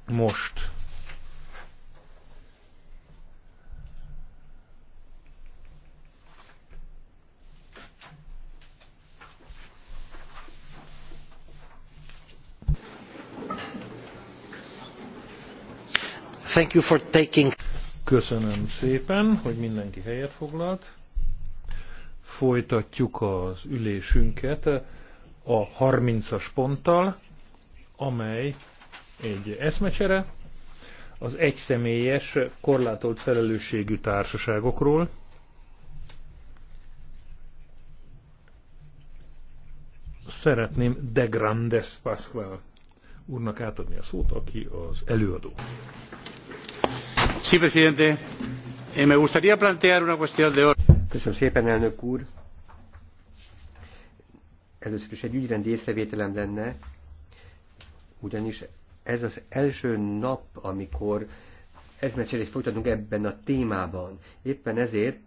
Most. Thank you for taking. Köszönöm szépen, hogy mindenki helyet foglalt folytatjuk az ülésünket a 30-as ponttal, amely egy eszmecsere az egyszemélyes, korlátolt felelősségű társaságokról. Szeretném De Grandes Pascual úrnak átadni a szót, aki az előadó. Sí, presidente. Eh, me gustaría plantear una cuestión de orden. Köszönöm szépen, elnök úr. Először is egy ügyrendi észrevételem lenne, ugyanis ez az első nap, amikor ezmecserét folytatunk ebben a témában. Éppen ezért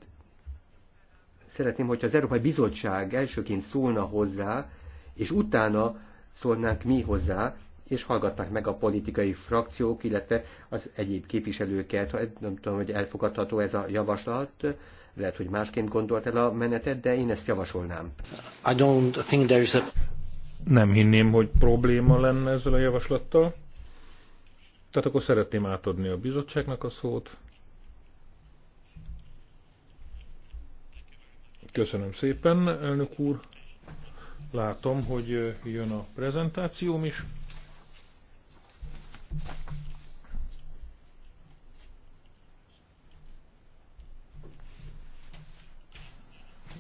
szeretném, hogyha az Európai Bizottság elsőként szólna hozzá, és utána szólnánk mi hozzá, és hallgatnák meg a politikai frakciók, illetve az egyéb képviselőket, nem tudom, hogy elfogadható ez a javaslat, lehet, hogy másként gondolt el a menetet, de én ezt javasolnám. I don't think there is a... Nem hinném, hogy probléma lenne ezzel a javaslattal. Tehát akkor szeretném átadni a bizottságnak a szót. Köszönöm szépen, elnök úr. Látom, hogy jön a prezentációm is.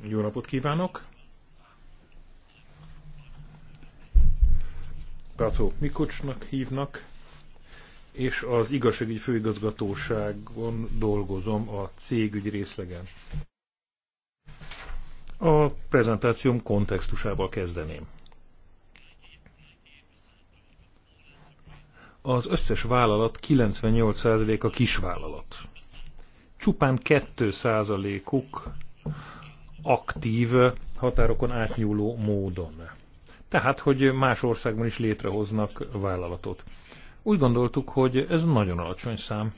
Jó napot kívánok! Pátó Mikocsnak hívnak, és az igazságügyi főigazgatóságon dolgozom a cégügy részlegen. A prezentációm kontextusával kezdeném. Az összes vállalat 98%-a kisvállalat. Csupán 2%-uk aktív határokon átnyúló módon. Tehát, hogy más országban is létrehoznak vállalatot. Úgy gondoltuk, hogy ez nagyon alacsony szám.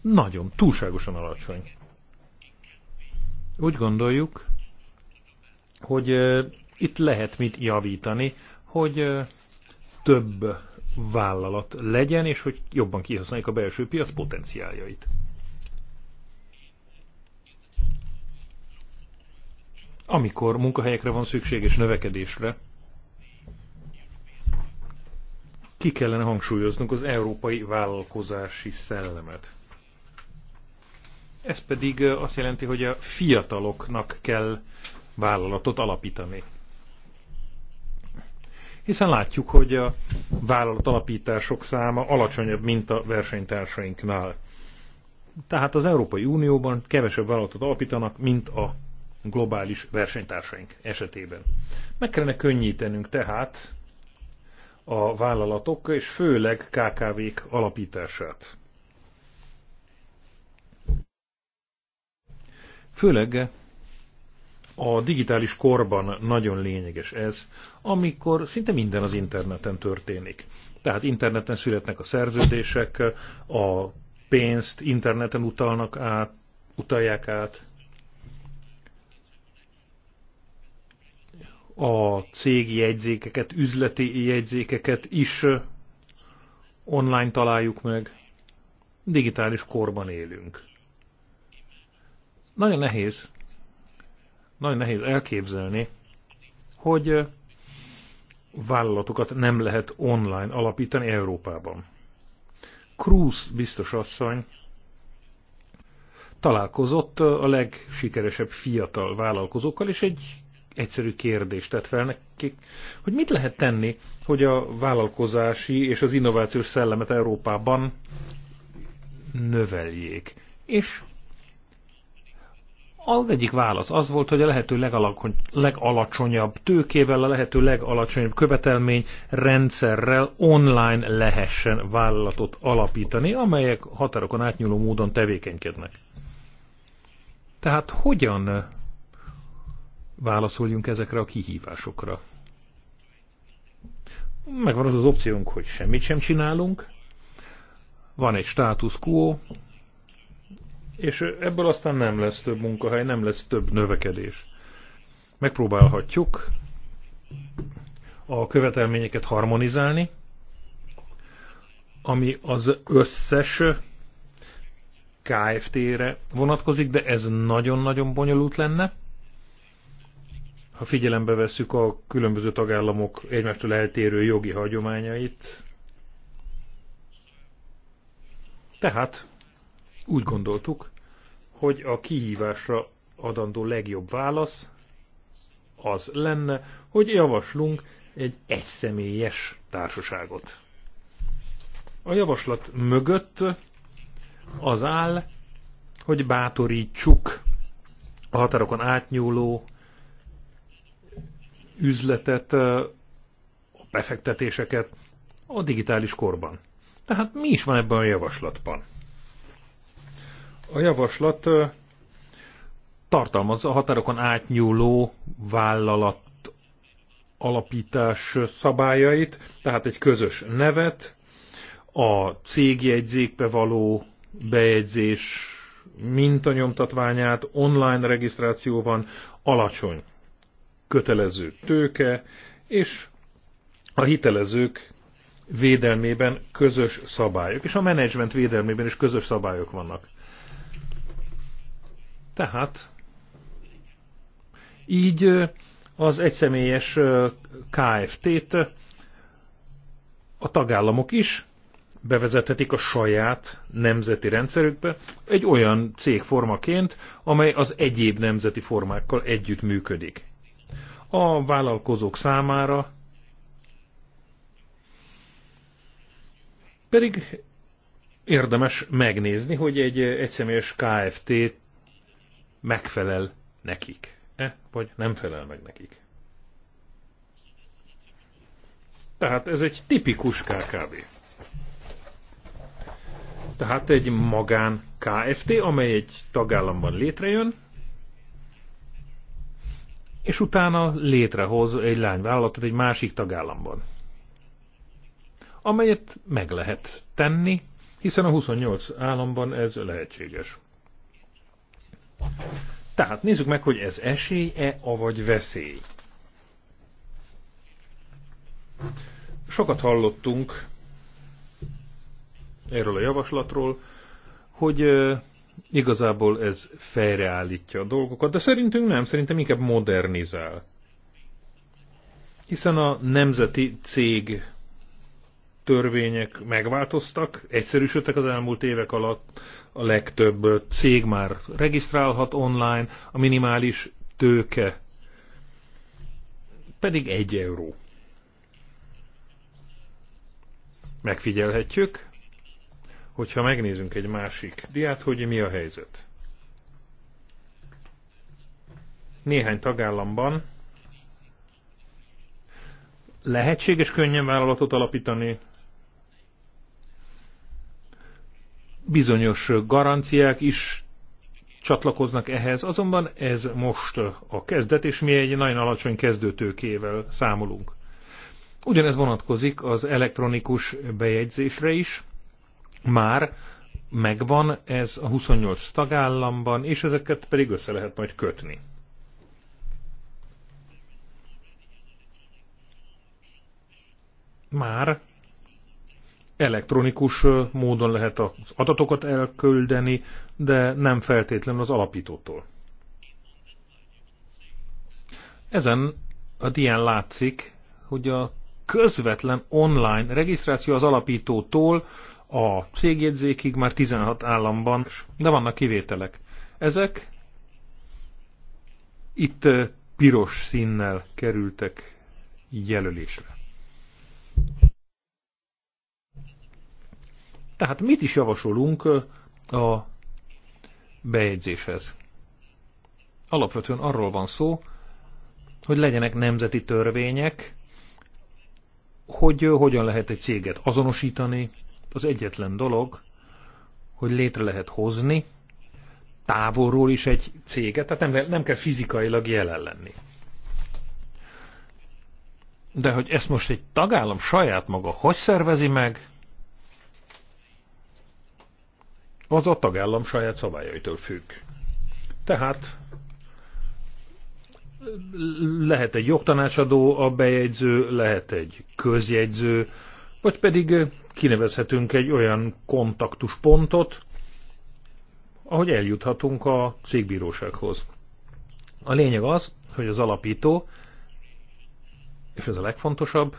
Nagyon, túlságosan alacsony. Úgy gondoljuk, hogy itt lehet mit javítani, hogy több vállalat legyen, és hogy jobban kihasználjuk a belső piac potenciáljait. amikor munkahelyekre van szükség és növekedésre, ki kellene hangsúlyoznunk az európai vállalkozási szellemet. Ez pedig azt jelenti, hogy a fiataloknak kell vállalatot alapítani. Hiszen látjuk, hogy a vállalat alapítások száma alacsonyabb, mint a versenytársainknál. Tehát az Európai Unióban kevesebb vállalatot alapítanak, mint a globális versenytársaink esetében. Meg kellene könnyítenünk tehát a vállalatok és főleg KKV-k alapítását. Főleg a digitális korban nagyon lényeges ez, amikor szinte minden az interneten történik. Tehát interneten születnek a szerződések, a pénzt interneten utalnak át, utalják át, a cégi jegyzékeket, üzleti jegyzékeket is online találjuk meg. Digitális korban élünk. Nagyon nehéz, nagyon nehéz elképzelni, hogy vállalatokat nem lehet online alapítani Európában. Cruz biztos asszony találkozott a legsikeresebb fiatal vállalkozókkal, és egy egyszerű kérdést tett fel nekik, hogy mit lehet tenni, hogy a vállalkozási és az innovációs szellemet Európában növeljék. És az egyik válasz az volt, hogy a lehető legalacsonyabb tőkével, a lehető legalacsonyabb követelmény rendszerrel online lehessen vállalatot alapítani, amelyek határokon átnyúló módon tevékenykednek. Tehát hogyan válaszoljunk ezekre a kihívásokra. Megvan az az opciónk, hogy semmit sem csinálunk, van egy status quo, és ebből aztán nem lesz több munkahely, nem lesz több növekedés. Megpróbálhatjuk a követelményeket harmonizálni, ami az összes KFT-re vonatkozik, de ez nagyon-nagyon bonyolult lenne ha figyelembe vesszük a különböző tagállamok egymástól eltérő jogi hagyományait. Tehát úgy gondoltuk, hogy a kihívásra adandó legjobb válasz az lenne, hogy javaslunk egy egyszemélyes társaságot. A javaslat mögött az áll, hogy bátorítsuk a határokon átnyúló üzletet, a befektetéseket a digitális korban. Tehát mi is van ebben a javaslatban? A javaslat tartalmazza a határokon átnyúló vállalat alapítás szabályait, tehát egy közös nevet, a cégjegyzékbe való bejegyzés mintanyomtatványát, online regisztráció van, alacsony kötelező tőke, és a hitelezők védelmében közös szabályok, és a menedzsment védelmében is közös szabályok vannak. Tehát így az egyszemélyes KFT-t a tagállamok is bevezethetik a saját nemzeti rendszerükbe egy olyan cégformaként, amely az egyéb nemzeti formákkal együtt működik a vállalkozók számára, pedig érdemes megnézni, hogy egy egyszemélyes KFT megfelel nekik, -e, vagy nem felel meg nekik. Tehát ez egy tipikus KKB. Tehát egy magán KFT, amely egy tagállamban létrejön, és utána létrehoz egy lányvállalatot egy másik tagállamban, amelyet meg lehet tenni, hiszen a 28 államban ez lehetséges. Tehát nézzük meg, hogy ez esély-e, avagy veszély. Sokat hallottunk erről a javaslatról, hogy Igazából ez fejreállítja a dolgokat, de szerintünk nem, szerintem inkább modernizál. Hiszen a nemzeti cég törvények megváltoztak, egyszerűsödtek az elmúlt évek alatt, a legtöbb cég már regisztrálhat online, a minimális tőke pedig egy euró. Megfigyelhetjük, hogyha megnézünk egy másik diát, hogy mi a helyzet. Néhány tagállamban lehetséges könnyen vállalatot alapítani, bizonyos garanciák is csatlakoznak ehhez, azonban ez most a kezdet, és mi egy nagyon alacsony kezdőtőkével számolunk. Ugyanez vonatkozik az elektronikus bejegyzésre is, már megvan ez a 28 tagállamban, és ezeket pedig össze lehet majd kötni. Már elektronikus módon lehet az adatokat elküldeni, de nem feltétlenül az alapítótól. Ezen a dián látszik, hogy a közvetlen online regisztráció az alapítótól a cégjegyzékig már 16 államban, de vannak kivételek. Ezek itt piros színnel kerültek jelölésre. Tehát mit is javasolunk a bejegyzéshez? Alapvetően arról van szó, hogy legyenek nemzeti törvények, hogy hogyan lehet egy céget azonosítani, az egyetlen dolog, hogy létre lehet hozni távolról is egy céget, tehát nem, nem kell fizikailag jelen lenni. De hogy ezt most egy tagállam saját maga hogy szervezi meg, az a tagállam saját szabályaitól függ. Tehát lehet egy jogtanácsadó a bejegyző, lehet egy közjegyző, vagy pedig kinevezhetünk egy olyan kontaktuspontot, ahogy eljuthatunk a cégbírósághoz. A lényeg az, hogy az alapító, és ez a legfontosabb,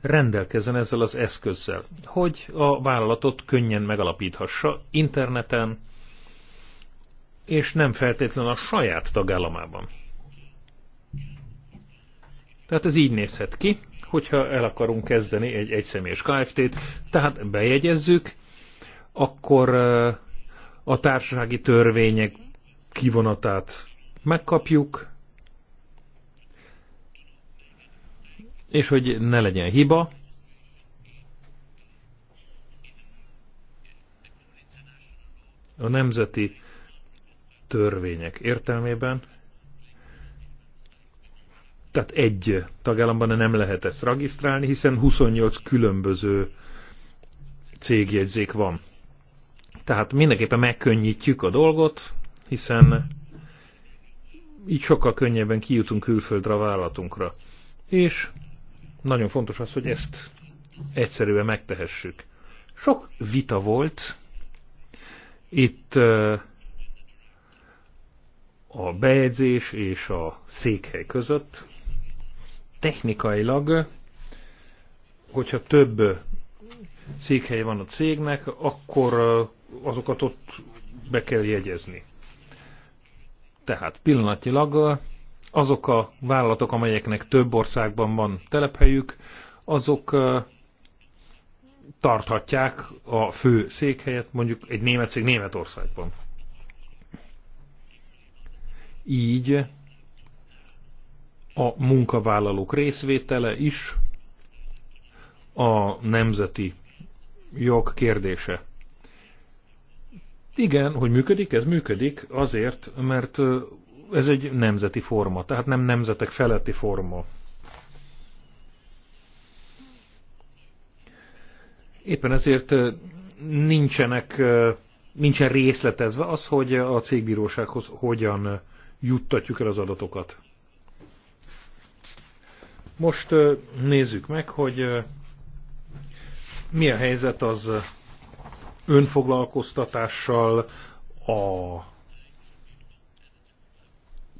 rendelkezzen ezzel az eszközzel, hogy a vállalatot könnyen megalapíthassa interneten, és nem feltétlenül a saját tagállamában. Tehát ez így nézhet ki hogyha el akarunk kezdeni egy egyszemélyes KFT-t, tehát bejegyezzük, akkor eh, a társasági törvények kivonatát megkapjuk, és hogy ne legyen hiba, a nemzeti törvények értelmében tehát egy tagállamban nem lehet ezt regisztrálni, hiszen 28 különböző cégjegyzék van. Tehát mindenképpen megkönnyítjük a dolgot, hiszen így sokkal könnyebben kijutunk külföldre a vállalatunkra. És nagyon fontos az, hogy ezt egyszerűen megtehessük. Sok vita volt itt a bejegyzés és a székhely között, technikailag, hogyha több székhely van a cégnek, akkor azokat ott be kell jegyezni. Tehát pillanatilag azok a vállalatok, amelyeknek több országban van telephelyük, azok tarthatják a fő székhelyet mondjuk egy német cég Németországban. Így a munkavállalók részvétele is, a nemzeti jog kérdése. Igen, hogy működik, ez működik azért, mert ez egy nemzeti forma, tehát nem nemzetek feletti forma. Éppen ezért nincsenek, nincsen részletezve az, hogy a cégbírósághoz hogyan juttatjuk el az adatokat. Most nézzük meg, hogy mi a helyzet az önfoglalkoztatással, a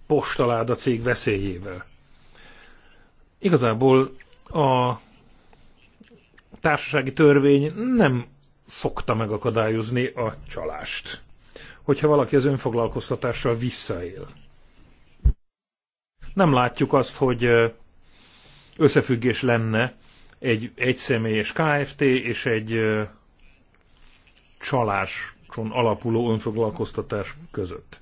postaláda cég veszélyével. Igazából a társasági törvény nem szokta megakadályozni a csalást, hogyha valaki az önfoglalkoztatással visszaél. Nem látjuk azt, hogy összefüggés lenne egy egyszemélyes KFT és egy csaláson alapuló önfoglalkoztatás között.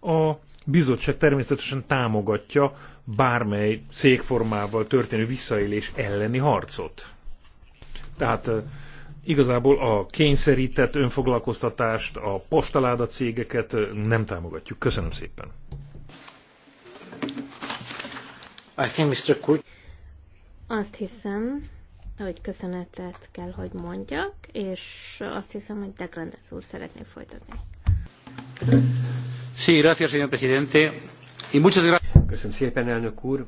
A bizottság természetesen támogatja bármely székformával történő visszaélés elleni harcot. Tehát igazából a kényszerített önfoglalkoztatást, a postaláda cégeket nem támogatjuk. Köszönöm szépen. I think Mr. Kurt... Azt hiszem, hogy köszönetet kell, hogy mondjak, és azt hiszem, hogy de Grandes úr szeretné folytatni. Sí, gracias, señor presidente. Y muchas gracias. Köszönöm szépen, elnök úr.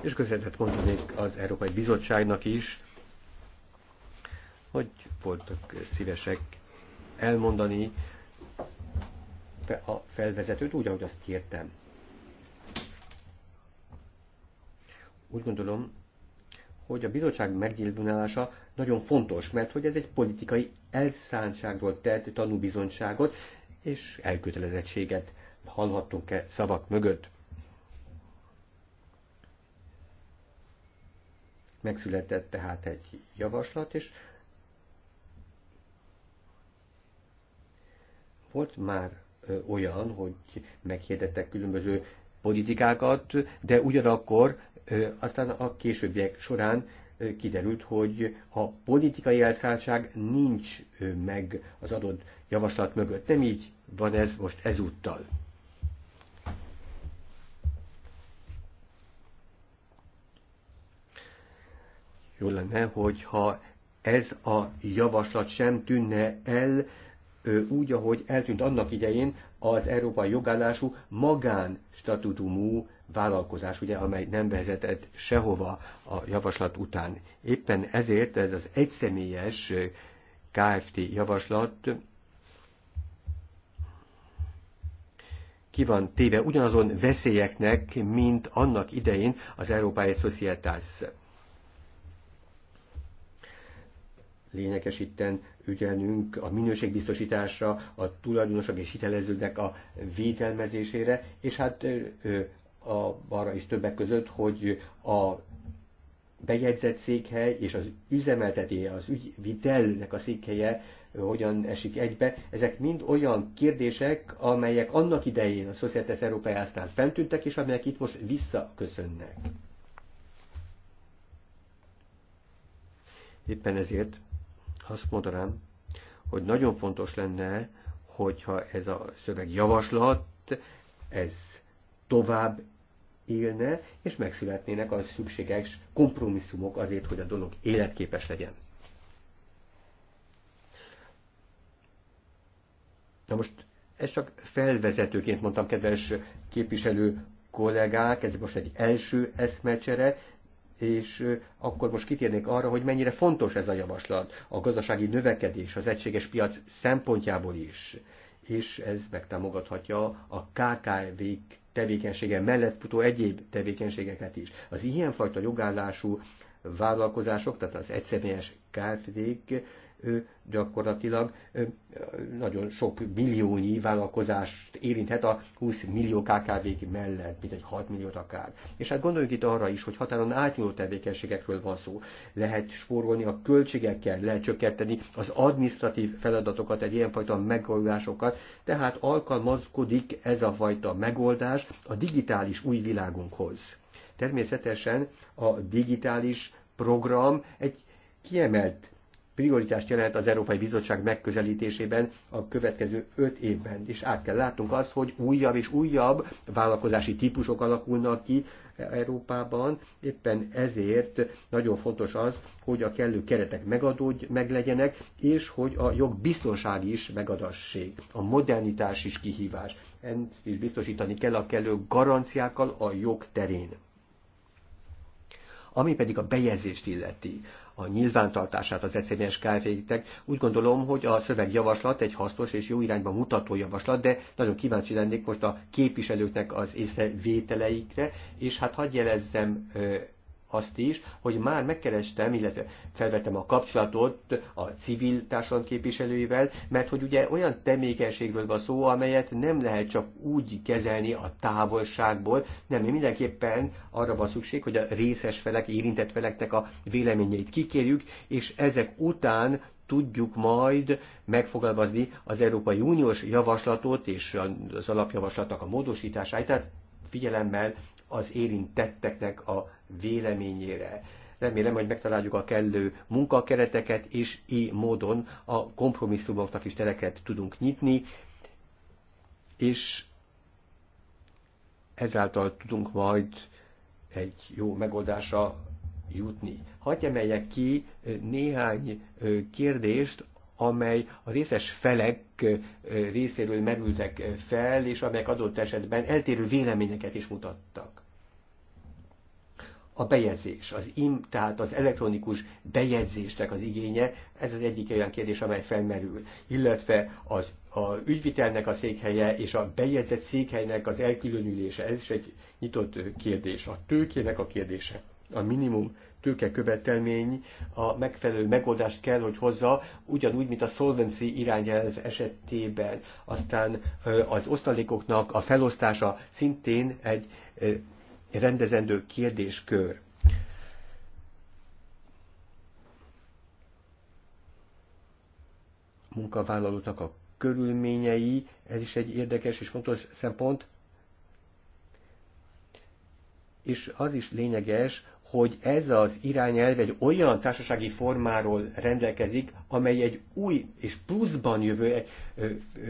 És köszönetet mondanék az Európai Bizottságnak is, hogy voltak szívesek elmondani a felvezetőt úgy, ahogy azt kértem. Úgy gondolom, hogy a bizottság megnyilvánulása nagyon fontos, mert hogy ez egy politikai elszántságról tett tanúbizonyságot és elkötelezettséget hallhattunk-e szavak mögött. Megszületett tehát egy javaslat, és volt már olyan, hogy meghirdettek különböző politikákat, de ugyanakkor aztán a későbbiek során kiderült, hogy a politikai elszálltság nincs meg az adott javaslat mögött. Nem így van ez most ezúttal. Jó lenne, hogyha ez a javaslat sem tűnne el úgy, ahogy eltűnt annak idején az európai jogállású magánstatutumú vállalkozás, ugye, amely nem vezetett sehova a javaslat után. Éppen ezért ez az egyszemélyes KFT javaslat ki van téve ugyanazon veszélyeknek, mint annak idején az Európai Societas. Lényeges itten ügyelnünk a minőségbiztosításra, a tulajdonosok és hitelezőknek a védelmezésére, és hát a, arra is többek között, hogy a bejegyzett székhely és az üzemeltetéje, az ügyvitelnek a székhelye hogyan esik egybe. Ezek mind olyan kérdések, amelyek annak idején a Societas Európeásznál fentűntek, és amelyek itt most visszaköszönnek. Éppen ezért azt mondanám, hogy nagyon fontos lenne, hogyha ez a szöveg javaslat, ez tovább élne, és megszületnének a szükséges kompromisszumok azért, hogy a dolog életképes legyen. Na most ezt csak felvezetőként mondtam, kedves képviselő kollégák, ez most egy első eszmecsere, és akkor most kitérnék arra, hogy mennyire fontos ez a javaslat a gazdasági növekedés, az egységes piac szempontjából is, és ez megtámogathatja a kkv tevékenysége mellett futó egyéb tevékenységeket is. Az ilyenfajta jogállású vállalkozások, tehát az egyszerűen kfd gyakorlatilag nagyon sok milliónyi vállalkozást érinthet a 20 millió KKV mellett, mint egy 6 milliót akár. És hát gondoljunk itt arra is, hogy határon átnyúló tevékenységekről van szó. Lehet spórolni a költségekkel, lehet csökkenteni az administratív feladatokat, egy ilyenfajta megoldásokat, tehát alkalmazkodik ez a fajta megoldás a digitális új világunkhoz. Természetesen a digitális program egy kiemelt prioritást jelent az Európai Bizottság megközelítésében a következő öt évben. És át kell látnunk azt, hogy újabb és újabb vállalkozási típusok alakulnak ki Európában, éppen ezért nagyon fontos az, hogy a kellő keretek megadódj, meglegyenek, és hogy a jogbiztonság is megadassék. A modernitás is kihívás. Ezt is biztosítani kell a kellő garanciákkal a jog terén. Ami pedig a bejegyzést illeti, a nyilvántartását az egyszerűen kávéknek. Úgy gondolom, hogy a szövegjavaslat egy hasznos és jó irányba mutató javaslat, de nagyon kíváncsi lennék most a képviselőknek az észrevételeikre, és hát hagyj jelezzem azt is, hogy már megkerestem, illetve felvettem a kapcsolatot a civil társadalom képviselőivel, mert hogy ugye olyan temékenységről van szó, amelyet nem lehet csak úgy kezelni a távolságból, nem, mindenképpen arra van szükség, hogy a részes felek, érintett feleknek a véleményeit kikérjük, és ezek után tudjuk majd megfogalmazni az Európai Uniós javaslatot és az alapjavaslatnak a módosításáit, tehát figyelemmel az érintetteknek a véleményére. Remélem, hogy megtaláljuk a kellő munkakereteket, és így módon a kompromisszumoknak is tereket tudunk nyitni, és ezáltal tudunk majd egy jó megoldásra jutni. Hagyj emeljek ki néhány kérdést, amely a részes felek részéről merültek fel, és amelyek adott esetben eltérő véleményeket is mutattak a bejegyzés, az im, tehát az elektronikus bejegyzésnek az igénye, ez az egyik olyan kérdés, amely felmerül, illetve az a ügyvitelnek a székhelye és a bejegyzett székhelynek az elkülönülése, ez is egy nyitott kérdés. A tőkének a kérdése, a minimum tőke követelmény a megfelelő megoldást kell, hogy hozza, ugyanúgy, mint a solvency irányelv esetében. Aztán az osztalékoknak a felosztása szintén egy rendezendő kérdéskör. Munkavállalóknak a körülményei, ez is egy érdekes és fontos szempont, és az is lényeges, hogy ez az irányelv egy olyan társasági formáról rendelkezik, amely egy új és pluszban jövő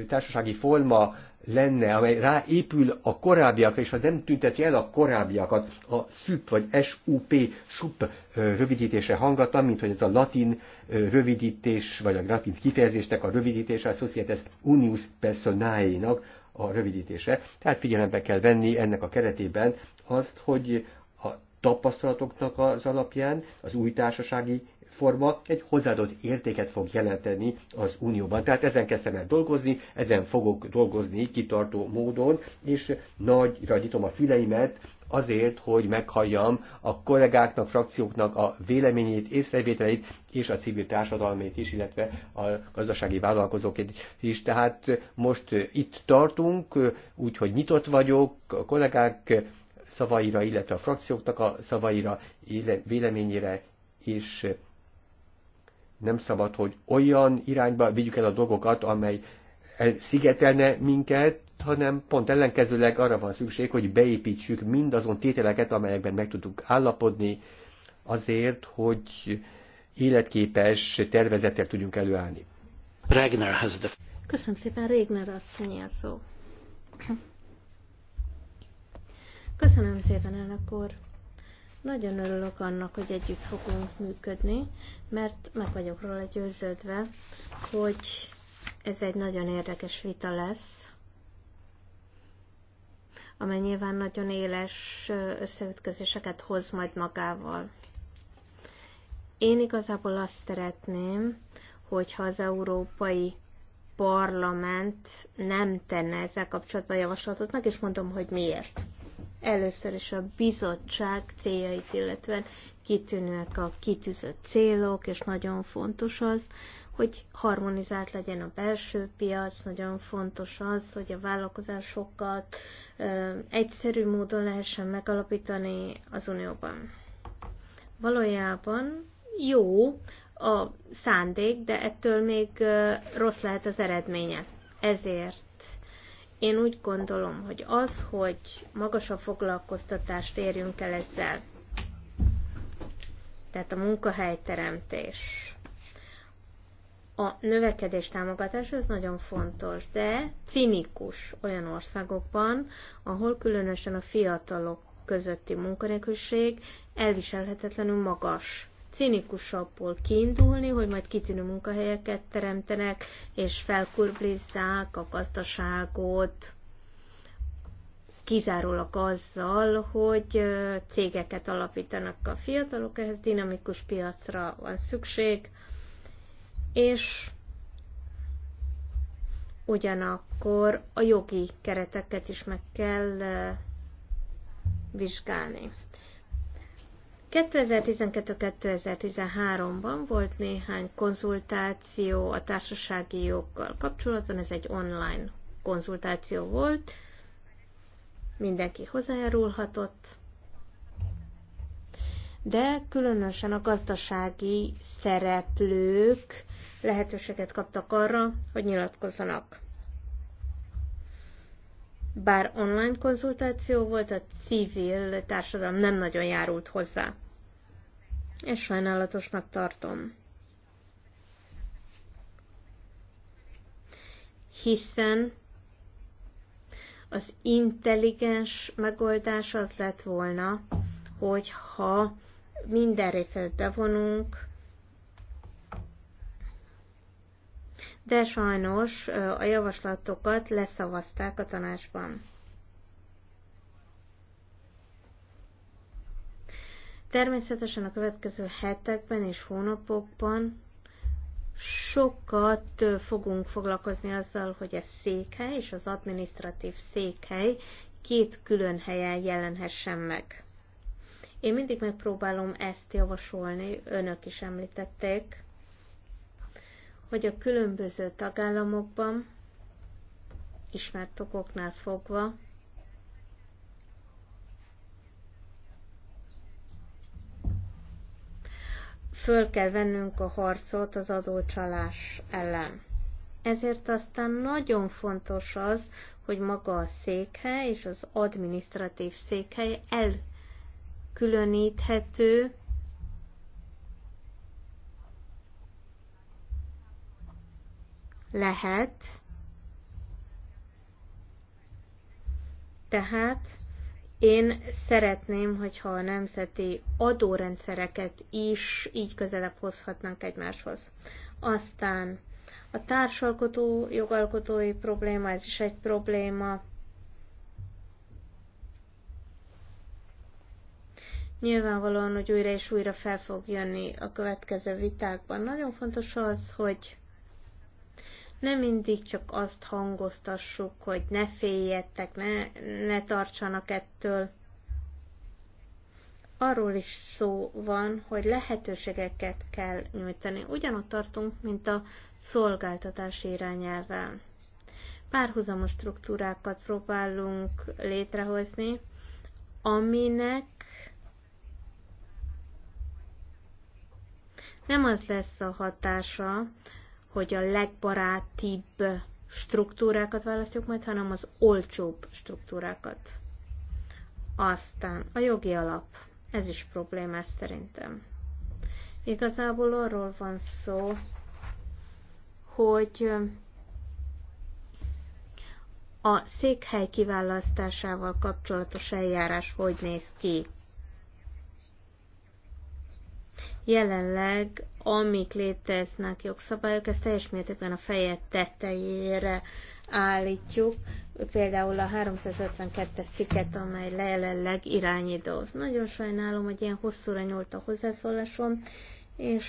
társasági forma lenne, amely ráépül a korábbiakra, és ha nem tünteti el a korábbiakat, a SUP vagy SUP, SUP rövidítése hangatlan, mint hogy ez a latin rövidítés, vagy a latin kifejezésnek a rövidítése, a Societas Unius Personae-nak a rövidítése. Tehát figyelembe kell venni ennek a keretében azt, hogy tapasztalatoknak az alapján az új társasági forma egy hozzáadott értéket fog jelenteni az Unióban. Tehát ezen kezdtem el dolgozni, ezen fogok dolgozni kitartó módon, és nagyra nyitom a fileimet azért, hogy meghalljam a kollégáknak, frakcióknak a véleményét, észrevételeit és a civil társadalmét is, illetve a gazdasági vállalkozókét is. Tehát most itt tartunk, úgyhogy nyitott vagyok, a kollégák szavaira, illetve a frakcióknak a szavaira, véleményére, és nem szabad, hogy olyan irányba vigyük el a dolgokat, amely szigetelne minket, hanem pont ellenkezőleg arra van szükség, hogy beépítsük mindazon tételeket, amelyekben meg tudunk állapodni, azért, hogy életképes tervezettel tudjunk előállni. Regner has the... Köszönöm szépen, Regner asszony a szó. Köszönöm szépen, elnök úr. Nagyon örülök annak, hogy együtt fogunk működni, mert meg vagyok róla győződve, hogy ez egy nagyon érdekes vita lesz, amely nyilván nagyon éles összeütközéseket hoz majd magával. Én igazából azt szeretném, hogyha az Európai Parlament nem tenne ezzel kapcsolatban javaslatot, meg is mondom, hogy miért. Először is a bizottság céljait, illetve kitűnőek a kitűzött célok, és nagyon fontos az, hogy harmonizált legyen a belső piac, nagyon fontos az, hogy a vállalkozásokat ö, egyszerű módon lehessen megalapítani az Unióban. Valójában jó a szándék, de ettől még rossz lehet az eredménye. Ezért én úgy gondolom, hogy az, hogy magasabb foglalkoztatást érjünk el ezzel, tehát a munkahelyteremtés, a növekedés támogatás az nagyon fontos, de cinikus olyan országokban, ahol különösen a fiatalok közötti munkanélküliség elviselhetetlenül magas cinikusabbból kiindulni, hogy majd kitűnő munkahelyeket teremtenek, és felkurblizzák a gazdaságot kizárólag azzal, hogy cégeket alapítanak a fiatalok, ehhez dinamikus piacra van szükség, és ugyanakkor a jogi kereteket is meg kell vizsgálni. 2012-2013-ban volt néhány konzultáció a társasági joggal kapcsolatban, ez egy online konzultáció volt, mindenki hozzájárulhatott, de különösen a gazdasági szereplők lehetőséget kaptak arra, hogy nyilatkozzanak. Bár online konzultáció volt, a civil társadalom nem nagyon járult hozzá. És sajnálatosnak tartom. Hiszen az intelligens megoldás az lett volna, hogyha minden részlet bevonunk, de sajnos a javaslatokat leszavazták a tanácsban. Természetesen a következő hetekben és hónapokban sokat fogunk foglalkozni azzal, hogy a székhely és az administratív székhely két külön helyen jelenhessen meg. Én mindig megpróbálom ezt javasolni, önök is említették hogy a különböző tagállamokban ismert okoknál fogva föl kell vennünk a harcot az adócsalás ellen. Ezért aztán nagyon fontos az, hogy maga a székhely és az adminisztratív székhely elkülöníthető lehet, tehát én szeretném, hogyha a nemzeti adórendszereket is így közelebb hozhatnánk egymáshoz. Aztán a társalkotó, jogalkotói probléma, ez is egy probléma. Nyilvánvalóan, hogy újra és újra fel fog jönni a következő vitákban. Nagyon fontos az, hogy nem mindig csak azt hangoztassuk, hogy ne féljetek, ne, ne tartsanak ettől. Arról is szó van, hogy lehetőségeket kell nyújtani. Ugyanott tartunk, mint a szolgáltatás irányelvvel. Párhuzamos struktúrákat próbálunk létrehozni, aminek nem az lesz a hatása, hogy a legbarátibb struktúrákat választjuk majd, hanem az olcsóbb struktúrákat. Aztán a jogi alap. Ez is problémás szerintem. Igazából arról van szó, hogy a székhely kiválasztásával kapcsolatos eljárás hogy néz ki. Jelenleg, amik léteznek jogszabályok, ezt teljes mértékben a feje tetejére állítjuk, például a 352-es cikket, amely jelenleg irányító. Nagyon sajnálom, hogy ilyen hosszúra nyúlt a hozzászólásom, és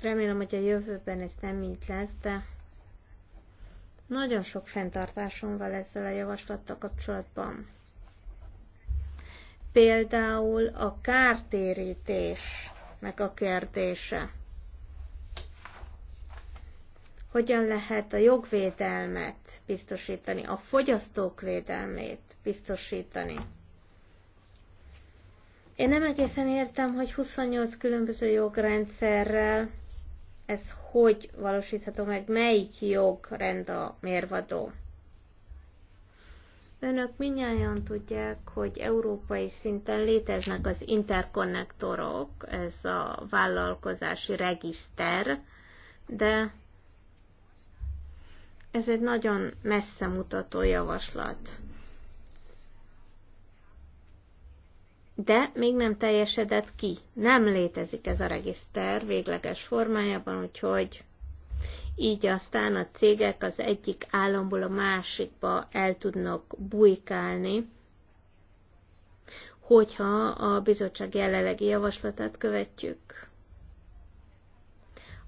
remélem, hogy a jövőben ez nem így lesz, de nagyon sok fenntartásom van ezzel a javaslattal kapcsolatban. Például a kártérítés embereknek a kérdése. Hogyan lehet a jogvédelmet biztosítani, a fogyasztók védelmét biztosítani? Én nem egészen értem, hogy 28 különböző jogrendszerrel ez hogy valósítható meg, melyik jogrend a mérvadó. Önök minnyáján tudják, hogy európai szinten léteznek az interkonnektorok, ez a vállalkozási regiszter, de ez egy nagyon messze mutató javaslat. De még nem teljesedett ki. Nem létezik ez a regiszter végleges formájában, úgyhogy így aztán a cégek az egyik államból a másikba el tudnak bujkálni, hogyha a bizottság jelenlegi javaslatát követjük.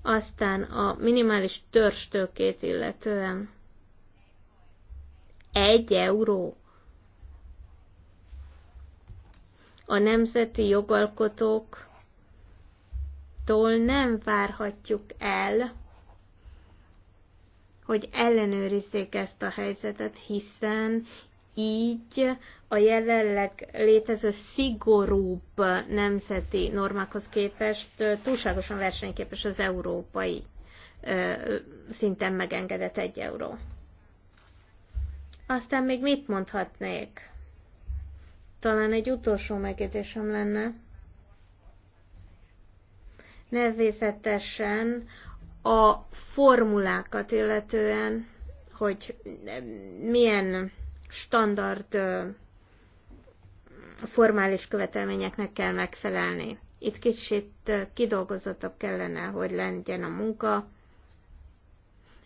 Aztán a minimális törstőkét illetően egy euró. A nemzeti jogalkotóktól nem várhatjuk el, hogy ellenőrizzék ezt a helyzetet, hiszen így a jelenleg létező szigorúbb nemzeti normákhoz képest túlságosan versenyképes az európai szinten megengedett egy euró. Aztán még mit mondhatnék? Talán egy utolsó megjegyzésem lenne. Nevezetesen a formulákat illetően, hogy milyen standard formális követelményeknek kell megfelelni. Itt kicsit kidolgozottabb kellene, hogy legyen a munka,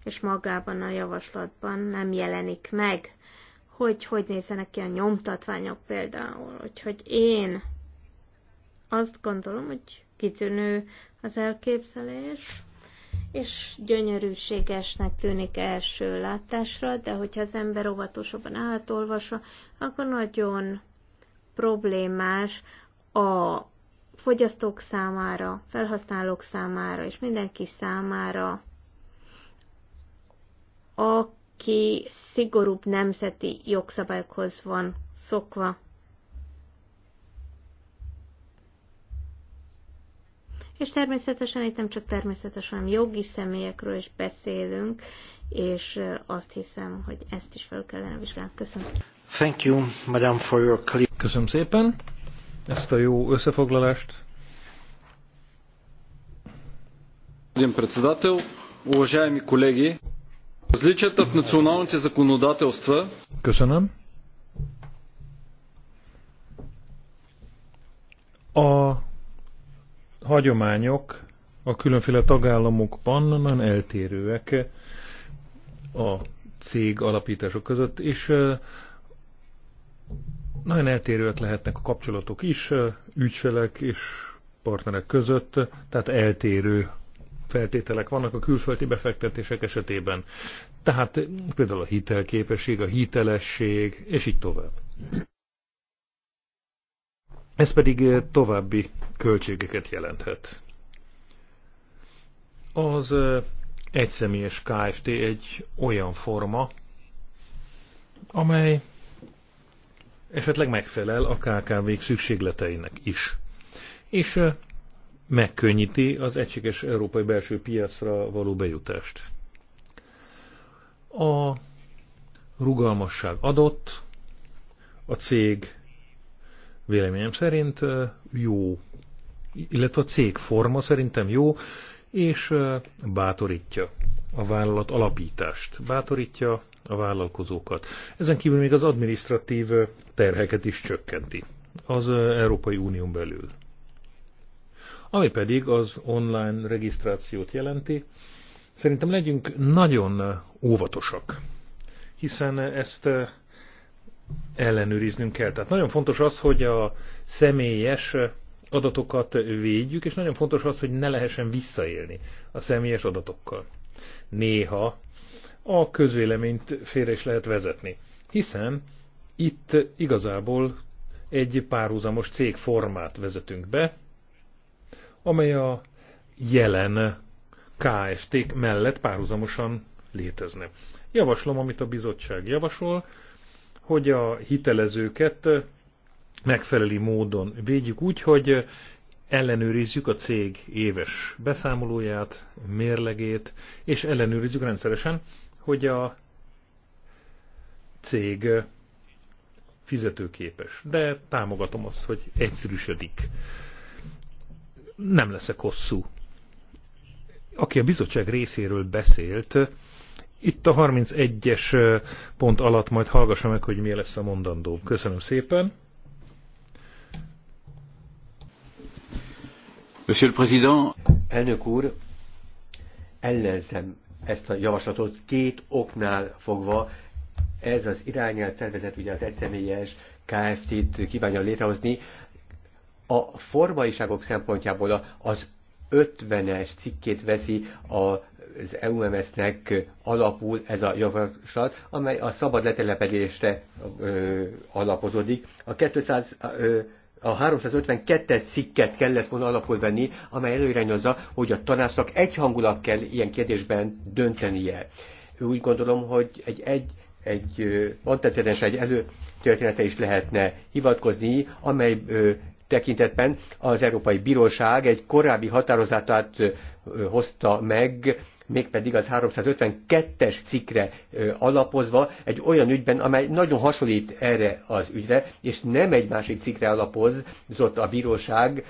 és magában a javaslatban nem jelenik meg, hogy hogy nézzenek ki a nyomtatványok például. Úgyhogy én azt gondolom, hogy kitűnő az elképzelés és gyönyörűségesnek tűnik első látásra, de hogyha az ember óvatosabban átolvassa, akkor nagyon problémás a fogyasztók számára, felhasználók számára és mindenki számára, aki szigorúbb nemzeti jogszabályokhoz van szokva. És természetesen itt nem csak természetes, hanem jogi személyekről is beszélünk, és azt hiszem, hogy ezt is fel kellene vizsgálni. Köszönöm. Thank you, madam, for your Köszönöm szépen ezt a jó összefoglalást. Господин председател, уважаеми колеги, различията в националните законодателства. Köszönöm. A hagyományok a különféle tagállamokban nagyon eltérőek a cég alapítások között, és nagyon eltérőek lehetnek a kapcsolatok is, ügyfelek és partnerek között, tehát eltérő feltételek vannak a külföldi befektetések esetében. Tehát például a hitelképesség, a hitelesség, és így tovább. Ez pedig további költségeket jelenthet. Az egyszemélyes KFT egy olyan forma, amely esetleg megfelel a kkv szükségleteinek is. És megkönnyíti az egységes európai belső piacra való bejutást. A rugalmasság adott, a cég véleményem szerint jó, illetve a cég forma szerintem jó, és bátorítja a vállalat alapítást, bátorítja a vállalkozókat. Ezen kívül még az administratív terheket is csökkenti az Európai Unión belül. Ami pedig az online regisztrációt jelenti, szerintem legyünk nagyon óvatosak, hiszen ezt ellenőriznünk kell. Tehát nagyon fontos az, hogy a személyes adatokat védjük, és nagyon fontos az, hogy ne lehessen visszaélni a személyes adatokkal. Néha a közvéleményt félre is lehet vezetni, hiszen itt igazából egy párhuzamos cégformát vezetünk be, amely a jelen kst k mellett párhuzamosan létezne. Javaslom, amit a bizottság javasol, hogy a hitelezőket megfelelő módon védjük úgy, hogy ellenőrizzük a cég éves beszámolóját, mérlegét, és ellenőrizzük rendszeresen, hogy a cég fizetőképes. De támogatom azt, hogy egyszerűsödik. Nem leszek hosszú. Aki a bizottság részéről beszélt, itt a 31-es pont alatt majd hallgassa meg, hogy mi lesz a mondandó. Köszönöm szépen. Monsieur le Président. Elnök úr, ellenzem ezt a javaslatot két oknál fogva. Ez az irányelv tervezet ugye az egyszemélyes KFT-t kívánja létrehozni, a formaiságok szempontjából az 50-es cikkét veszi a az EUMS-nek alapul ez a javaslat, amely a szabad letelepedésre ö, alapozódik. A 200 ö, a 352-es cikket kellett volna alapul venni, amely előirányozza, hogy a tanácsnak egyhangulat kell ilyen kérdésben döntenie. Úgy gondolom, hogy egy, egy, egy antecedens, egy előtörténete is lehetne hivatkozni, amely ö, tekintetben az Európai Bíróság egy korábbi határozatát hozta meg mégpedig az 352-es cikkre alapozva egy olyan ügyben, amely nagyon hasonlít erre az ügyre, és nem egy másik cikkre alapozott a bíróság,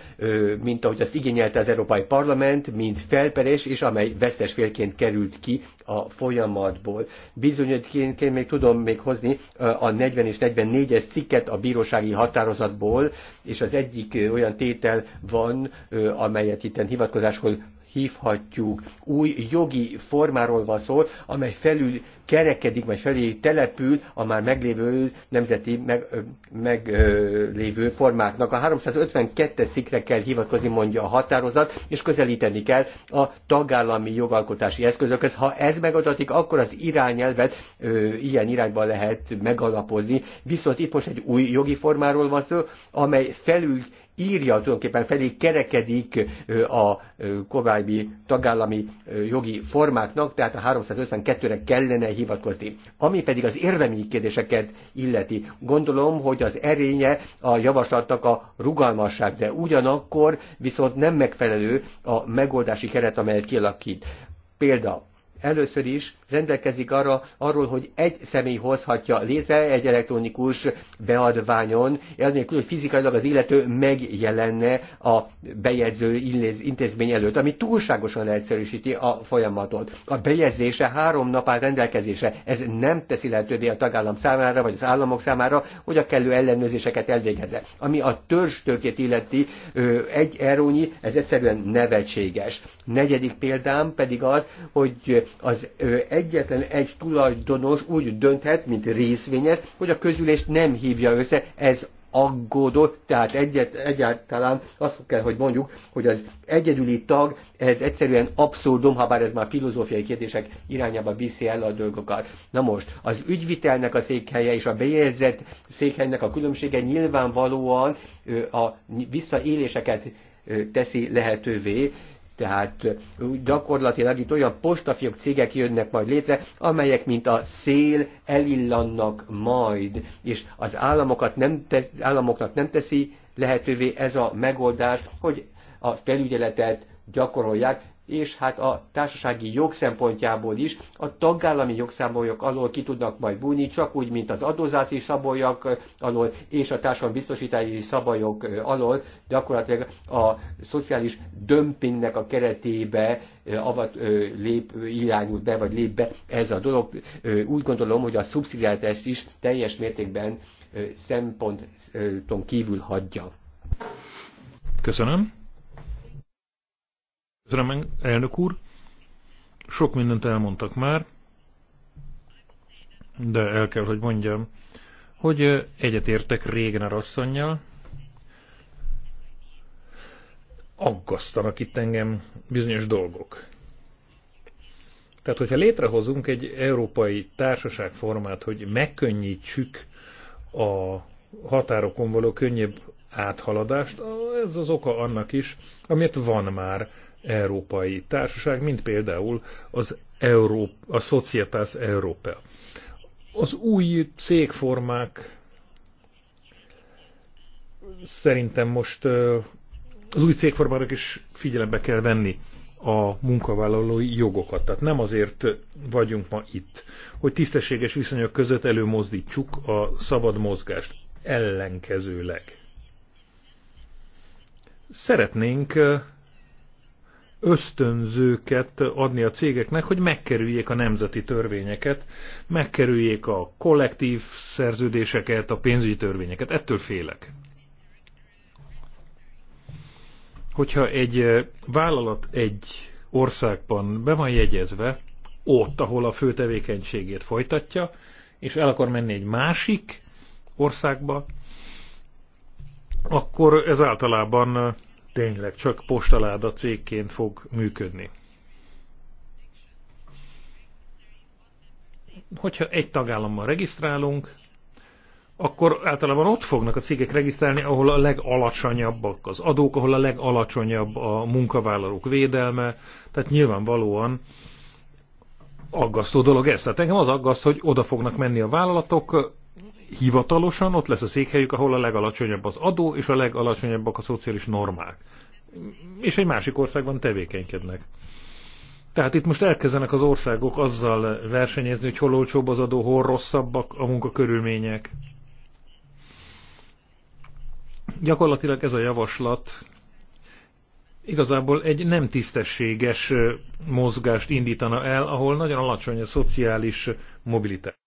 mint ahogy azt igényelte az Európai Parlament, mint felperes, és amely vesztes félként került ki a folyamatból. Bizonyosként még tudom még hozni a 40 és 44-es cikket a bírósági határozatból, és az egyik olyan tétel van, amelyet itt hivatkozáskor hívhatjuk. Új jogi formáról van szó, amely felül kerekedik, vagy felé települ a már meglévő nemzeti meg, meglévő formáknak. A 352 szikre kell hivatkozni, mondja a határozat, és közelíteni kell a tagállami jogalkotási eszközökhez. Ha ez megadatik, akkor az irányelvet ö, ilyen irányba lehet megalapozni. Viszont itt most egy új jogi formáról van szó, amely felül írja, tulajdonképpen felé kerekedik a korábbi tagállami jogi formáknak, tehát a 352-re kellene hivatkozni. Ami pedig az érvemi kérdéseket illeti, gondolom, hogy az erénye a javaslatnak a rugalmasság, de ugyanakkor viszont nem megfelelő a megoldási keret, amelyet kialakít. Példa, először is rendelkezik arra, arról, hogy egy személy hozhatja létre egy elektronikus beadványon, anélkül, hogy fizikailag az illető megjelenne a bejegyző intézmény előtt, ami túlságosan leegyszerűsíti a folyamatot. A bejegyzése három nap áll rendelkezése. Ez nem teszi lehetővé a tagállam számára, vagy az államok számára, hogy a kellő ellenőrzéseket elvégezze. Ami a törzstőkét illeti egy erónyi, ez egyszerűen nevetséges. Negyedik példám pedig az, hogy az ö, egyetlen egy tulajdonos úgy dönthet, mint részvényes, hogy a közülést nem hívja össze, ez aggódó, tehát egyet, egyáltalán azt kell, hogy mondjuk, hogy az egyedüli tag, ez egyszerűen abszurdum, ha bár ez már filozófiai kérdések irányába viszi el a dolgokat. Na most, az ügyvitelnek a székhelye és a bejegyzett székhelynek a különbsége nyilvánvalóan a visszaéléseket teszi lehetővé, tehát gyakorlatilag itt olyan postafiók cégek jönnek majd létre, amelyek mint a szél elillannak majd, és az államokat nem te, államoknak nem teszi lehetővé ez a megoldás, hogy a felügyeletet gyakorolják, és hát a társasági jog szempontjából is a tagállami jogszabályok alól ki tudnak majd bújni, csak úgy, mint az adózási szabályok alól és a társadalmi biztosítási szabályok alól, gyakorlatilag a szociális dömpingnek a keretébe avat, lép, irányult be, vagy lép be ez a dolog. Úgy gondolom, hogy a szubszidiáltást is teljes mértékben szemponton kívül hagyja. Köszönöm. Köszönöm, elnök úr. Sok mindent elmondtak már, de el kell, hogy mondjam, hogy egyetértek Régner asszonynal. Aggasztanak itt engem bizonyos dolgok. Tehát, hogyha létrehozunk egy európai társaság formát, hogy megkönnyítsük a határokon való könnyebb áthaladást, ez az oka annak is, amit van már európai társaság, mint például az Euró, a Societas Európa. Az új cégformák szerintem most az új cégformának is figyelembe kell venni a munkavállalói jogokat. Tehát nem azért vagyunk ma itt, hogy tisztességes viszonyok között előmozdítsuk a szabad mozgást. Ellenkezőleg. Szeretnénk ösztönzőket adni a cégeknek, hogy megkerüljék a nemzeti törvényeket, megkerüljék a kollektív szerződéseket, a pénzügyi törvényeket. Ettől félek. Hogyha egy eh, vállalat egy országban be van jegyezve, ott, ahol a fő tevékenységét folytatja, és el akar menni egy másik országba, akkor ez általában eh, tényleg csak postaláda cégként fog működni. Hogyha egy tagállammal regisztrálunk, akkor általában ott fognak a cégek regisztrálni, ahol a legalacsonyabbak az adók, ahol a legalacsonyabb a munkavállalók védelme, tehát nyilvánvalóan aggasztó dolog ez. Tehát engem az aggaszt, hogy oda fognak menni a vállalatok, hivatalosan ott lesz a székhelyük, ahol a legalacsonyabb az adó, és a legalacsonyabbak a szociális normák. És egy másik országban tevékenykednek. Tehát itt most elkezdenek az országok azzal versenyezni, hogy hol olcsóbb az adó, hol rosszabbak a munkakörülmények. Gyakorlatilag ez a javaslat igazából egy nem tisztességes mozgást indítana el, ahol nagyon alacsony a szociális mobilitás.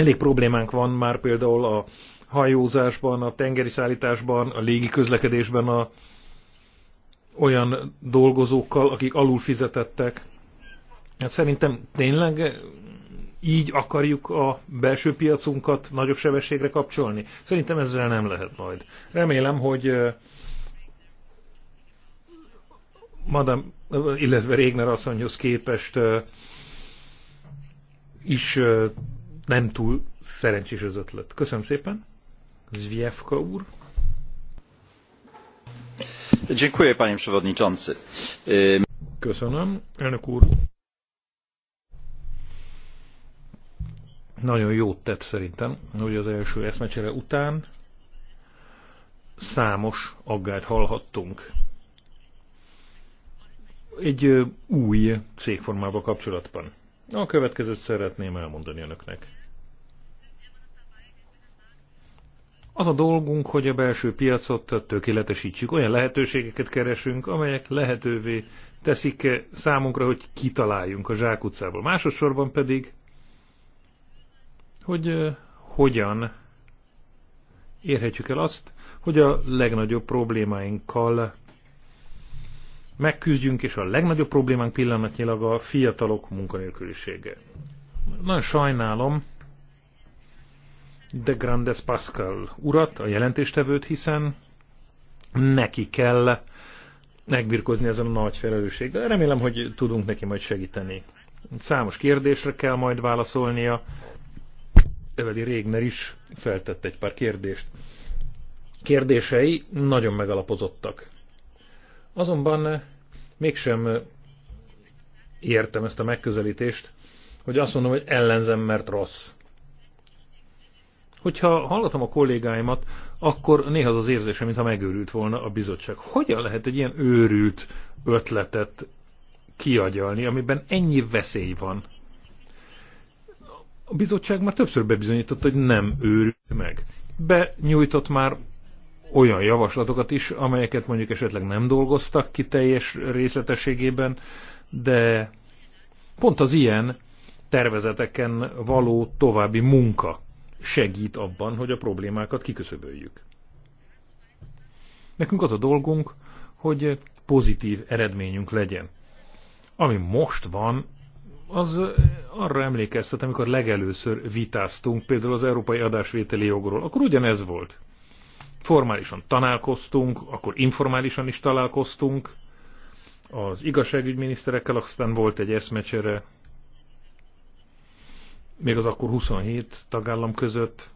Elég problémánk van már például a hajózásban, a tengeri szállításban, a légi közlekedésben a olyan dolgozókkal, akik alul fizetettek. Hát szerintem tényleg így akarjuk a belső piacunkat nagyobb sebességre kapcsolni? Szerintem ezzel nem lehet majd. Remélem, hogy Madame, illetve Régner asszonyhoz képest is nem túl szerencsés az ötlet. Köszönöm szépen. Zviefka úr. Dziękuję, panie przewodniczący. Köszönöm, elnök úr. Nagyon jót tett szerintem, hogy az első eszmecsere után számos aggályt hallhattunk. Egy új cégformába kapcsolatban. A következőt szeretném elmondani önöknek. Az a dolgunk, hogy a belső piacot tökéletesítsük, olyan lehetőségeket keresünk, amelyek lehetővé teszik számunkra, hogy kitaláljunk a zsákutcából. Másodszorban pedig, hogy eh, hogyan érhetjük el azt, hogy a legnagyobb problémáinkkal megküzdjünk, és a legnagyobb problémánk pillanatnyilag a fiatalok munkanélkülisége. Nagyon sajnálom, de Grandes Pascal urat, a jelentéstevőt, hiszen neki kell megbirkozni ezen a nagy felelősséggel. Remélem, hogy tudunk neki majd segíteni. Számos kérdésre kell majd válaszolnia. Eveli Régner is feltett egy pár kérdést. Kérdései nagyon megalapozottak. Azonban mégsem értem ezt a megközelítést, hogy azt mondom, hogy ellenzem, mert rossz. Hogyha hallatom a kollégáimat, akkor néha az az érzésem, mintha megőrült volna a bizottság. Hogyan lehet egy ilyen őrült ötletet kiagyalni, amiben ennyi veszély van? A bizottság már többször bebizonyította, hogy nem őrült meg. Benyújtott már olyan javaslatokat is, amelyeket mondjuk esetleg nem dolgoztak ki teljes részletességében, de pont az ilyen tervezeteken való további munka segít abban, hogy a problémákat kiköszöböljük. Nekünk az a dolgunk, hogy pozitív eredményünk legyen. Ami most van, az arra emlékeztet, amikor legelőször vitáztunk például az európai adásvételi jogról, akkor ugyanez volt. Formálisan tanálkoztunk, akkor informálisan is találkoztunk, az igazságügyminiszterekkel aztán volt egy eszmecsere, még az akkor 27 tagállam között.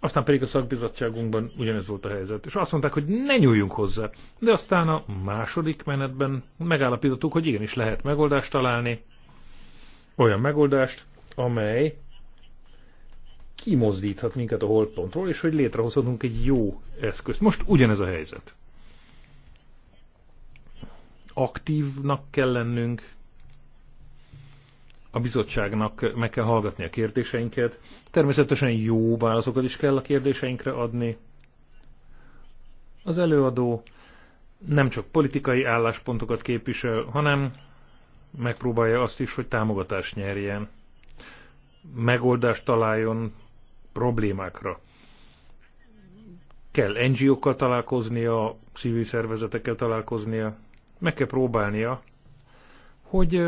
Aztán pedig a szakbizottságunkban ugyanez volt a helyzet. És azt mondták, hogy ne nyúljunk hozzá. De aztán a második menetben megállapítottuk, hogy igenis lehet megoldást találni. Olyan megoldást, amely kimozdíthat minket a holtpontról, és hogy létrehozhatunk egy jó eszközt. Most ugyanez a helyzet. Aktívnak kell lennünk, a bizottságnak meg kell hallgatni a kérdéseinket. Természetesen jó válaszokat is kell a kérdéseinkre adni. Az előadó nem csak politikai álláspontokat képvisel, hanem megpróbálja azt is, hogy támogatást nyerjen, megoldást találjon problémákra. Kell NGO-kkal találkoznia, civil szervezetekkel találkoznia, meg kell próbálnia, hogy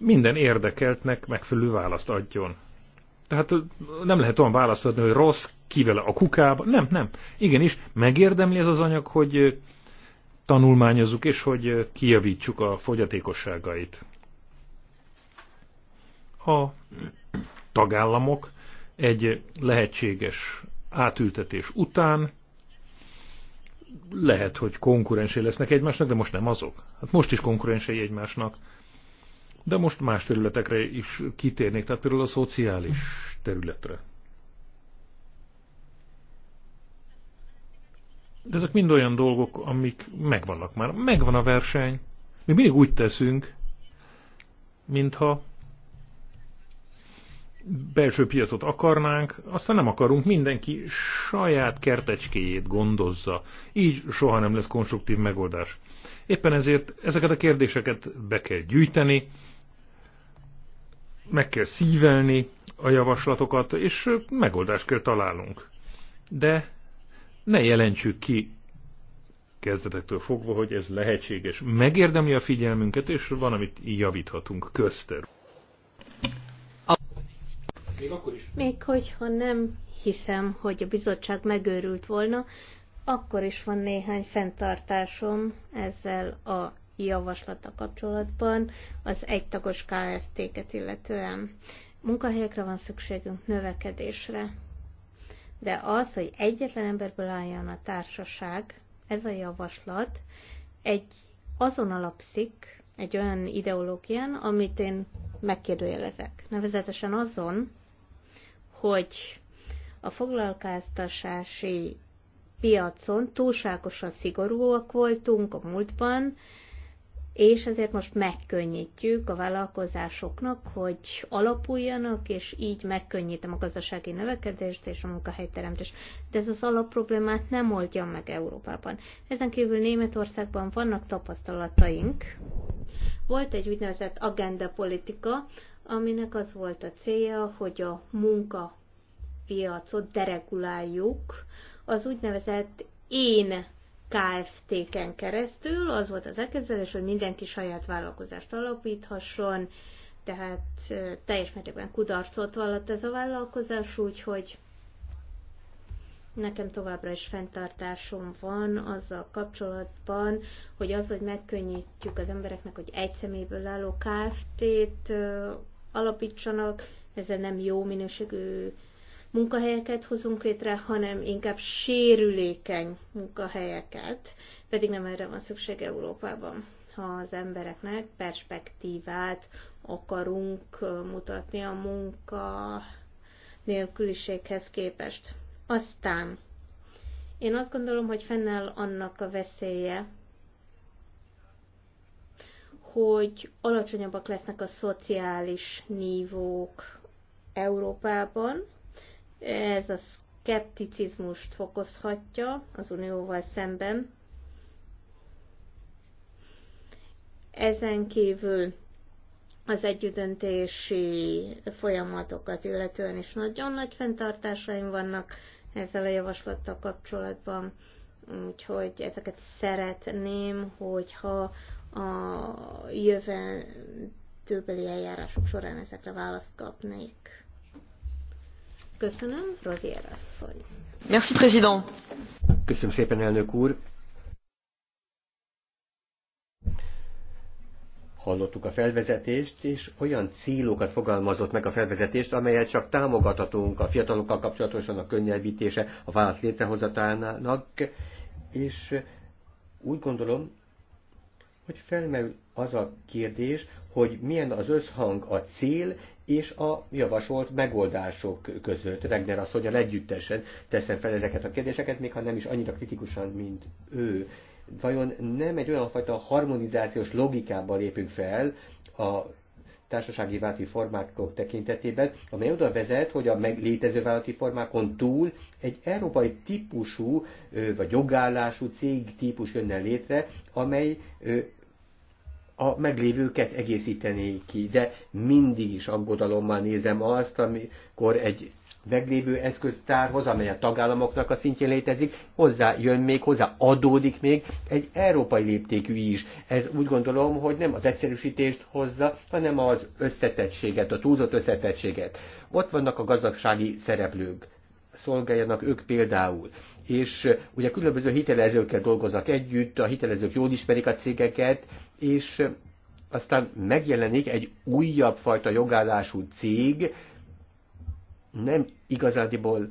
minden érdekeltnek megfelelő választ adjon. Tehát nem lehet olyan választ adni, hogy rossz, kivel a kukába. Nem, nem. Igenis, megérdemli ez az anyag, hogy tanulmányozzuk, és hogy kijavítsuk a fogyatékosságait. A tagállamok egy lehetséges átültetés után lehet, hogy konkurensé lesznek egymásnak, de most nem azok. Hát most is konkurensei egymásnak. De most más területekre is kitérnék, tehát például a szociális területre. De ezek mind olyan dolgok, amik megvannak már. Megvan a verseny. Mi mindig úgy teszünk, mintha belső piacot akarnánk, aztán nem akarunk, mindenki saját kertecskéjét gondozza. Így soha nem lesz konstruktív megoldás. Éppen ezért ezeket a kérdéseket be kell gyűjteni, meg kell szívelni a javaslatokat, és megoldást kell találnunk. De ne jelentsük ki kezdetektől fogva, hogy ez lehetséges. Megérdemli a figyelmünket, és van, amit javíthatunk közter. Még akkor is. Még hogyha nem hiszem, hogy a bizottság megőrült volna, akkor is van néhány fenntartásom ezzel a javaslata kapcsolatban az egytagos KFT-ket illetően. Munkahelyekre van szükségünk, növekedésre. De az, hogy egyetlen emberből álljon a társaság, ez a javaslat egy azon alapszik, egy olyan ideológián, amit én megkérdőjelezek. Nevezetesen azon, hogy a foglalkáztatási piacon túlságosan szigorúak voltunk a múltban, és ezért most megkönnyítjük a vállalkozásoknak, hogy alapuljanak, és így megkönnyítem a gazdasági növekedést és a munkahelyteremtést. De ez az alapproblémát nem oldja meg Európában. Ezen kívül Németországban vannak tapasztalataink. Volt egy úgynevezett agenda politika, aminek az volt a célja, hogy a munkapiacot dereguláljuk, az úgynevezett én KFT-ken keresztül. Az volt az elképzelés, hogy mindenki saját vállalkozást alapíthasson, tehát teljes mértékben kudarcot vallott ez a vállalkozás, úgyhogy nekem továbbra is fenntartásom van azzal kapcsolatban, hogy az, hogy megkönnyítjük az embereknek, hogy egy személyből álló KFT-t alapítsanak, ezzel nem jó minőségű munkahelyeket hozunk létre, hanem inkább sérülékeny munkahelyeket, pedig nem erre van szükség Európában. Ha az embereknek perspektívát akarunk mutatni a munka nélküliséghez képest. Aztán én azt gondolom, hogy fennáll annak a veszélye, hogy alacsonyabbak lesznek a szociális nívók Európában, ez a szkepticizmust fokozhatja az unióval szemben. Ezen kívül az együttdöntési folyamatokat illetően is nagyon nagy fenntartásaim vannak ezzel a javaslattal kapcsolatban, úgyhogy ezeket szeretném, hogyha a jövendőbeli eljárások során ezekre választ kapnék. Köszönöm, Rozier asszony. Merci, président. Köszönöm szépen, elnök úr. Hallottuk a felvezetést, és olyan célokat fogalmazott meg a felvezetést, amelyet csak támogathatunk a fiatalokkal kapcsolatosan a könnyelvítése a vállalat létrehozatának, és úgy gondolom, hogy felmerül az a kérdés, hogy milyen az összhang a cél és a javasolt megoldások között. Regner asszonyal együttesen teszem fel ezeket a kérdéseket, még ha nem is annyira kritikusan, mint ő. Vajon nem egy olyan fajta harmonizációs logikában lépünk fel a társasági vállalati formákok tekintetében, amely oda vezet, hogy a meglétező vállalati formákon túl egy európai típusú vagy jogállású cég típus jönne létre, amely a meglévőket egészíteni ki, de mindig is aggodalommal nézem azt, amikor egy meglévő eszköztárhoz, amely a tagállamoknak a szintjén létezik, hozzá jön még, hozzá adódik még egy európai léptékű is. Ez úgy gondolom, hogy nem az egyszerűsítést hozza, hanem az összetettséget, a túlzott összetettséget. Ott vannak a gazdasági szereplők, szolgáljanak ők például. És ugye különböző hitelezőkkel dolgoznak együtt, a hitelezők jól ismerik a cégeket, és aztán megjelenik egy újabb fajta jogállású cég, nem igazándiból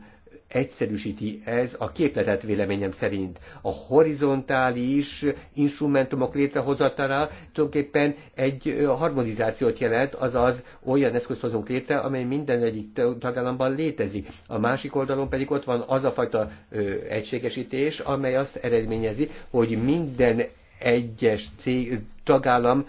egyszerűsíti ez a képletet véleményem szerint. A horizontális instrumentumok létrehozatára tulajdonképpen egy harmonizációt jelent, azaz olyan eszközt hozunk létre, amely minden egyik tagállamban létezik. A másik oldalon pedig ott van az a fajta egységesítés, amely azt eredményezi, hogy minden egyes cég, tagállam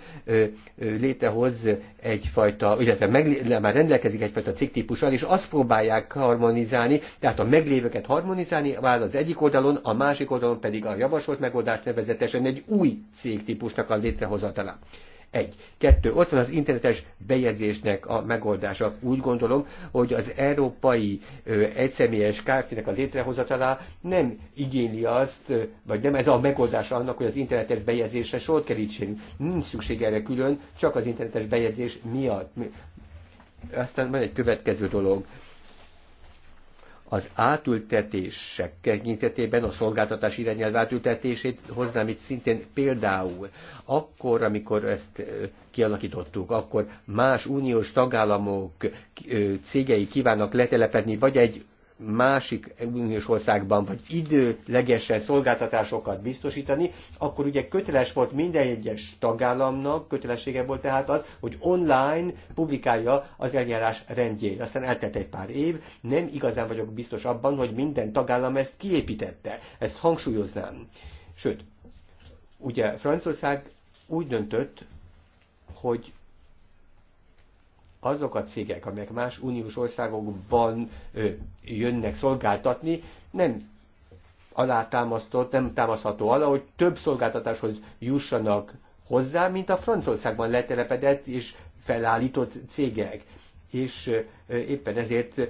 létrehoz egyfajta, illetve meg, már rendelkezik egyfajta cégtípussal, és azt próbálják harmonizálni, tehát a meglévőket harmonizálni, vár az egyik oldalon, a másik oldalon pedig a javasolt megoldást nevezetesen egy új cégtípusnak a létrehozatalát. Egy. Kettő. Ott van az internetes bejegyzésnek a megoldása. Úgy gondolom, hogy az európai ö, egyszemélyes kártyának a létrehozatalá nem igényli azt, vagy nem ez a megoldás annak, hogy az internetes bejegyzésre sor kerítsünk. Nincs szükség erre külön, csak az internetes bejegyzés miatt. Aztán van egy következő dolog az átültetések tekintetében a szolgáltatás irányelv átültetését hoznám itt szintén például. Akkor, amikor ezt kialakítottuk, akkor más uniós tagállamok cégei kívánnak letelepedni, vagy egy másik uniós országban, vagy időlegesen szolgáltatásokat biztosítani, akkor ugye köteles volt minden egyes tagállamnak, kötelessége volt tehát az, hogy online publikálja az eljárás rendjét. Aztán eltelt egy pár év, nem igazán vagyok biztos abban, hogy minden tagállam ezt kiépítette. Ezt hangsúlyoznám. Sőt, ugye Franciaország úgy döntött, hogy azok a cégek, amelyek más uniós országokban ö, jönnek szolgáltatni, nem alátámasztott, nem támaszható alá, hogy több szolgáltatáshoz jussanak hozzá, mint a Franciaországban letelepedett és felállított cégek. És éppen ezért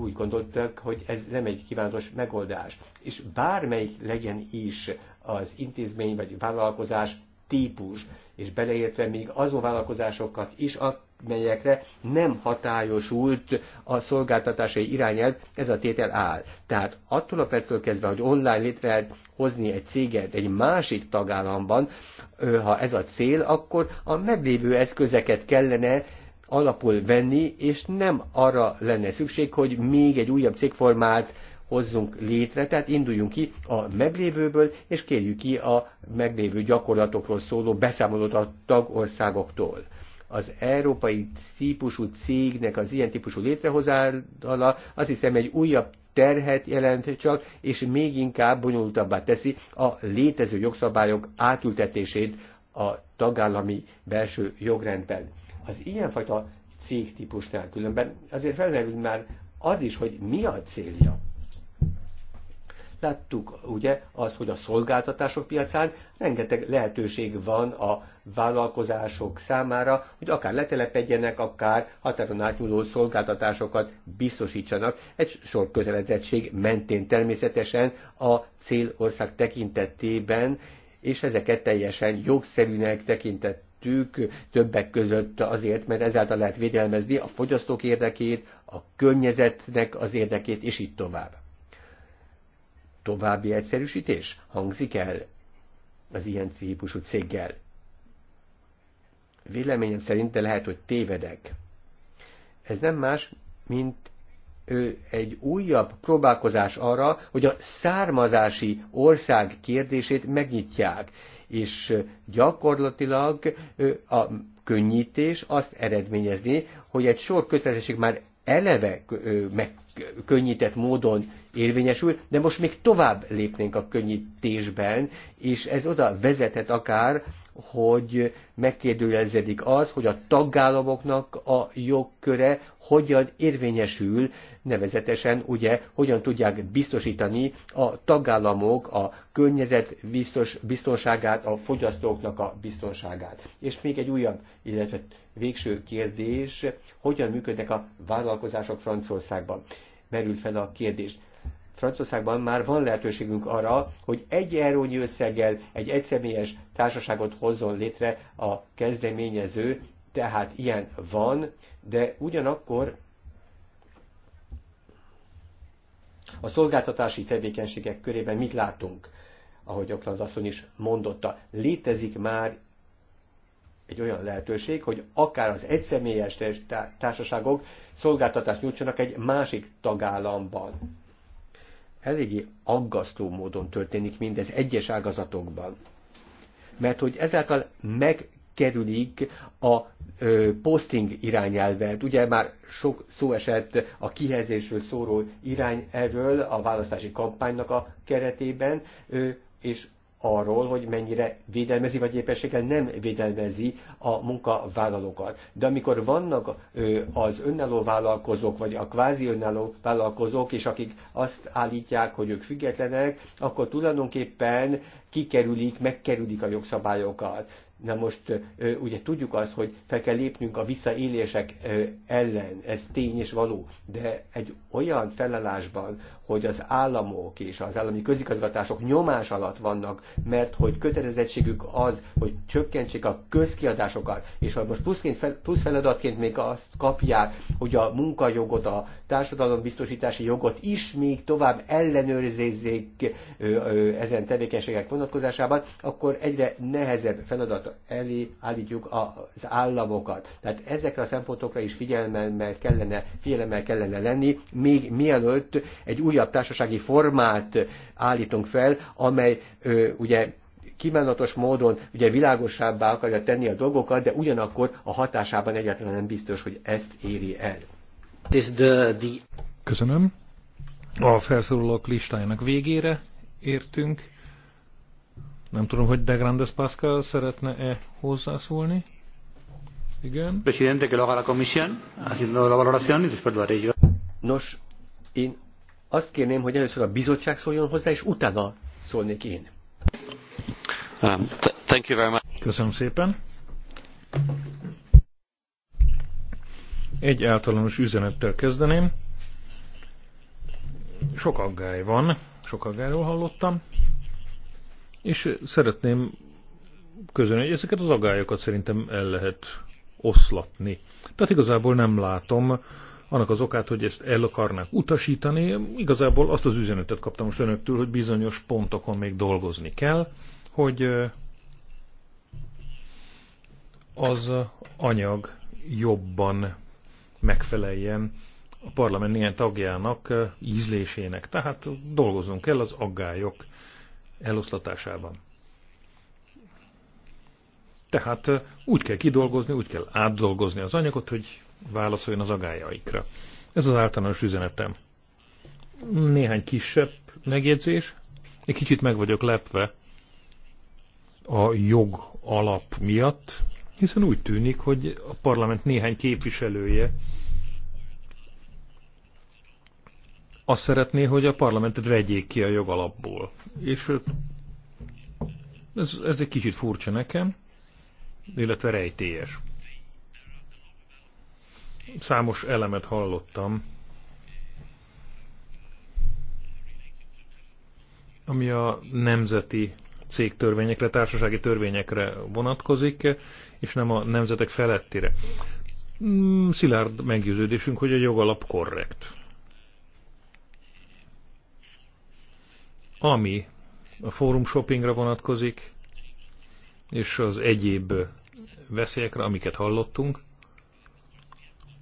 úgy gondoltak, hogy ez nem egy kívánatos megoldás. És bármelyik legyen is az intézmény vagy vállalkozás típus, és beleértve még azon vállalkozásokat is, a melyekre nem hatályosult a szolgáltatásai irányelv, ez a tétel áll. Tehát attól a perctől kezdve, hogy online létre lehet hozni egy céget egy másik tagállamban, ha ez a cél, akkor a meglévő eszközeket kellene alapul venni, és nem arra lenne szükség, hogy még egy újabb cégformát hozzunk létre, tehát induljunk ki a meglévőből, és kérjük ki a meglévő gyakorlatokról szóló beszámolót a tagországoktól az európai típusú cégnek az ilyen típusú létrehozala azt hiszem egy újabb terhet jelent csak, és még inkább bonyolultabbá teszi a létező jogszabályok átültetését a tagállami belső jogrendben. Az ilyenfajta cégtípusnál különben azért felmerül már az is, hogy mi a célja Láttuk ugye az, hogy a szolgáltatások piacán rengeteg lehetőség van a vállalkozások számára, hogy akár letelepedjenek, akár határon átnyúló szolgáltatásokat biztosítsanak, egy sor kötelezettség mentén természetesen a célország tekintetében, és ezeket teljesen jogszerűnek tekintett többek között azért, mert ezáltal lehet védelmezni a fogyasztók érdekét, a környezetnek az érdekét, és így tovább további egyszerűsítés hangzik el az ilyen típusú céggel. Véleményem szerint, de lehet, hogy tévedek. Ez nem más, mint egy újabb próbálkozás arra, hogy a származási ország kérdését megnyitják, és gyakorlatilag a könnyítés azt eredményezni, hogy egy sor kötelezettség már eleve meg könnyített módon érvényesül, de most még tovább lépnénk a könnyítésben, és ez oda vezethet akár, hogy megkérdőjelezedik az, hogy a tagállamoknak a jogköre hogyan érvényesül, nevezetesen ugye hogyan tudják biztosítani a tagállamok a környezet biztos, biztonságát, a fogyasztóknak a biztonságát. És még egy újabb, illetve végső kérdés, hogyan működnek a vállalkozások Franciaországban merül fel a kérdés. Franciaországban már van lehetőségünk arra, hogy egy eurónyi összeggel egy egyszemélyes társaságot hozzon létre a kezdeményező, tehát ilyen van, de ugyanakkor a szolgáltatási tevékenységek körében mit látunk? Ahogy Okland asszony is mondotta, létezik már egy olyan lehetőség, hogy akár az egyszemélyes társaságok szolgáltatást nyújtsanak egy másik tagállamban. Eléggé aggasztó módon történik mindez egyes ágazatokban. Mert hogy ezáltal megkerülik a ö, posting irányelvet. Ugye már sok szó esett a kihelyezésről szóró irányelvről a választási kampánynak a keretében, ö, és arról, hogy mennyire védelmezi vagy éppenséggel nem védelmezi a munkavállalókat. De amikor vannak az önálló vállalkozók, vagy a kvázi önálló vállalkozók, és akik azt állítják, hogy ők függetlenek, akkor tulajdonképpen kikerülik, megkerülik a jogszabályokat. Na most ugye tudjuk azt, hogy fel kell lépnünk a visszaélések ellen, ez tény és való, de egy olyan felelásban, hogy az államok és az állami közigazgatások nyomás alatt vannak, mert hogy kötelezettségük az, hogy csökkentsék a közkiadásokat, és ha most pluszként, plusz feladatként még azt kapják, hogy a munkajogot, a társadalombiztosítási jogot is még tovább ellenőrizzék ezen tevékenységek vonatkozásában, akkor egyre nehezebb feladat elé állítjuk az államokat. Tehát ezekre a szempontokra is figyelemmel kellene, figyelemmel kellene lenni, még mielőtt egy újabb társasági formát állítunk fel, amely ö, ugye kimenatos módon ugye világosabbá akarja tenni a dolgokat, de ugyanakkor a hatásában egyáltalán nem biztos, hogy ezt éri el. Köszönöm. A felszólalók listájának végére értünk. Nem tudom, hogy De Grandes Pascal szeretne-e hozzászólni. Igen. Presidente, que lo haga la comisión, haciendo la valoración y después lo haré yo. Nos, én azt kérném, hogy először a bizottság szóljon hozzá, és utána szólnék én. Um, thank you very much. Köszönöm szépen. Egy általános üzenettel kezdeném. Sok aggály van, sok aggályról hallottam, és szeretném közölni, hogy ezeket az agályokat szerintem el lehet oszlatni. Tehát igazából nem látom annak az okát, hogy ezt el akarnák utasítani. Igazából azt az üzenetet kaptam most önöktől, hogy bizonyos pontokon még dolgozni kell, hogy az anyag jobban megfeleljen a parlament néhány tagjának ízlésének. Tehát dolgozunk kell az aggályok eloszlatásában. Tehát úgy kell kidolgozni, úgy kell átdolgozni az anyagot, hogy válaszoljon az agájaikra. Ez az általános üzenetem. Néhány kisebb megjegyzés. Egy kicsit meg vagyok lepve a jog alap miatt, hiszen úgy tűnik, hogy a parlament néhány képviselője azt szeretné, hogy a parlamentet vegyék ki a jogalapból. És ez, ez egy kicsit furcsa nekem, illetve rejtélyes. Számos elemet hallottam, ami a nemzeti cégtörvényekre, társasági törvényekre vonatkozik, és nem a nemzetek felettire. Hmm, szilárd meggyőződésünk, hogy a jogalap korrekt. Ami a fórum shoppingra vonatkozik, és az egyéb veszélyekre, amiket hallottunk,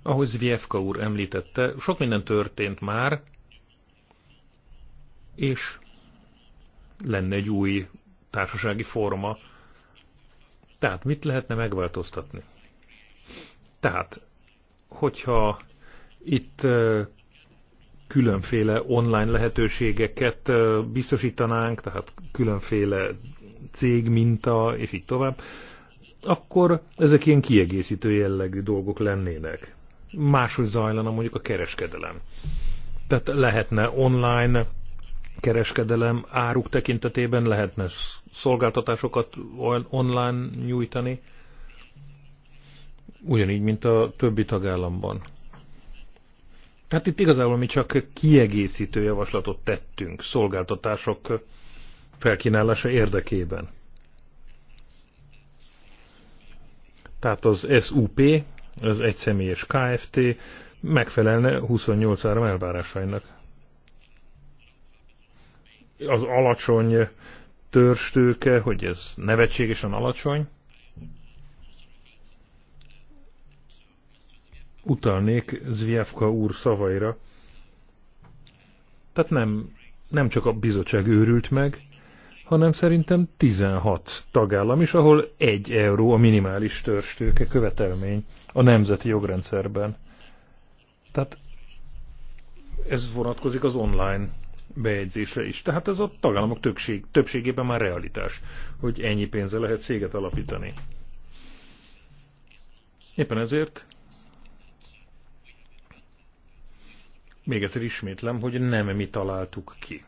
ahogy Zvievka úr említette, sok minden történt már, és lenne egy új társasági forma. Tehát mit lehetne megváltoztatni? Tehát, hogyha itt különféle online lehetőségeket biztosítanánk, tehát különféle cég minta, és így tovább, akkor ezek ilyen kiegészítő jellegű dolgok lennének. Máshogy zajlana mondjuk a kereskedelem. Tehát lehetne online kereskedelem áruk tekintetében, lehetne szolgáltatásokat online nyújtani, ugyanígy, mint a többi tagállamban. Tehát itt igazából mi csak kiegészítő javaslatot tettünk szolgáltatások felkínálása érdekében. Tehát az SUP, az egyszemélyes KFT megfelelne 28 áram elvárásainak. Az alacsony törstőke, hogy ez nevetségesen alacsony, utalnék Zvjevka úr szavaira. Tehát nem, nem csak a bizottság őrült meg, hanem szerintem 16 tagállam is, ahol 1 euró a minimális törstőke követelmény a nemzeti jogrendszerben. Tehát ez vonatkozik az online bejegyzésre is. Tehát ez a tagállamok többség, többségében már realitás, hogy ennyi pénze lehet céget alapítani. Éppen ezért Még egyszer ismétlem, hogy nem mi találtuk ki.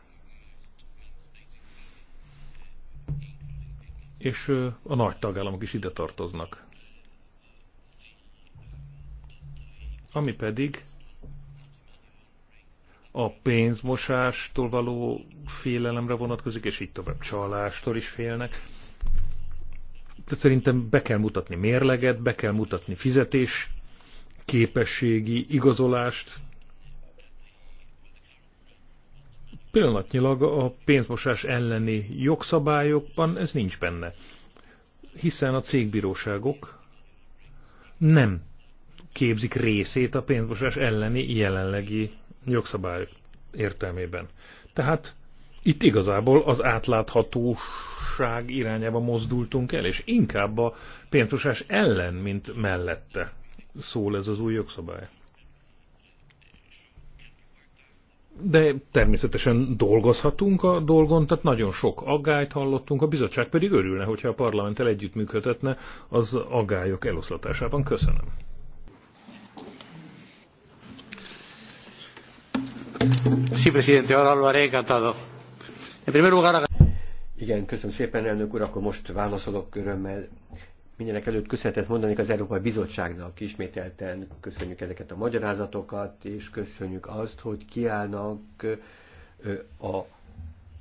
És a nagy tagállamok is ide tartoznak. Ami pedig a pénzmosástól való félelemre vonatkozik, és így tovább csalástól is félnek. Tehát szerintem be kell mutatni mérleget, be kell mutatni fizetés, képességi igazolást, Pillanatnyilag a pénzmosás elleni jogszabályokban ez nincs benne, hiszen a cégbíróságok nem képzik részét a pénzmosás elleni jelenlegi jogszabály értelmében. Tehát itt igazából az átláthatóság irányába mozdultunk el, és inkább a pénzmosás ellen, mint mellette szól ez az új jogszabály. de természetesen dolgozhatunk a dolgon, tehát nagyon sok aggályt hallottunk, a bizottság pedig örülne, hogyha a parlamenttel együttműködhetne az aggályok eloszlatásában. Köszönöm. Sí, presidente, ahora lo haré encantado. En primer lugar... Igen, köszönöm szépen, elnök úr, akkor most válaszolok örömmel. Mindenek előtt köszönetet mondanék az Európai Bizottságnak ismételten. Köszönjük ezeket a magyarázatokat, és köszönjük azt, hogy kiállnak a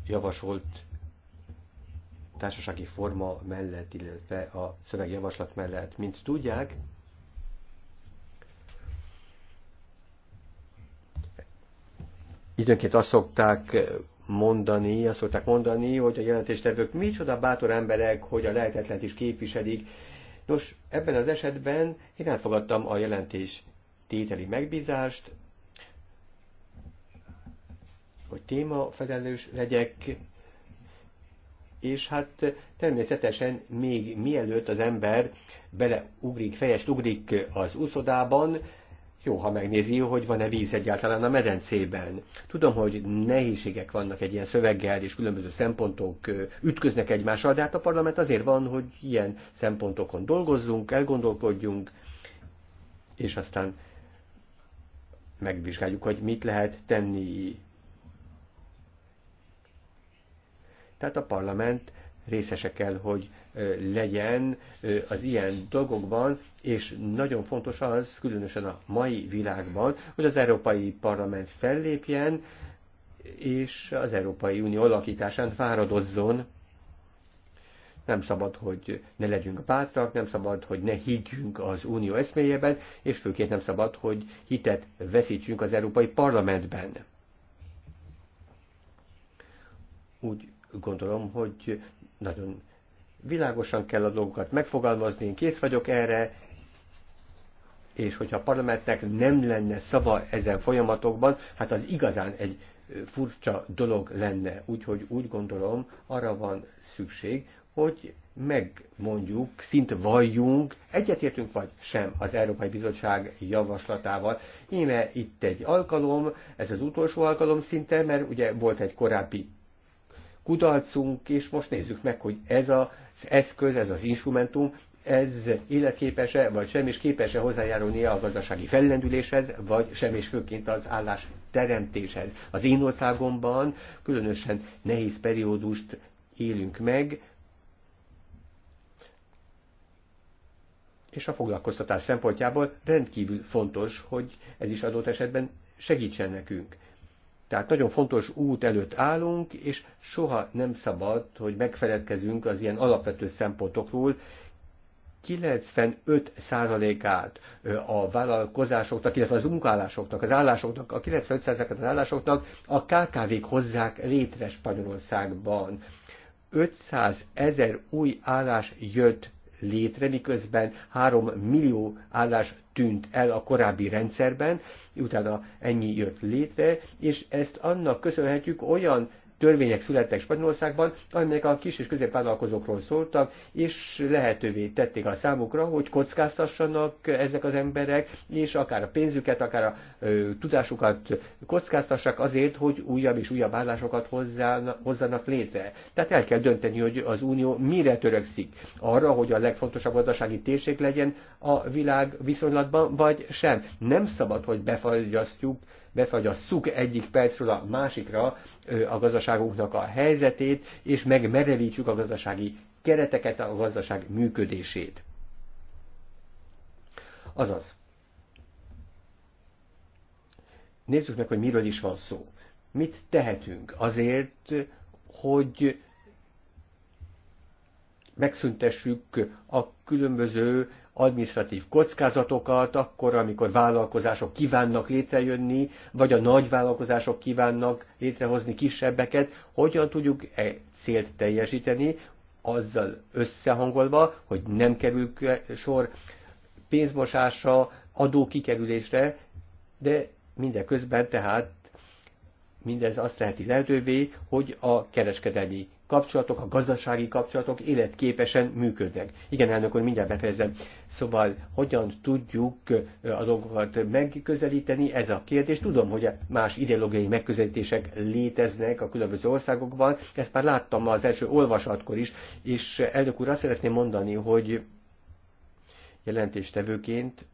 javasolt társasági forma mellett, illetve a szövegjavaslat mellett. Mint tudják, időnként azt szokták mondani, azt szokták mondani, hogy a jelentéstevők micsoda bátor emberek, hogy a lehetetlen is képviselik, Nos, ebben az esetben én elfogadtam a jelentés tételi megbízást, hogy témafelelős legyek, és hát természetesen még mielőtt az ember beleugrik, fejest ugrik az úszodában, jó, ha megnézi, hogy van-e víz egyáltalán a medencében. Tudom, hogy nehézségek vannak egy ilyen szöveggel, és különböző szempontok ütköznek egymással, de hát a parlament azért van, hogy ilyen szempontokon dolgozzunk, elgondolkodjunk, és aztán megvizsgáljuk, hogy mit lehet tenni. Tehát a parlament részese kell, hogy legyen az ilyen dolgokban, és nagyon fontos az, különösen a mai világban, hogy az Európai Parlament fellépjen, és az Európai Unió alakításán fáradozzon. Nem szabad, hogy ne legyünk bátrak, nem szabad, hogy ne higgyünk az unió eszméjében, és főként nem szabad, hogy hitet veszítsünk az Európai Parlamentben. Úgy gondolom, hogy nagyon világosan kell a dolgokat megfogalmazni, én kész vagyok erre, és hogyha a parlamentnek nem lenne szava ezen folyamatokban, hát az igazán egy furcsa dolog lenne. Úgyhogy úgy gondolom, arra van szükség, hogy megmondjuk, szint valljunk, egyetértünk vagy sem az Európai Bizottság javaslatával. Íme itt egy alkalom, ez az utolsó alkalom szinte, mert ugye volt egy korábbi kudarcunk, és most nézzük meg, hogy ez az eszköz, ez az instrumentum, ez életképes-e, vagy sem is képes-e hozzájárulni a gazdasági fellendüléshez, vagy sem is főként az állás teremtéshez. Az én országomban különösen nehéz periódust élünk meg, és a foglalkoztatás szempontjából rendkívül fontos, hogy ez is adott esetben segítsen nekünk. Tehát nagyon fontos út előtt állunk, és soha nem szabad, hogy megfeledkezünk az ilyen alapvető szempontokról. 95%-át a vállalkozásoknak, illetve az munkálásoknak, az állásoknak, a 95%-át az állásoknak a KKV-k hozzák létre Spanyolországban. 500 ezer új állás jött létre, miközben 3 millió állás tűnt el a korábbi rendszerben, utána ennyi jött létre, és ezt annak köszönhetjük olyan törvények születtek Spanyolországban, amelyek a kis és középvállalkozókról szóltak, és lehetővé tették a számukra, hogy kockáztassanak ezek az emberek, és akár a pénzüket, akár a ö, tudásukat kockáztassák azért, hogy újabb és újabb állásokat hozzának, hozzanak létre. Tehát el kell dönteni, hogy az Unió mire törekszik. Arra, hogy a legfontosabb gazdasági térség legyen a világ viszonylatban, vagy sem. Nem szabad, hogy befagyasztjuk befagyasszuk egyik percről a másikra a gazdaságunknak a helyzetét, és megmerevítsük a gazdasági kereteket, a gazdaság működését. Azaz. Nézzük meg, hogy miről is van szó. Mit tehetünk azért, hogy megszüntessük a különböző administratív kockázatokat, akkor, amikor vállalkozások kívánnak létrejönni, vagy a nagy vállalkozások kívánnak létrehozni kisebbeket, hogyan tudjuk e célt teljesíteni, azzal összehangolva, hogy nem kerül sor pénzmosásra, adókikerülésre, de mindeközben tehát mindez azt leheti lehetővé, hogy a kereskedelmi kapcsolatok, a gazdasági kapcsolatok életképesen működnek. Igen, elnök úr, mindjárt befejezem. Szóval hogyan tudjuk a dolgokat megközelíteni, ez a kérdés. Tudom, hogy más ideológiai megközelítések léteznek a különböző országokban, ezt már láttam az első olvasatkor is, és elnök úr, azt szeretném mondani, hogy jelentéstevőként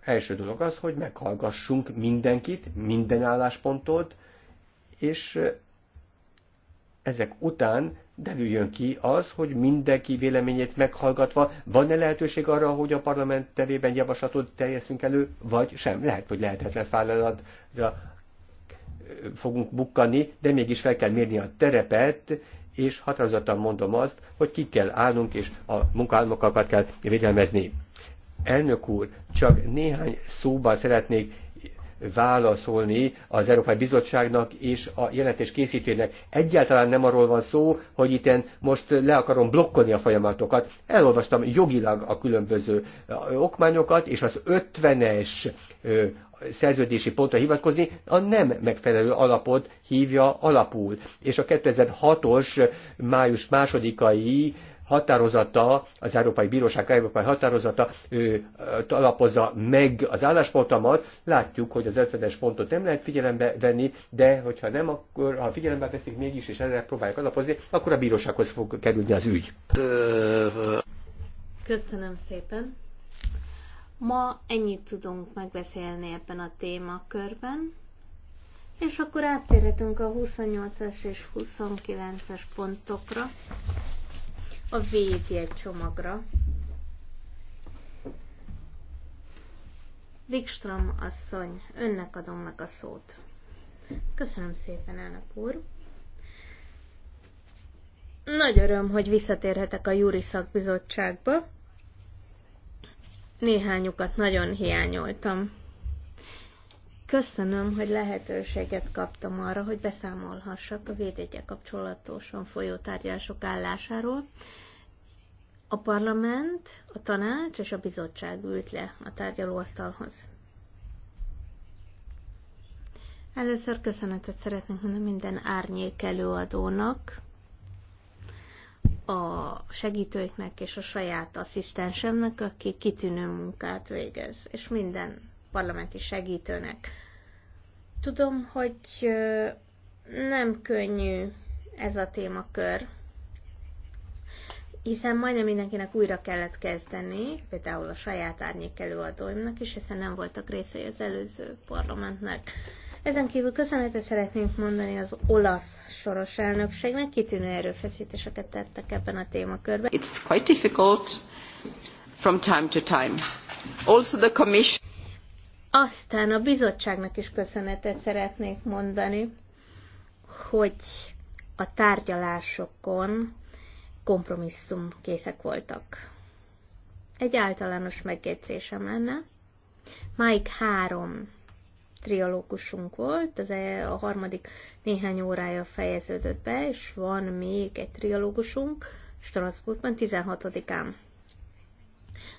első dolog az, hogy meghallgassunk mindenkit, minden álláspontot, és ezek után derüljön ki az, hogy mindenki véleményét meghallgatva van-e lehetőség arra, hogy a parlament tevében javaslatot terjesztünk elő, vagy sem. Lehet, hogy lehetetlen feladatra fogunk bukkani, de mégis fel kell mérni a terepet, és határozottan mondom azt, hogy ki kell állnunk, és a munkaálmokat kell védelmezni. Elnök úr, csak néhány szóban szeretnék válaszolni az Európai Bizottságnak és a jelentés készítőnek. Egyáltalán nem arról van szó, hogy itten most le akarom blokkolni a folyamatokat. Elolvastam jogilag a különböző okmányokat, és az 50-es szerződési pontra hivatkozni, a nem megfelelő alapot hívja alapul. És a 2006-os május másodikai határozata, az Európai Bíróság Európai Határozata ő, alapozza meg az álláspontomat. Látjuk, hogy az 50-es pontot nem lehet figyelembe venni, de hogyha nem, akkor ha figyelembe veszik mégis, és erre próbálják alapozni, akkor a bírósághoz fog kerülni az ügy. Köszönöm szépen. Ma ennyit tudunk megbeszélni ebben a témakörben. És akkor áttérhetünk a 28-as és 29-es pontokra a csomagra. Wikström asszony, önnek adom meg a szót. Köszönöm szépen, elnök úr. Nagy öröm, hogy visszatérhetek a Júri Szakbizottságba. Néhányukat nagyon hiányoltam. Köszönöm, hogy lehetőséget kaptam arra, hogy beszámolhassak a védjegyel kapcsolatosan folyó tárgyalások állásáról. A parlament, a tanács és a bizottság ült le a tárgyalóasztalhoz. Először köszönetet szeretnék mondani minden árnyék előadónak, a segítőiknek és a saját asszisztensemnek, aki kitűnő munkát végez, és minden parlamenti segítőnek. Tudom, hogy nem könnyű ez a témakör, hiszen majdnem mindenkinek újra kellett kezdeni, például a saját árnyék előadóimnak is, hiszen nem voltak részei az előző parlamentnek. Ezen kívül köszönetet szeretnénk mondani az olasz soros elnökségnek, kitűnő erőfeszítéseket tettek ebben a témakörben. It's quite difficult from time to time. Also the commission aztán a bizottságnak is köszönetet szeretnék mondani, hogy a tárgyalásokon kompromisszum készek voltak. Egy általános megjegyzésem lenne. Máig három triológusunk volt, az e- a harmadik néhány órája fejeződött be, és van még egy triológusunk Strasbourgban 16-án.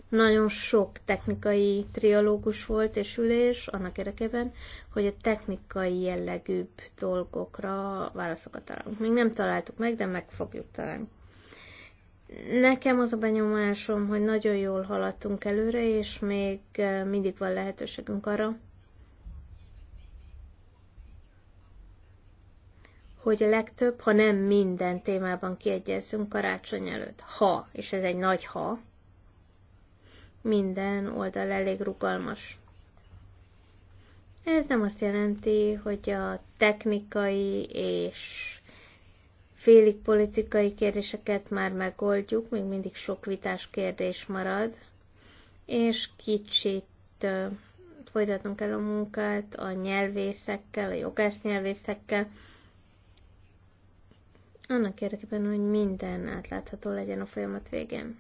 Nagyon sok technikai trialógus volt és ülés annak érdekében, hogy a technikai jellegűbb dolgokra válaszokat találunk. Még nem találtuk meg, de meg fogjuk találni. Nekem az a benyomásom, hogy nagyon jól haladtunk előre, és még eh, mindig van lehetőségünk arra, hogy a legtöbb, ha nem minden témában kiegyezzünk karácsony előtt. Ha, és ez egy nagy ha, minden oldal elég rugalmas. Ez nem azt jelenti, hogy a technikai és félig politikai kérdéseket már megoldjuk, még mindig sok vitás kérdés marad, és kicsit folytatnunk kell a munkát a nyelvészekkel, a jogász nyelvészekkel. annak érdekében, hogy minden átlátható legyen a folyamat végén.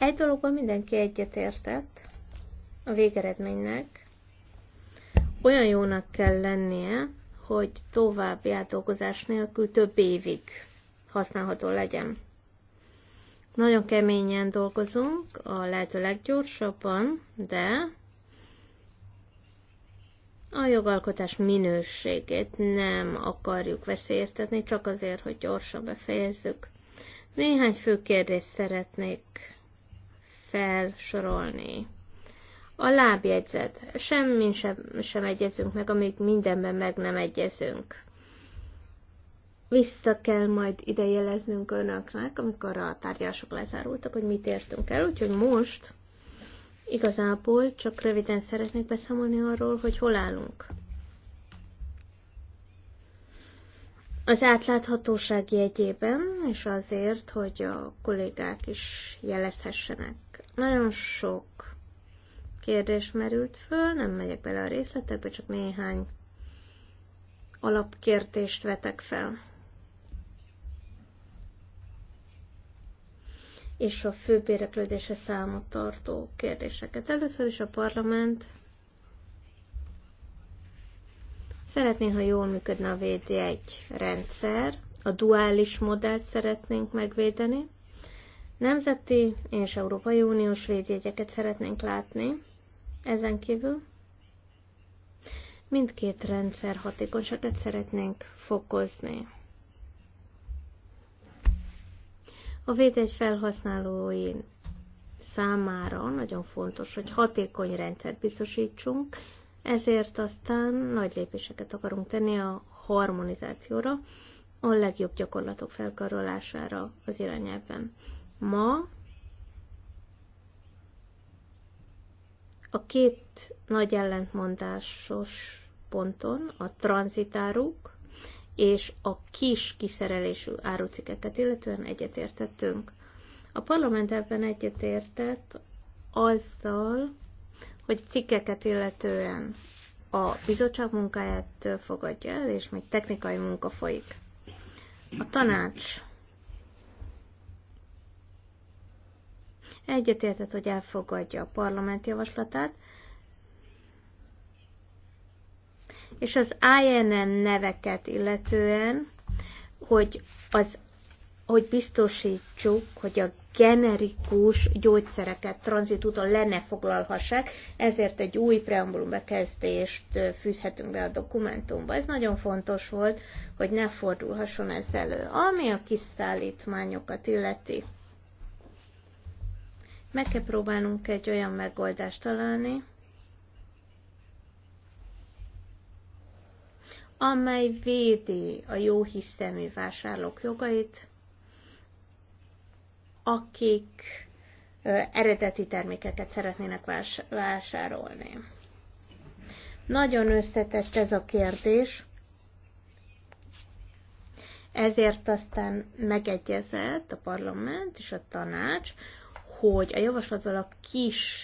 Egy dologban mindenki egyetértett a végeredménynek. Olyan jónak kell lennie, hogy további átdolgozás nélkül több évig használható legyen. Nagyon keményen dolgozunk, a lehető leggyorsabban, de a jogalkotás minőségét nem akarjuk veszélyeztetni, csak azért, hogy gyorsan befejezzük. Néhány fő kérdést szeretnék felsorolni. A lábjegyzet. Semmi sem, sem egyezünk meg, amíg mindenben meg nem egyezünk. Vissza kell majd ide jeleznünk önöknek, amikor a tárgyalások lezárultak, hogy mit értünk el, úgyhogy most igazából csak röviden szeretnék beszámolni arról, hogy hol állunk. Az átláthatóság jegyében, és azért, hogy a kollégák is jelezhessenek nagyon sok kérdés merült föl, nem megyek bele a részletekbe, csak néhány alapkértést vetek fel. És a főbb érdeklődése számot tartó kérdéseket. Először is a parlament Szeretné, ha jól működne a VD1 rendszer, a duális modellt szeretnénk megvédeni, Nemzeti és Európai Uniós védjegyeket szeretnénk látni. Ezen kívül mindkét rendszer hatékonyságát szeretnénk fokozni. A védjegy felhasználói számára nagyon fontos, hogy hatékony rendszert biztosítsunk, ezért aztán nagy lépéseket akarunk tenni a harmonizációra, a legjobb gyakorlatok felkarolására az irányában. Ma a két nagy ellentmondásos ponton, a tranzitáruk és a kis kiszerelésű árucikeket illetően egyetértettünk. A parlament ebben egyetértett azzal, hogy cikkeket illetően a bizottság munkáját fogadja el, és még technikai munka folyik. A tanács egyetértett, hogy elfogadja a parlament javaslatát, és az INN neveket illetően, hogy, az, hogy biztosítsuk, hogy a generikus gyógyszereket tranzitúton le ne foglalhassák, ezért egy új preambulum bekezdést fűzhetünk be a dokumentumba. Ez nagyon fontos volt, hogy ne fordulhasson ez elő. Ami a kiszállítmányokat illeti, meg kell próbálnunk egy olyan megoldást találni, amely védi a jó hiszemű vásárlók jogait, akik eredeti termékeket szeretnének vás- vásárolni. Nagyon összetett ez a kérdés, ezért aztán megegyezett a parlament és a tanács, hogy a javaslatból a kis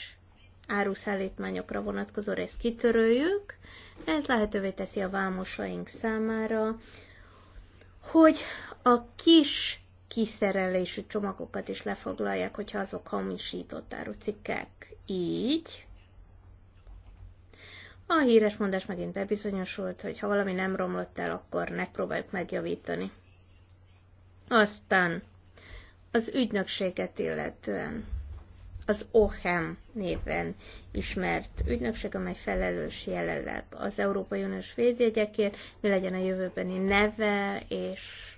áruszállítmányokra vonatkozó részt kitöröljük. Ez lehetővé teszi a vámosaink számára, hogy a kis kiszerelésű csomagokat is lefoglalják, hogyha azok hamisított árucikkek. Így a híres mondás megint bebizonyosult, hogy ha valami nem romlott el, akkor megpróbáljuk megjavítani. Aztán az ügynökséget illetően. Az OHEM néven ismert ügynökség, amely felelős jelenleg az Európai Uniós védjegyekért, mi legyen a jövőbeni neve és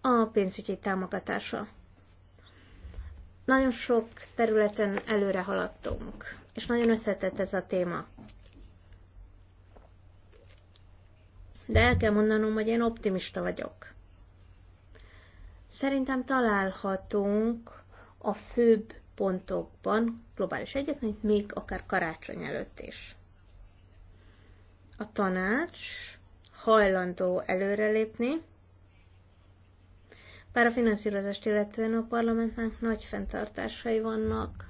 a pénzügyi támogatása. Nagyon sok területen előre haladtunk, és nagyon összetett ez a téma. De el kell mondanom, hogy én optimista vagyok Szerintem találhatunk a főbb pontokban globális egyetlenít, még akár karácsony előtt is. A tanács hajlandó előrelépni, bár a finanszírozást illetően a parlamentnek nagy fenntartásai vannak.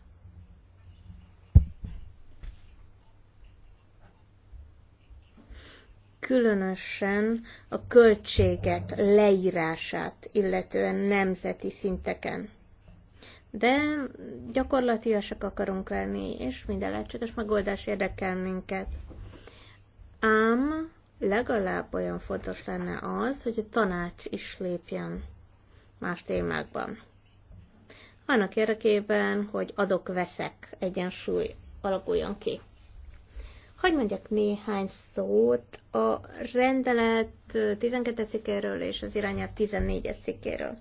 különösen a költségek leírását, illetően nemzeti szinteken. De gyakorlatiasak akarunk lenni, és minden lehetséges megoldás érdekel minket. Ám legalább olyan fontos lenne az, hogy a tanács is lépjen más témákban. Annak érdekében, hogy adok-veszek egyensúly alakuljon ki. Hogy mondjak néhány szót a rendelet 12 cikkéről és az irányelv 14 cikkéről.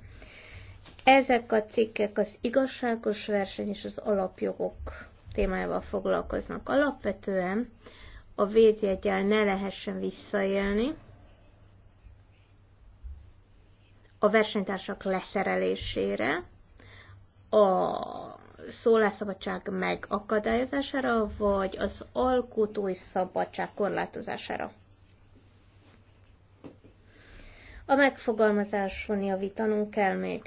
Ezek a cikkek az igazságos verseny és az alapjogok témájával foglalkoznak. Alapvetően a védjegyel ne lehessen visszaélni, a versenytársak leszerelésére, a szólásszabadság megakadályozására, vagy az alkotói szabadság korlátozására? A megfogalmazáson javítanunk kell még.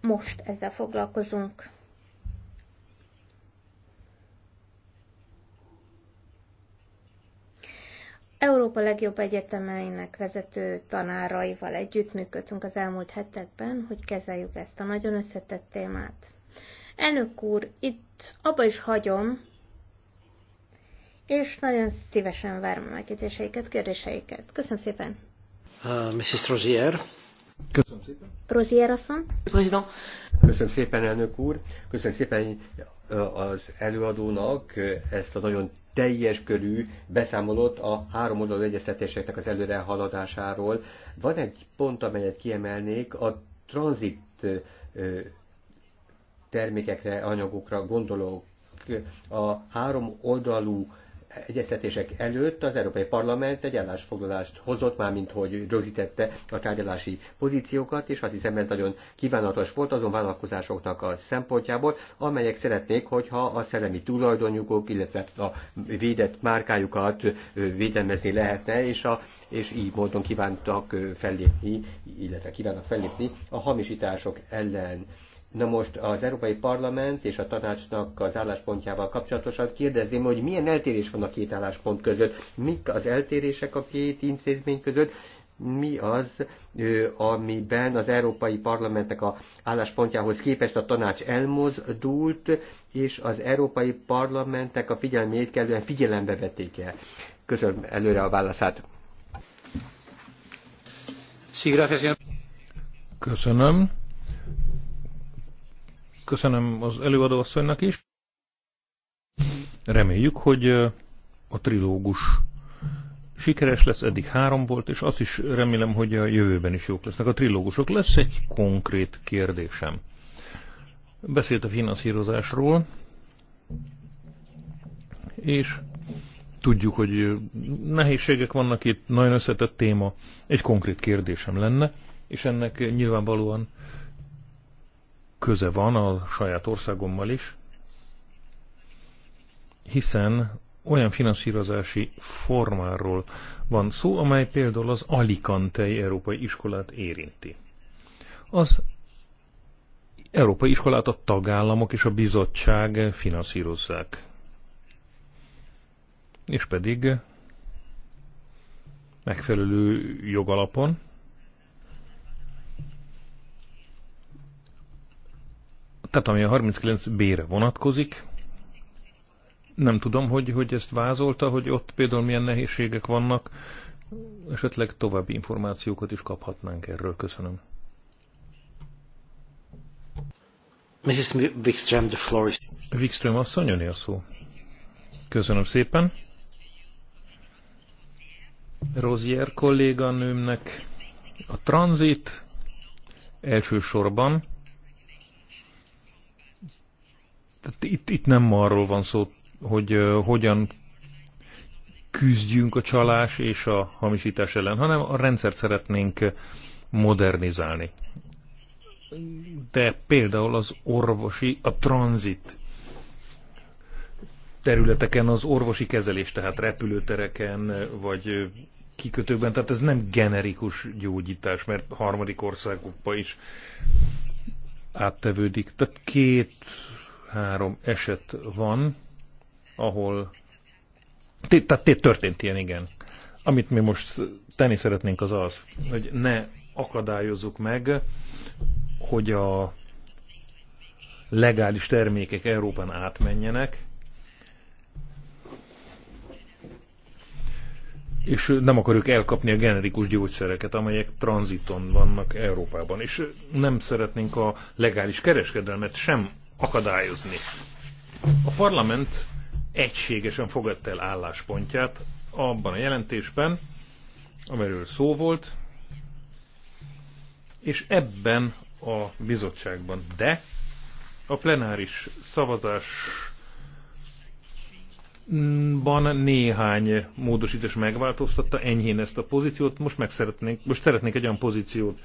Most ezzel foglalkozunk. Európa legjobb egyetemeinek vezető tanáraival együttműködtünk az elmúlt hetekben, hogy kezeljük ezt a nagyon összetett témát. Elnök úr, itt abba is hagyom, és nagyon szívesen várom a megjegyzéseiket, kérdéseiket. Köszönöm szépen. Uh, Mrs. Rozier. Köszönöm szépen. Rozier asszony. Köszönöm szépen, elnök úr. Köszönöm szépen az előadónak ezt a nagyon teljes körű beszámolót a három oldalú egyeztetéseknek az előrehaladásáról. Van egy pont, amelyet kiemelnék, a tranzit termékekre, anyagokra gondolok. A három oldalú egyeztetések előtt az Európai Parlament egy állásfoglalást hozott, már mint hogy rögzítette a tárgyalási pozíciókat, és azt hiszem ez nagyon kívánatos volt azon vállalkozásoknak a szempontjából, amelyek szeretnék, hogyha a szellemi tulajdonjukok, illetve a védett márkájukat védelmezni lehetne, és, a, és így módon kívántak fellépni, illetve kívánnak fellépni a hamisítások ellen Na most az Európai Parlament és a tanácsnak az álláspontjával kapcsolatosan kérdezném, hogy milyen eltérés van a két álláspont között, mik az eltérések a két intézmény között, mi az, amiben az Európai Parlamentnek a álláspontjához képest a tanács elmozdult, és az Európai Parlamentnek a figyelmét kellően figyelembe vették el. Köszönöm előre a válaszát. Köszönöm. Köszönöm az előadóasszonynak is. Reméljük, hogy a trilógus sikeres lesz, eddig három volt, és azt is remélem, hogy a jövőben is jók lesznek a trilógusok. Lesz egy konkrét kérdésem. Beszélt a finanszírozásról, és tudjuk, hogy nehézségek vannak itt, nagyon összetett téma. Egy konkrét kérdésem lenne, és ennek nyilvánvalóan köze van a saját országommal is, hiszen olyan finanszírozási formáról van szó, amely például az Alicantei Európai Iskolát érinti. Az Európai Iskolát a tagállamok és a bizottság finanszírozzák. És pedig megfelelő jogalapon, Tehát ami a 39B-re vonatkozik, nem tudom, hogy, hogy ezt vázolta, hogy ott például milyen nehézségek vannak, esetleg további információkat is kaphatnánk erről. Köszönöm. Mrs. Wikström, the floor is... Wikström asszony, a szó. Köszönöm szépen. Rozier kolléganőmnek a tranzit elsősorban Tehát itt, itt nem arról van szó, hogy uh, hogyan küzdjünk a csalás és a hamisítás ellen, hanem a rendszert szeretnénk modernizálni. De például az orvosi, a tranzit területeken az orvosi kezelés, tehát repülőtereken, vagy kikötőkben, tehát ez nem generikus gyógyítás, mert harmadik országokba is áttevődik. Tehát két három eset van, ahol tehát történt ilyen, igen. Amit mi most tenni szeretnénk az az, hogy ne akadályozzuk meg, hogy a legális termékek Európán átmenjenek, és nem akarjuk elkapni a generikus gyógyszereket, amelyek tranziton vannak Európában. És nem szeretnénk a legális kereskedelmet sem akadályozni. A parlament egységesen fogadta el álláspontját abban a jelentésben, amiről szó volt, és ebben a bizottságban. De a plenáris szavazásban néhány módosítás megváltoztatta enyhén ezt a pozíciót. Most, meg szeretnénk, most szeretnénk egy olyan pozíciót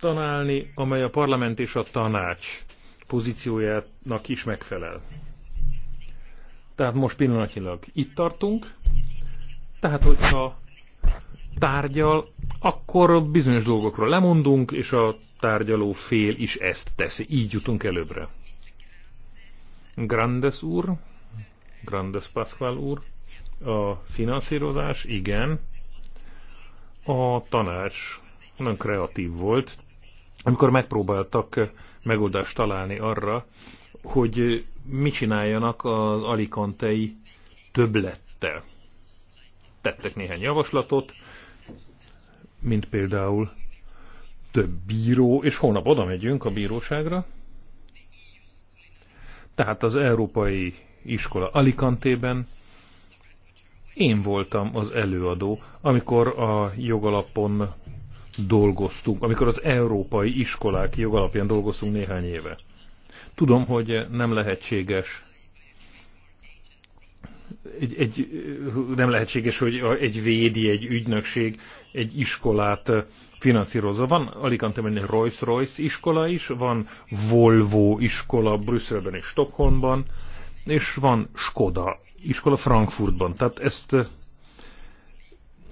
tanálni, amely a parlament és a tanács pozíciójának is megfelel. Tehát most pillanatilag itt tartunk, tehát hogyha tárgyal, akkor bizonyos dolgokról lemondunk, és a tárgyaló fél is ezt teszi. Így jutunk előbbre. Grandes úr, Grandes Pascual úr, a finanszírozás, igen. A tanács nagyon kreatív volt, amikor megpróbáltak eh, megoldást találni arra, hogy eh, mit csináljanak az alikantei töblettel. Tettek néhány javaslatot, mint például több bíró, és holnap oda megyünk a bíróságra. Tehát az Európai Iskola Alicantében én voltam az előadó, amikor a jogalapon dolgoztunk, amikor az európai iskolák jogalapján dolgoztunk néhány éve. Tudom, hogy nem lehetséges egy, egy, nem lehetséges, hogy egy védi, egy ügynökség egy iskolát finanszírozza. Van Alicante-ben Rolls-Royce iskola is, van Volvo iskola Brüsszelben és Stockholmban, és van Skoda iskola Frankfurtban. Tehát ezt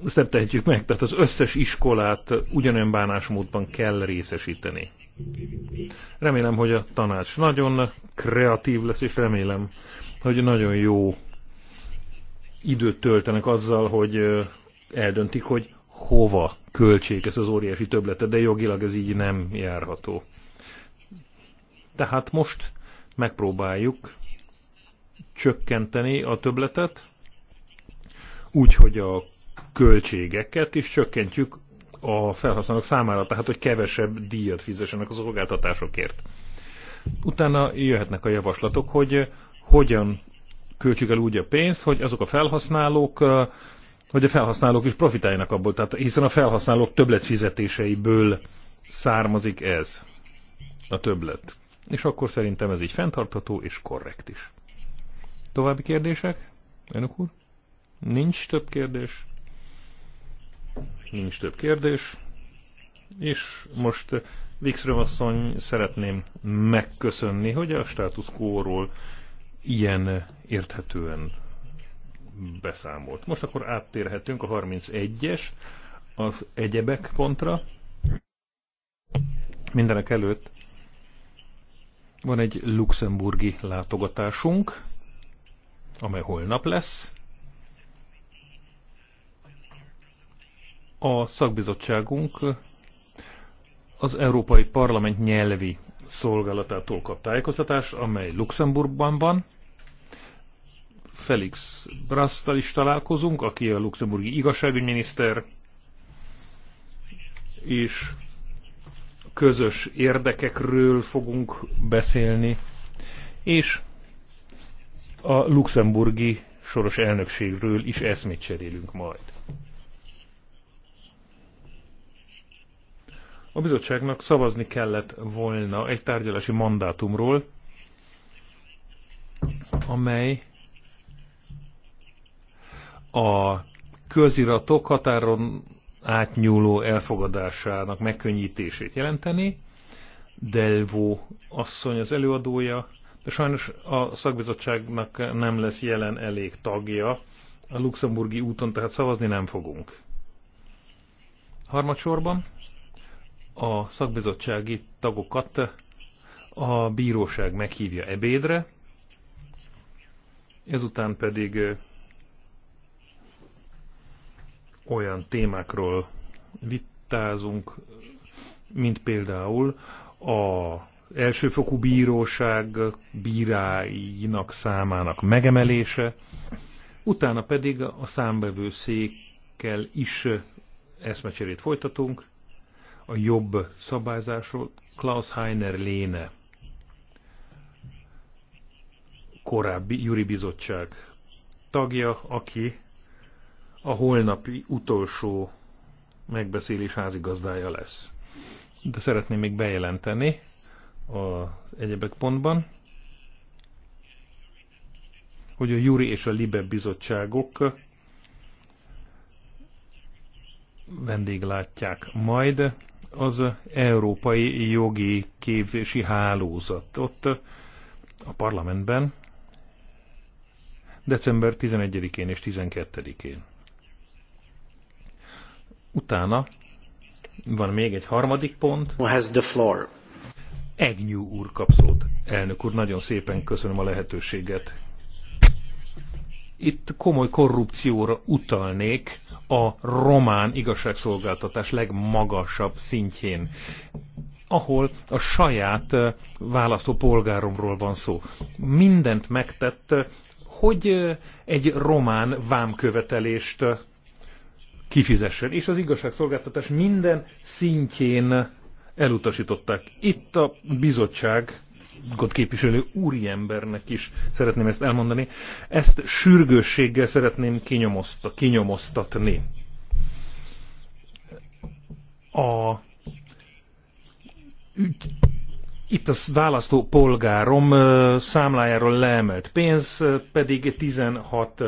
ezt nem tehetjük meg, tehát az összes iskolát ugyanolyan bánásmódban kell részesíteni. Remélem, hogy a tanács nagyon kreatív lesz, és remélem, hogy nagyon jó időt töltenek azzal, hogy eldöntik, hogy hova költség ez az óriási töbletet, de jogilag ez így nem járható. Tehát most megpróbáljuk csökkenteni a töbletet, úgy, hogy a költségeket, és csökkentjük a felhasználók számára, tehát hogy kevesebb díjat fizessenek a szolgáltatásokért. Utána jöhetnek a javaslatok, hogy hogyan költsük el úgy a pénzt, hogy azok a felhasználók, hogy a felhasználók is profitáljanak abból, tehát hiszen a felhasználók többletfizetéseiből származik ez, a többlet. És akkor szerintem ez így fenntartható és korrekt is. További kérdések? Önök úr? Nincs több kérdés? Nincs több kérdés. És most Vixröm eh, asszony szeretném megköszönni, hogy a status quo-ról ilyen eh, érthetően beszámolt. Most akkor áttérhetünk a 31-es, az egyebek pontra. Mindenek előtt van egy luxemburgi látogatásunk, amely holnap lesz. A szakbizottságunk az Európai Parlament nyelvi szolgálatától kap tájékoztatást, amely Luxemburgban van. Felix Brasztal is találkozunk, aki a luxemburgi igazságügyminiszter, és közös érdekekről fogunk beszélni, és a luxemburgi soros elnökségről is eszmét cserélünk majd. a bizottságnak szavazni kellett volna egy tárgyalási mandátumról, amely a köziratok határon átnyúló elfogadásának megkönnyítését jelenteni. Delvo asszony az előadója, de sajnos a szakbizottságnak nem lesz jelen elég tagja a luxemburgi úton, tehát szavazni nem fogunk. Harmadsorban a szakbizottsági tagokat a bíróság meghívja ebédre, ezután pedig olyan témákról vitázunk, mint például a elsőfokú bíróság bíráinak számának megemelése, utána pedig a számbevőszékkel is eszmecserét folytatunk, a jobb szabályzásról Klaus Heiner Léne, korábbi Juri Bizottság tagja, aki a holnapi utolsó megbeszélés házigazdája lesz. De szeretném még bejelenteni a egyebek pontban, hogy a Juri és a Libe bizottságok vendéglátják majd az Európai Jogi Képzési Hálózat. Ott a parlamentben december 11-én és 12-én. Utána van még egy harmadik pont. Has the floor. Egnyú úr kap szót. Elnök úr, nagyon szépen köszönöm a lehetőséget itt komoly korrupcióra utalnék a román igazságszolgáltatás legmagasabb szintjén, ahol a saját választópolgáromról van szó. Mindent megtett, hogy egy román vámkövetelést kifizessen, és az igazságszolgáltatás minden szintjén elutasították. Itt a bizottság képviselő úriembernek is szeretném ezt elmondani. Ezt sürgősséggel szeretném kinyomozta, kinyomoztatni. A ügy, itt a választó polgárom számlájáról leemelt pénz pedig 16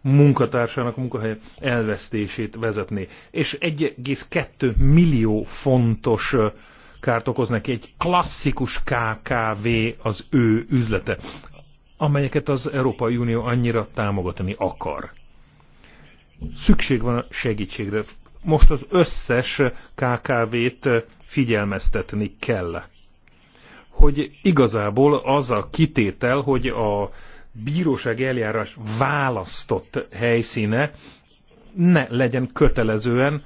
munkatársának a munkahely elvesztését vezetné. És 1,2 millió fontos kárt okoz neki. Egy klasszikus KKV az ő üzlete, amelyeket az Európai Unió annyira támogatni akar. Szükség van a segítségre. Most az összes KKV-t figyelmeztetni kell. Hogy igazából az a kitétel, hogy a bíróság eljárás választott helyszíne ne legyen kötelezően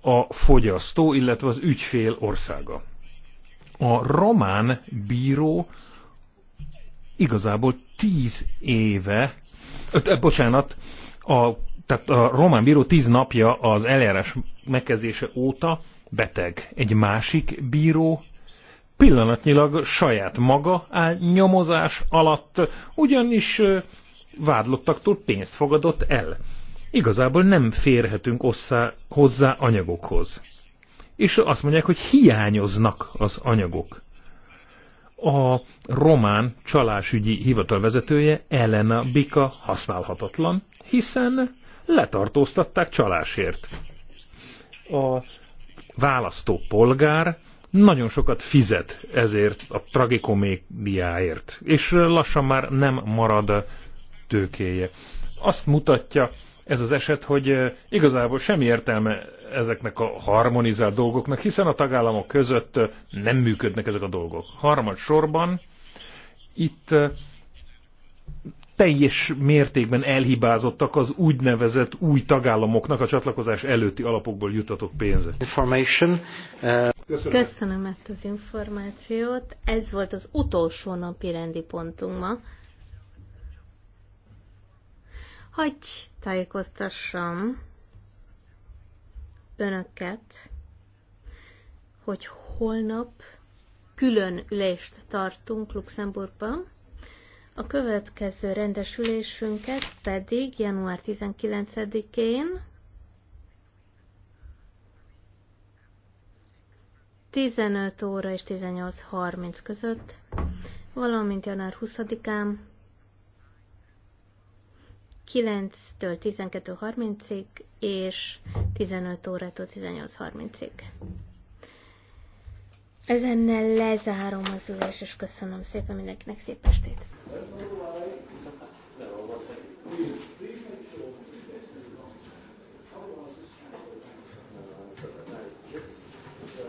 a fogyasztó, illetve az ügyfél országa a román bíró igazából tíz éve, öt, bocsánat, a, tehát a román bíró tíz napja az eljárás megkezdése óta beteg. Egy másik bíró pillanatnyilag saját maga áll nyomozás alatt, ugyanis vádlottaktól pénzt fogadott el. Igazából nem férhetünk hozzá anyagokhoz és azt mondják, hogy hiányoznak az anyagok. A román csalásügyi hivatal vezetője Elena Bika használhatatlan, hiszen letartóztatták csalásért. A választó polgár nagyon sokat fizet ezért a tragikomédiáért, és lassan már nem marad tőkéje. Azt mutatja, ez az eset, hogy igazából semmi értelme ezeknek a harmonizált dolgoknak, hiszen a tagállamok között nem működnek ezek a dolgok. Harmad sorban itt teljes mértékben elhibázottak az úgynevezett új tagállamoknak a csatlakozás előtti alapokból jutatott pénze. Information. Uh... Köszönöm. Köszönöm ezt az információt. Ez volt az utolsó napi rendi pontunk ma. Hagy tájékoztassam önöket, hogy holnap külön ülést tartunk Luxemburgban, a következő rendesülésünket pedig január 19-én 15 óra és 18.30 között, valamint január 20-án 9-től 12.30-ig, és 15 órától 18.30-ig. Ezennel lezárom az ülés, és köszönöm szépen mindenkinek szép estét! Thank you.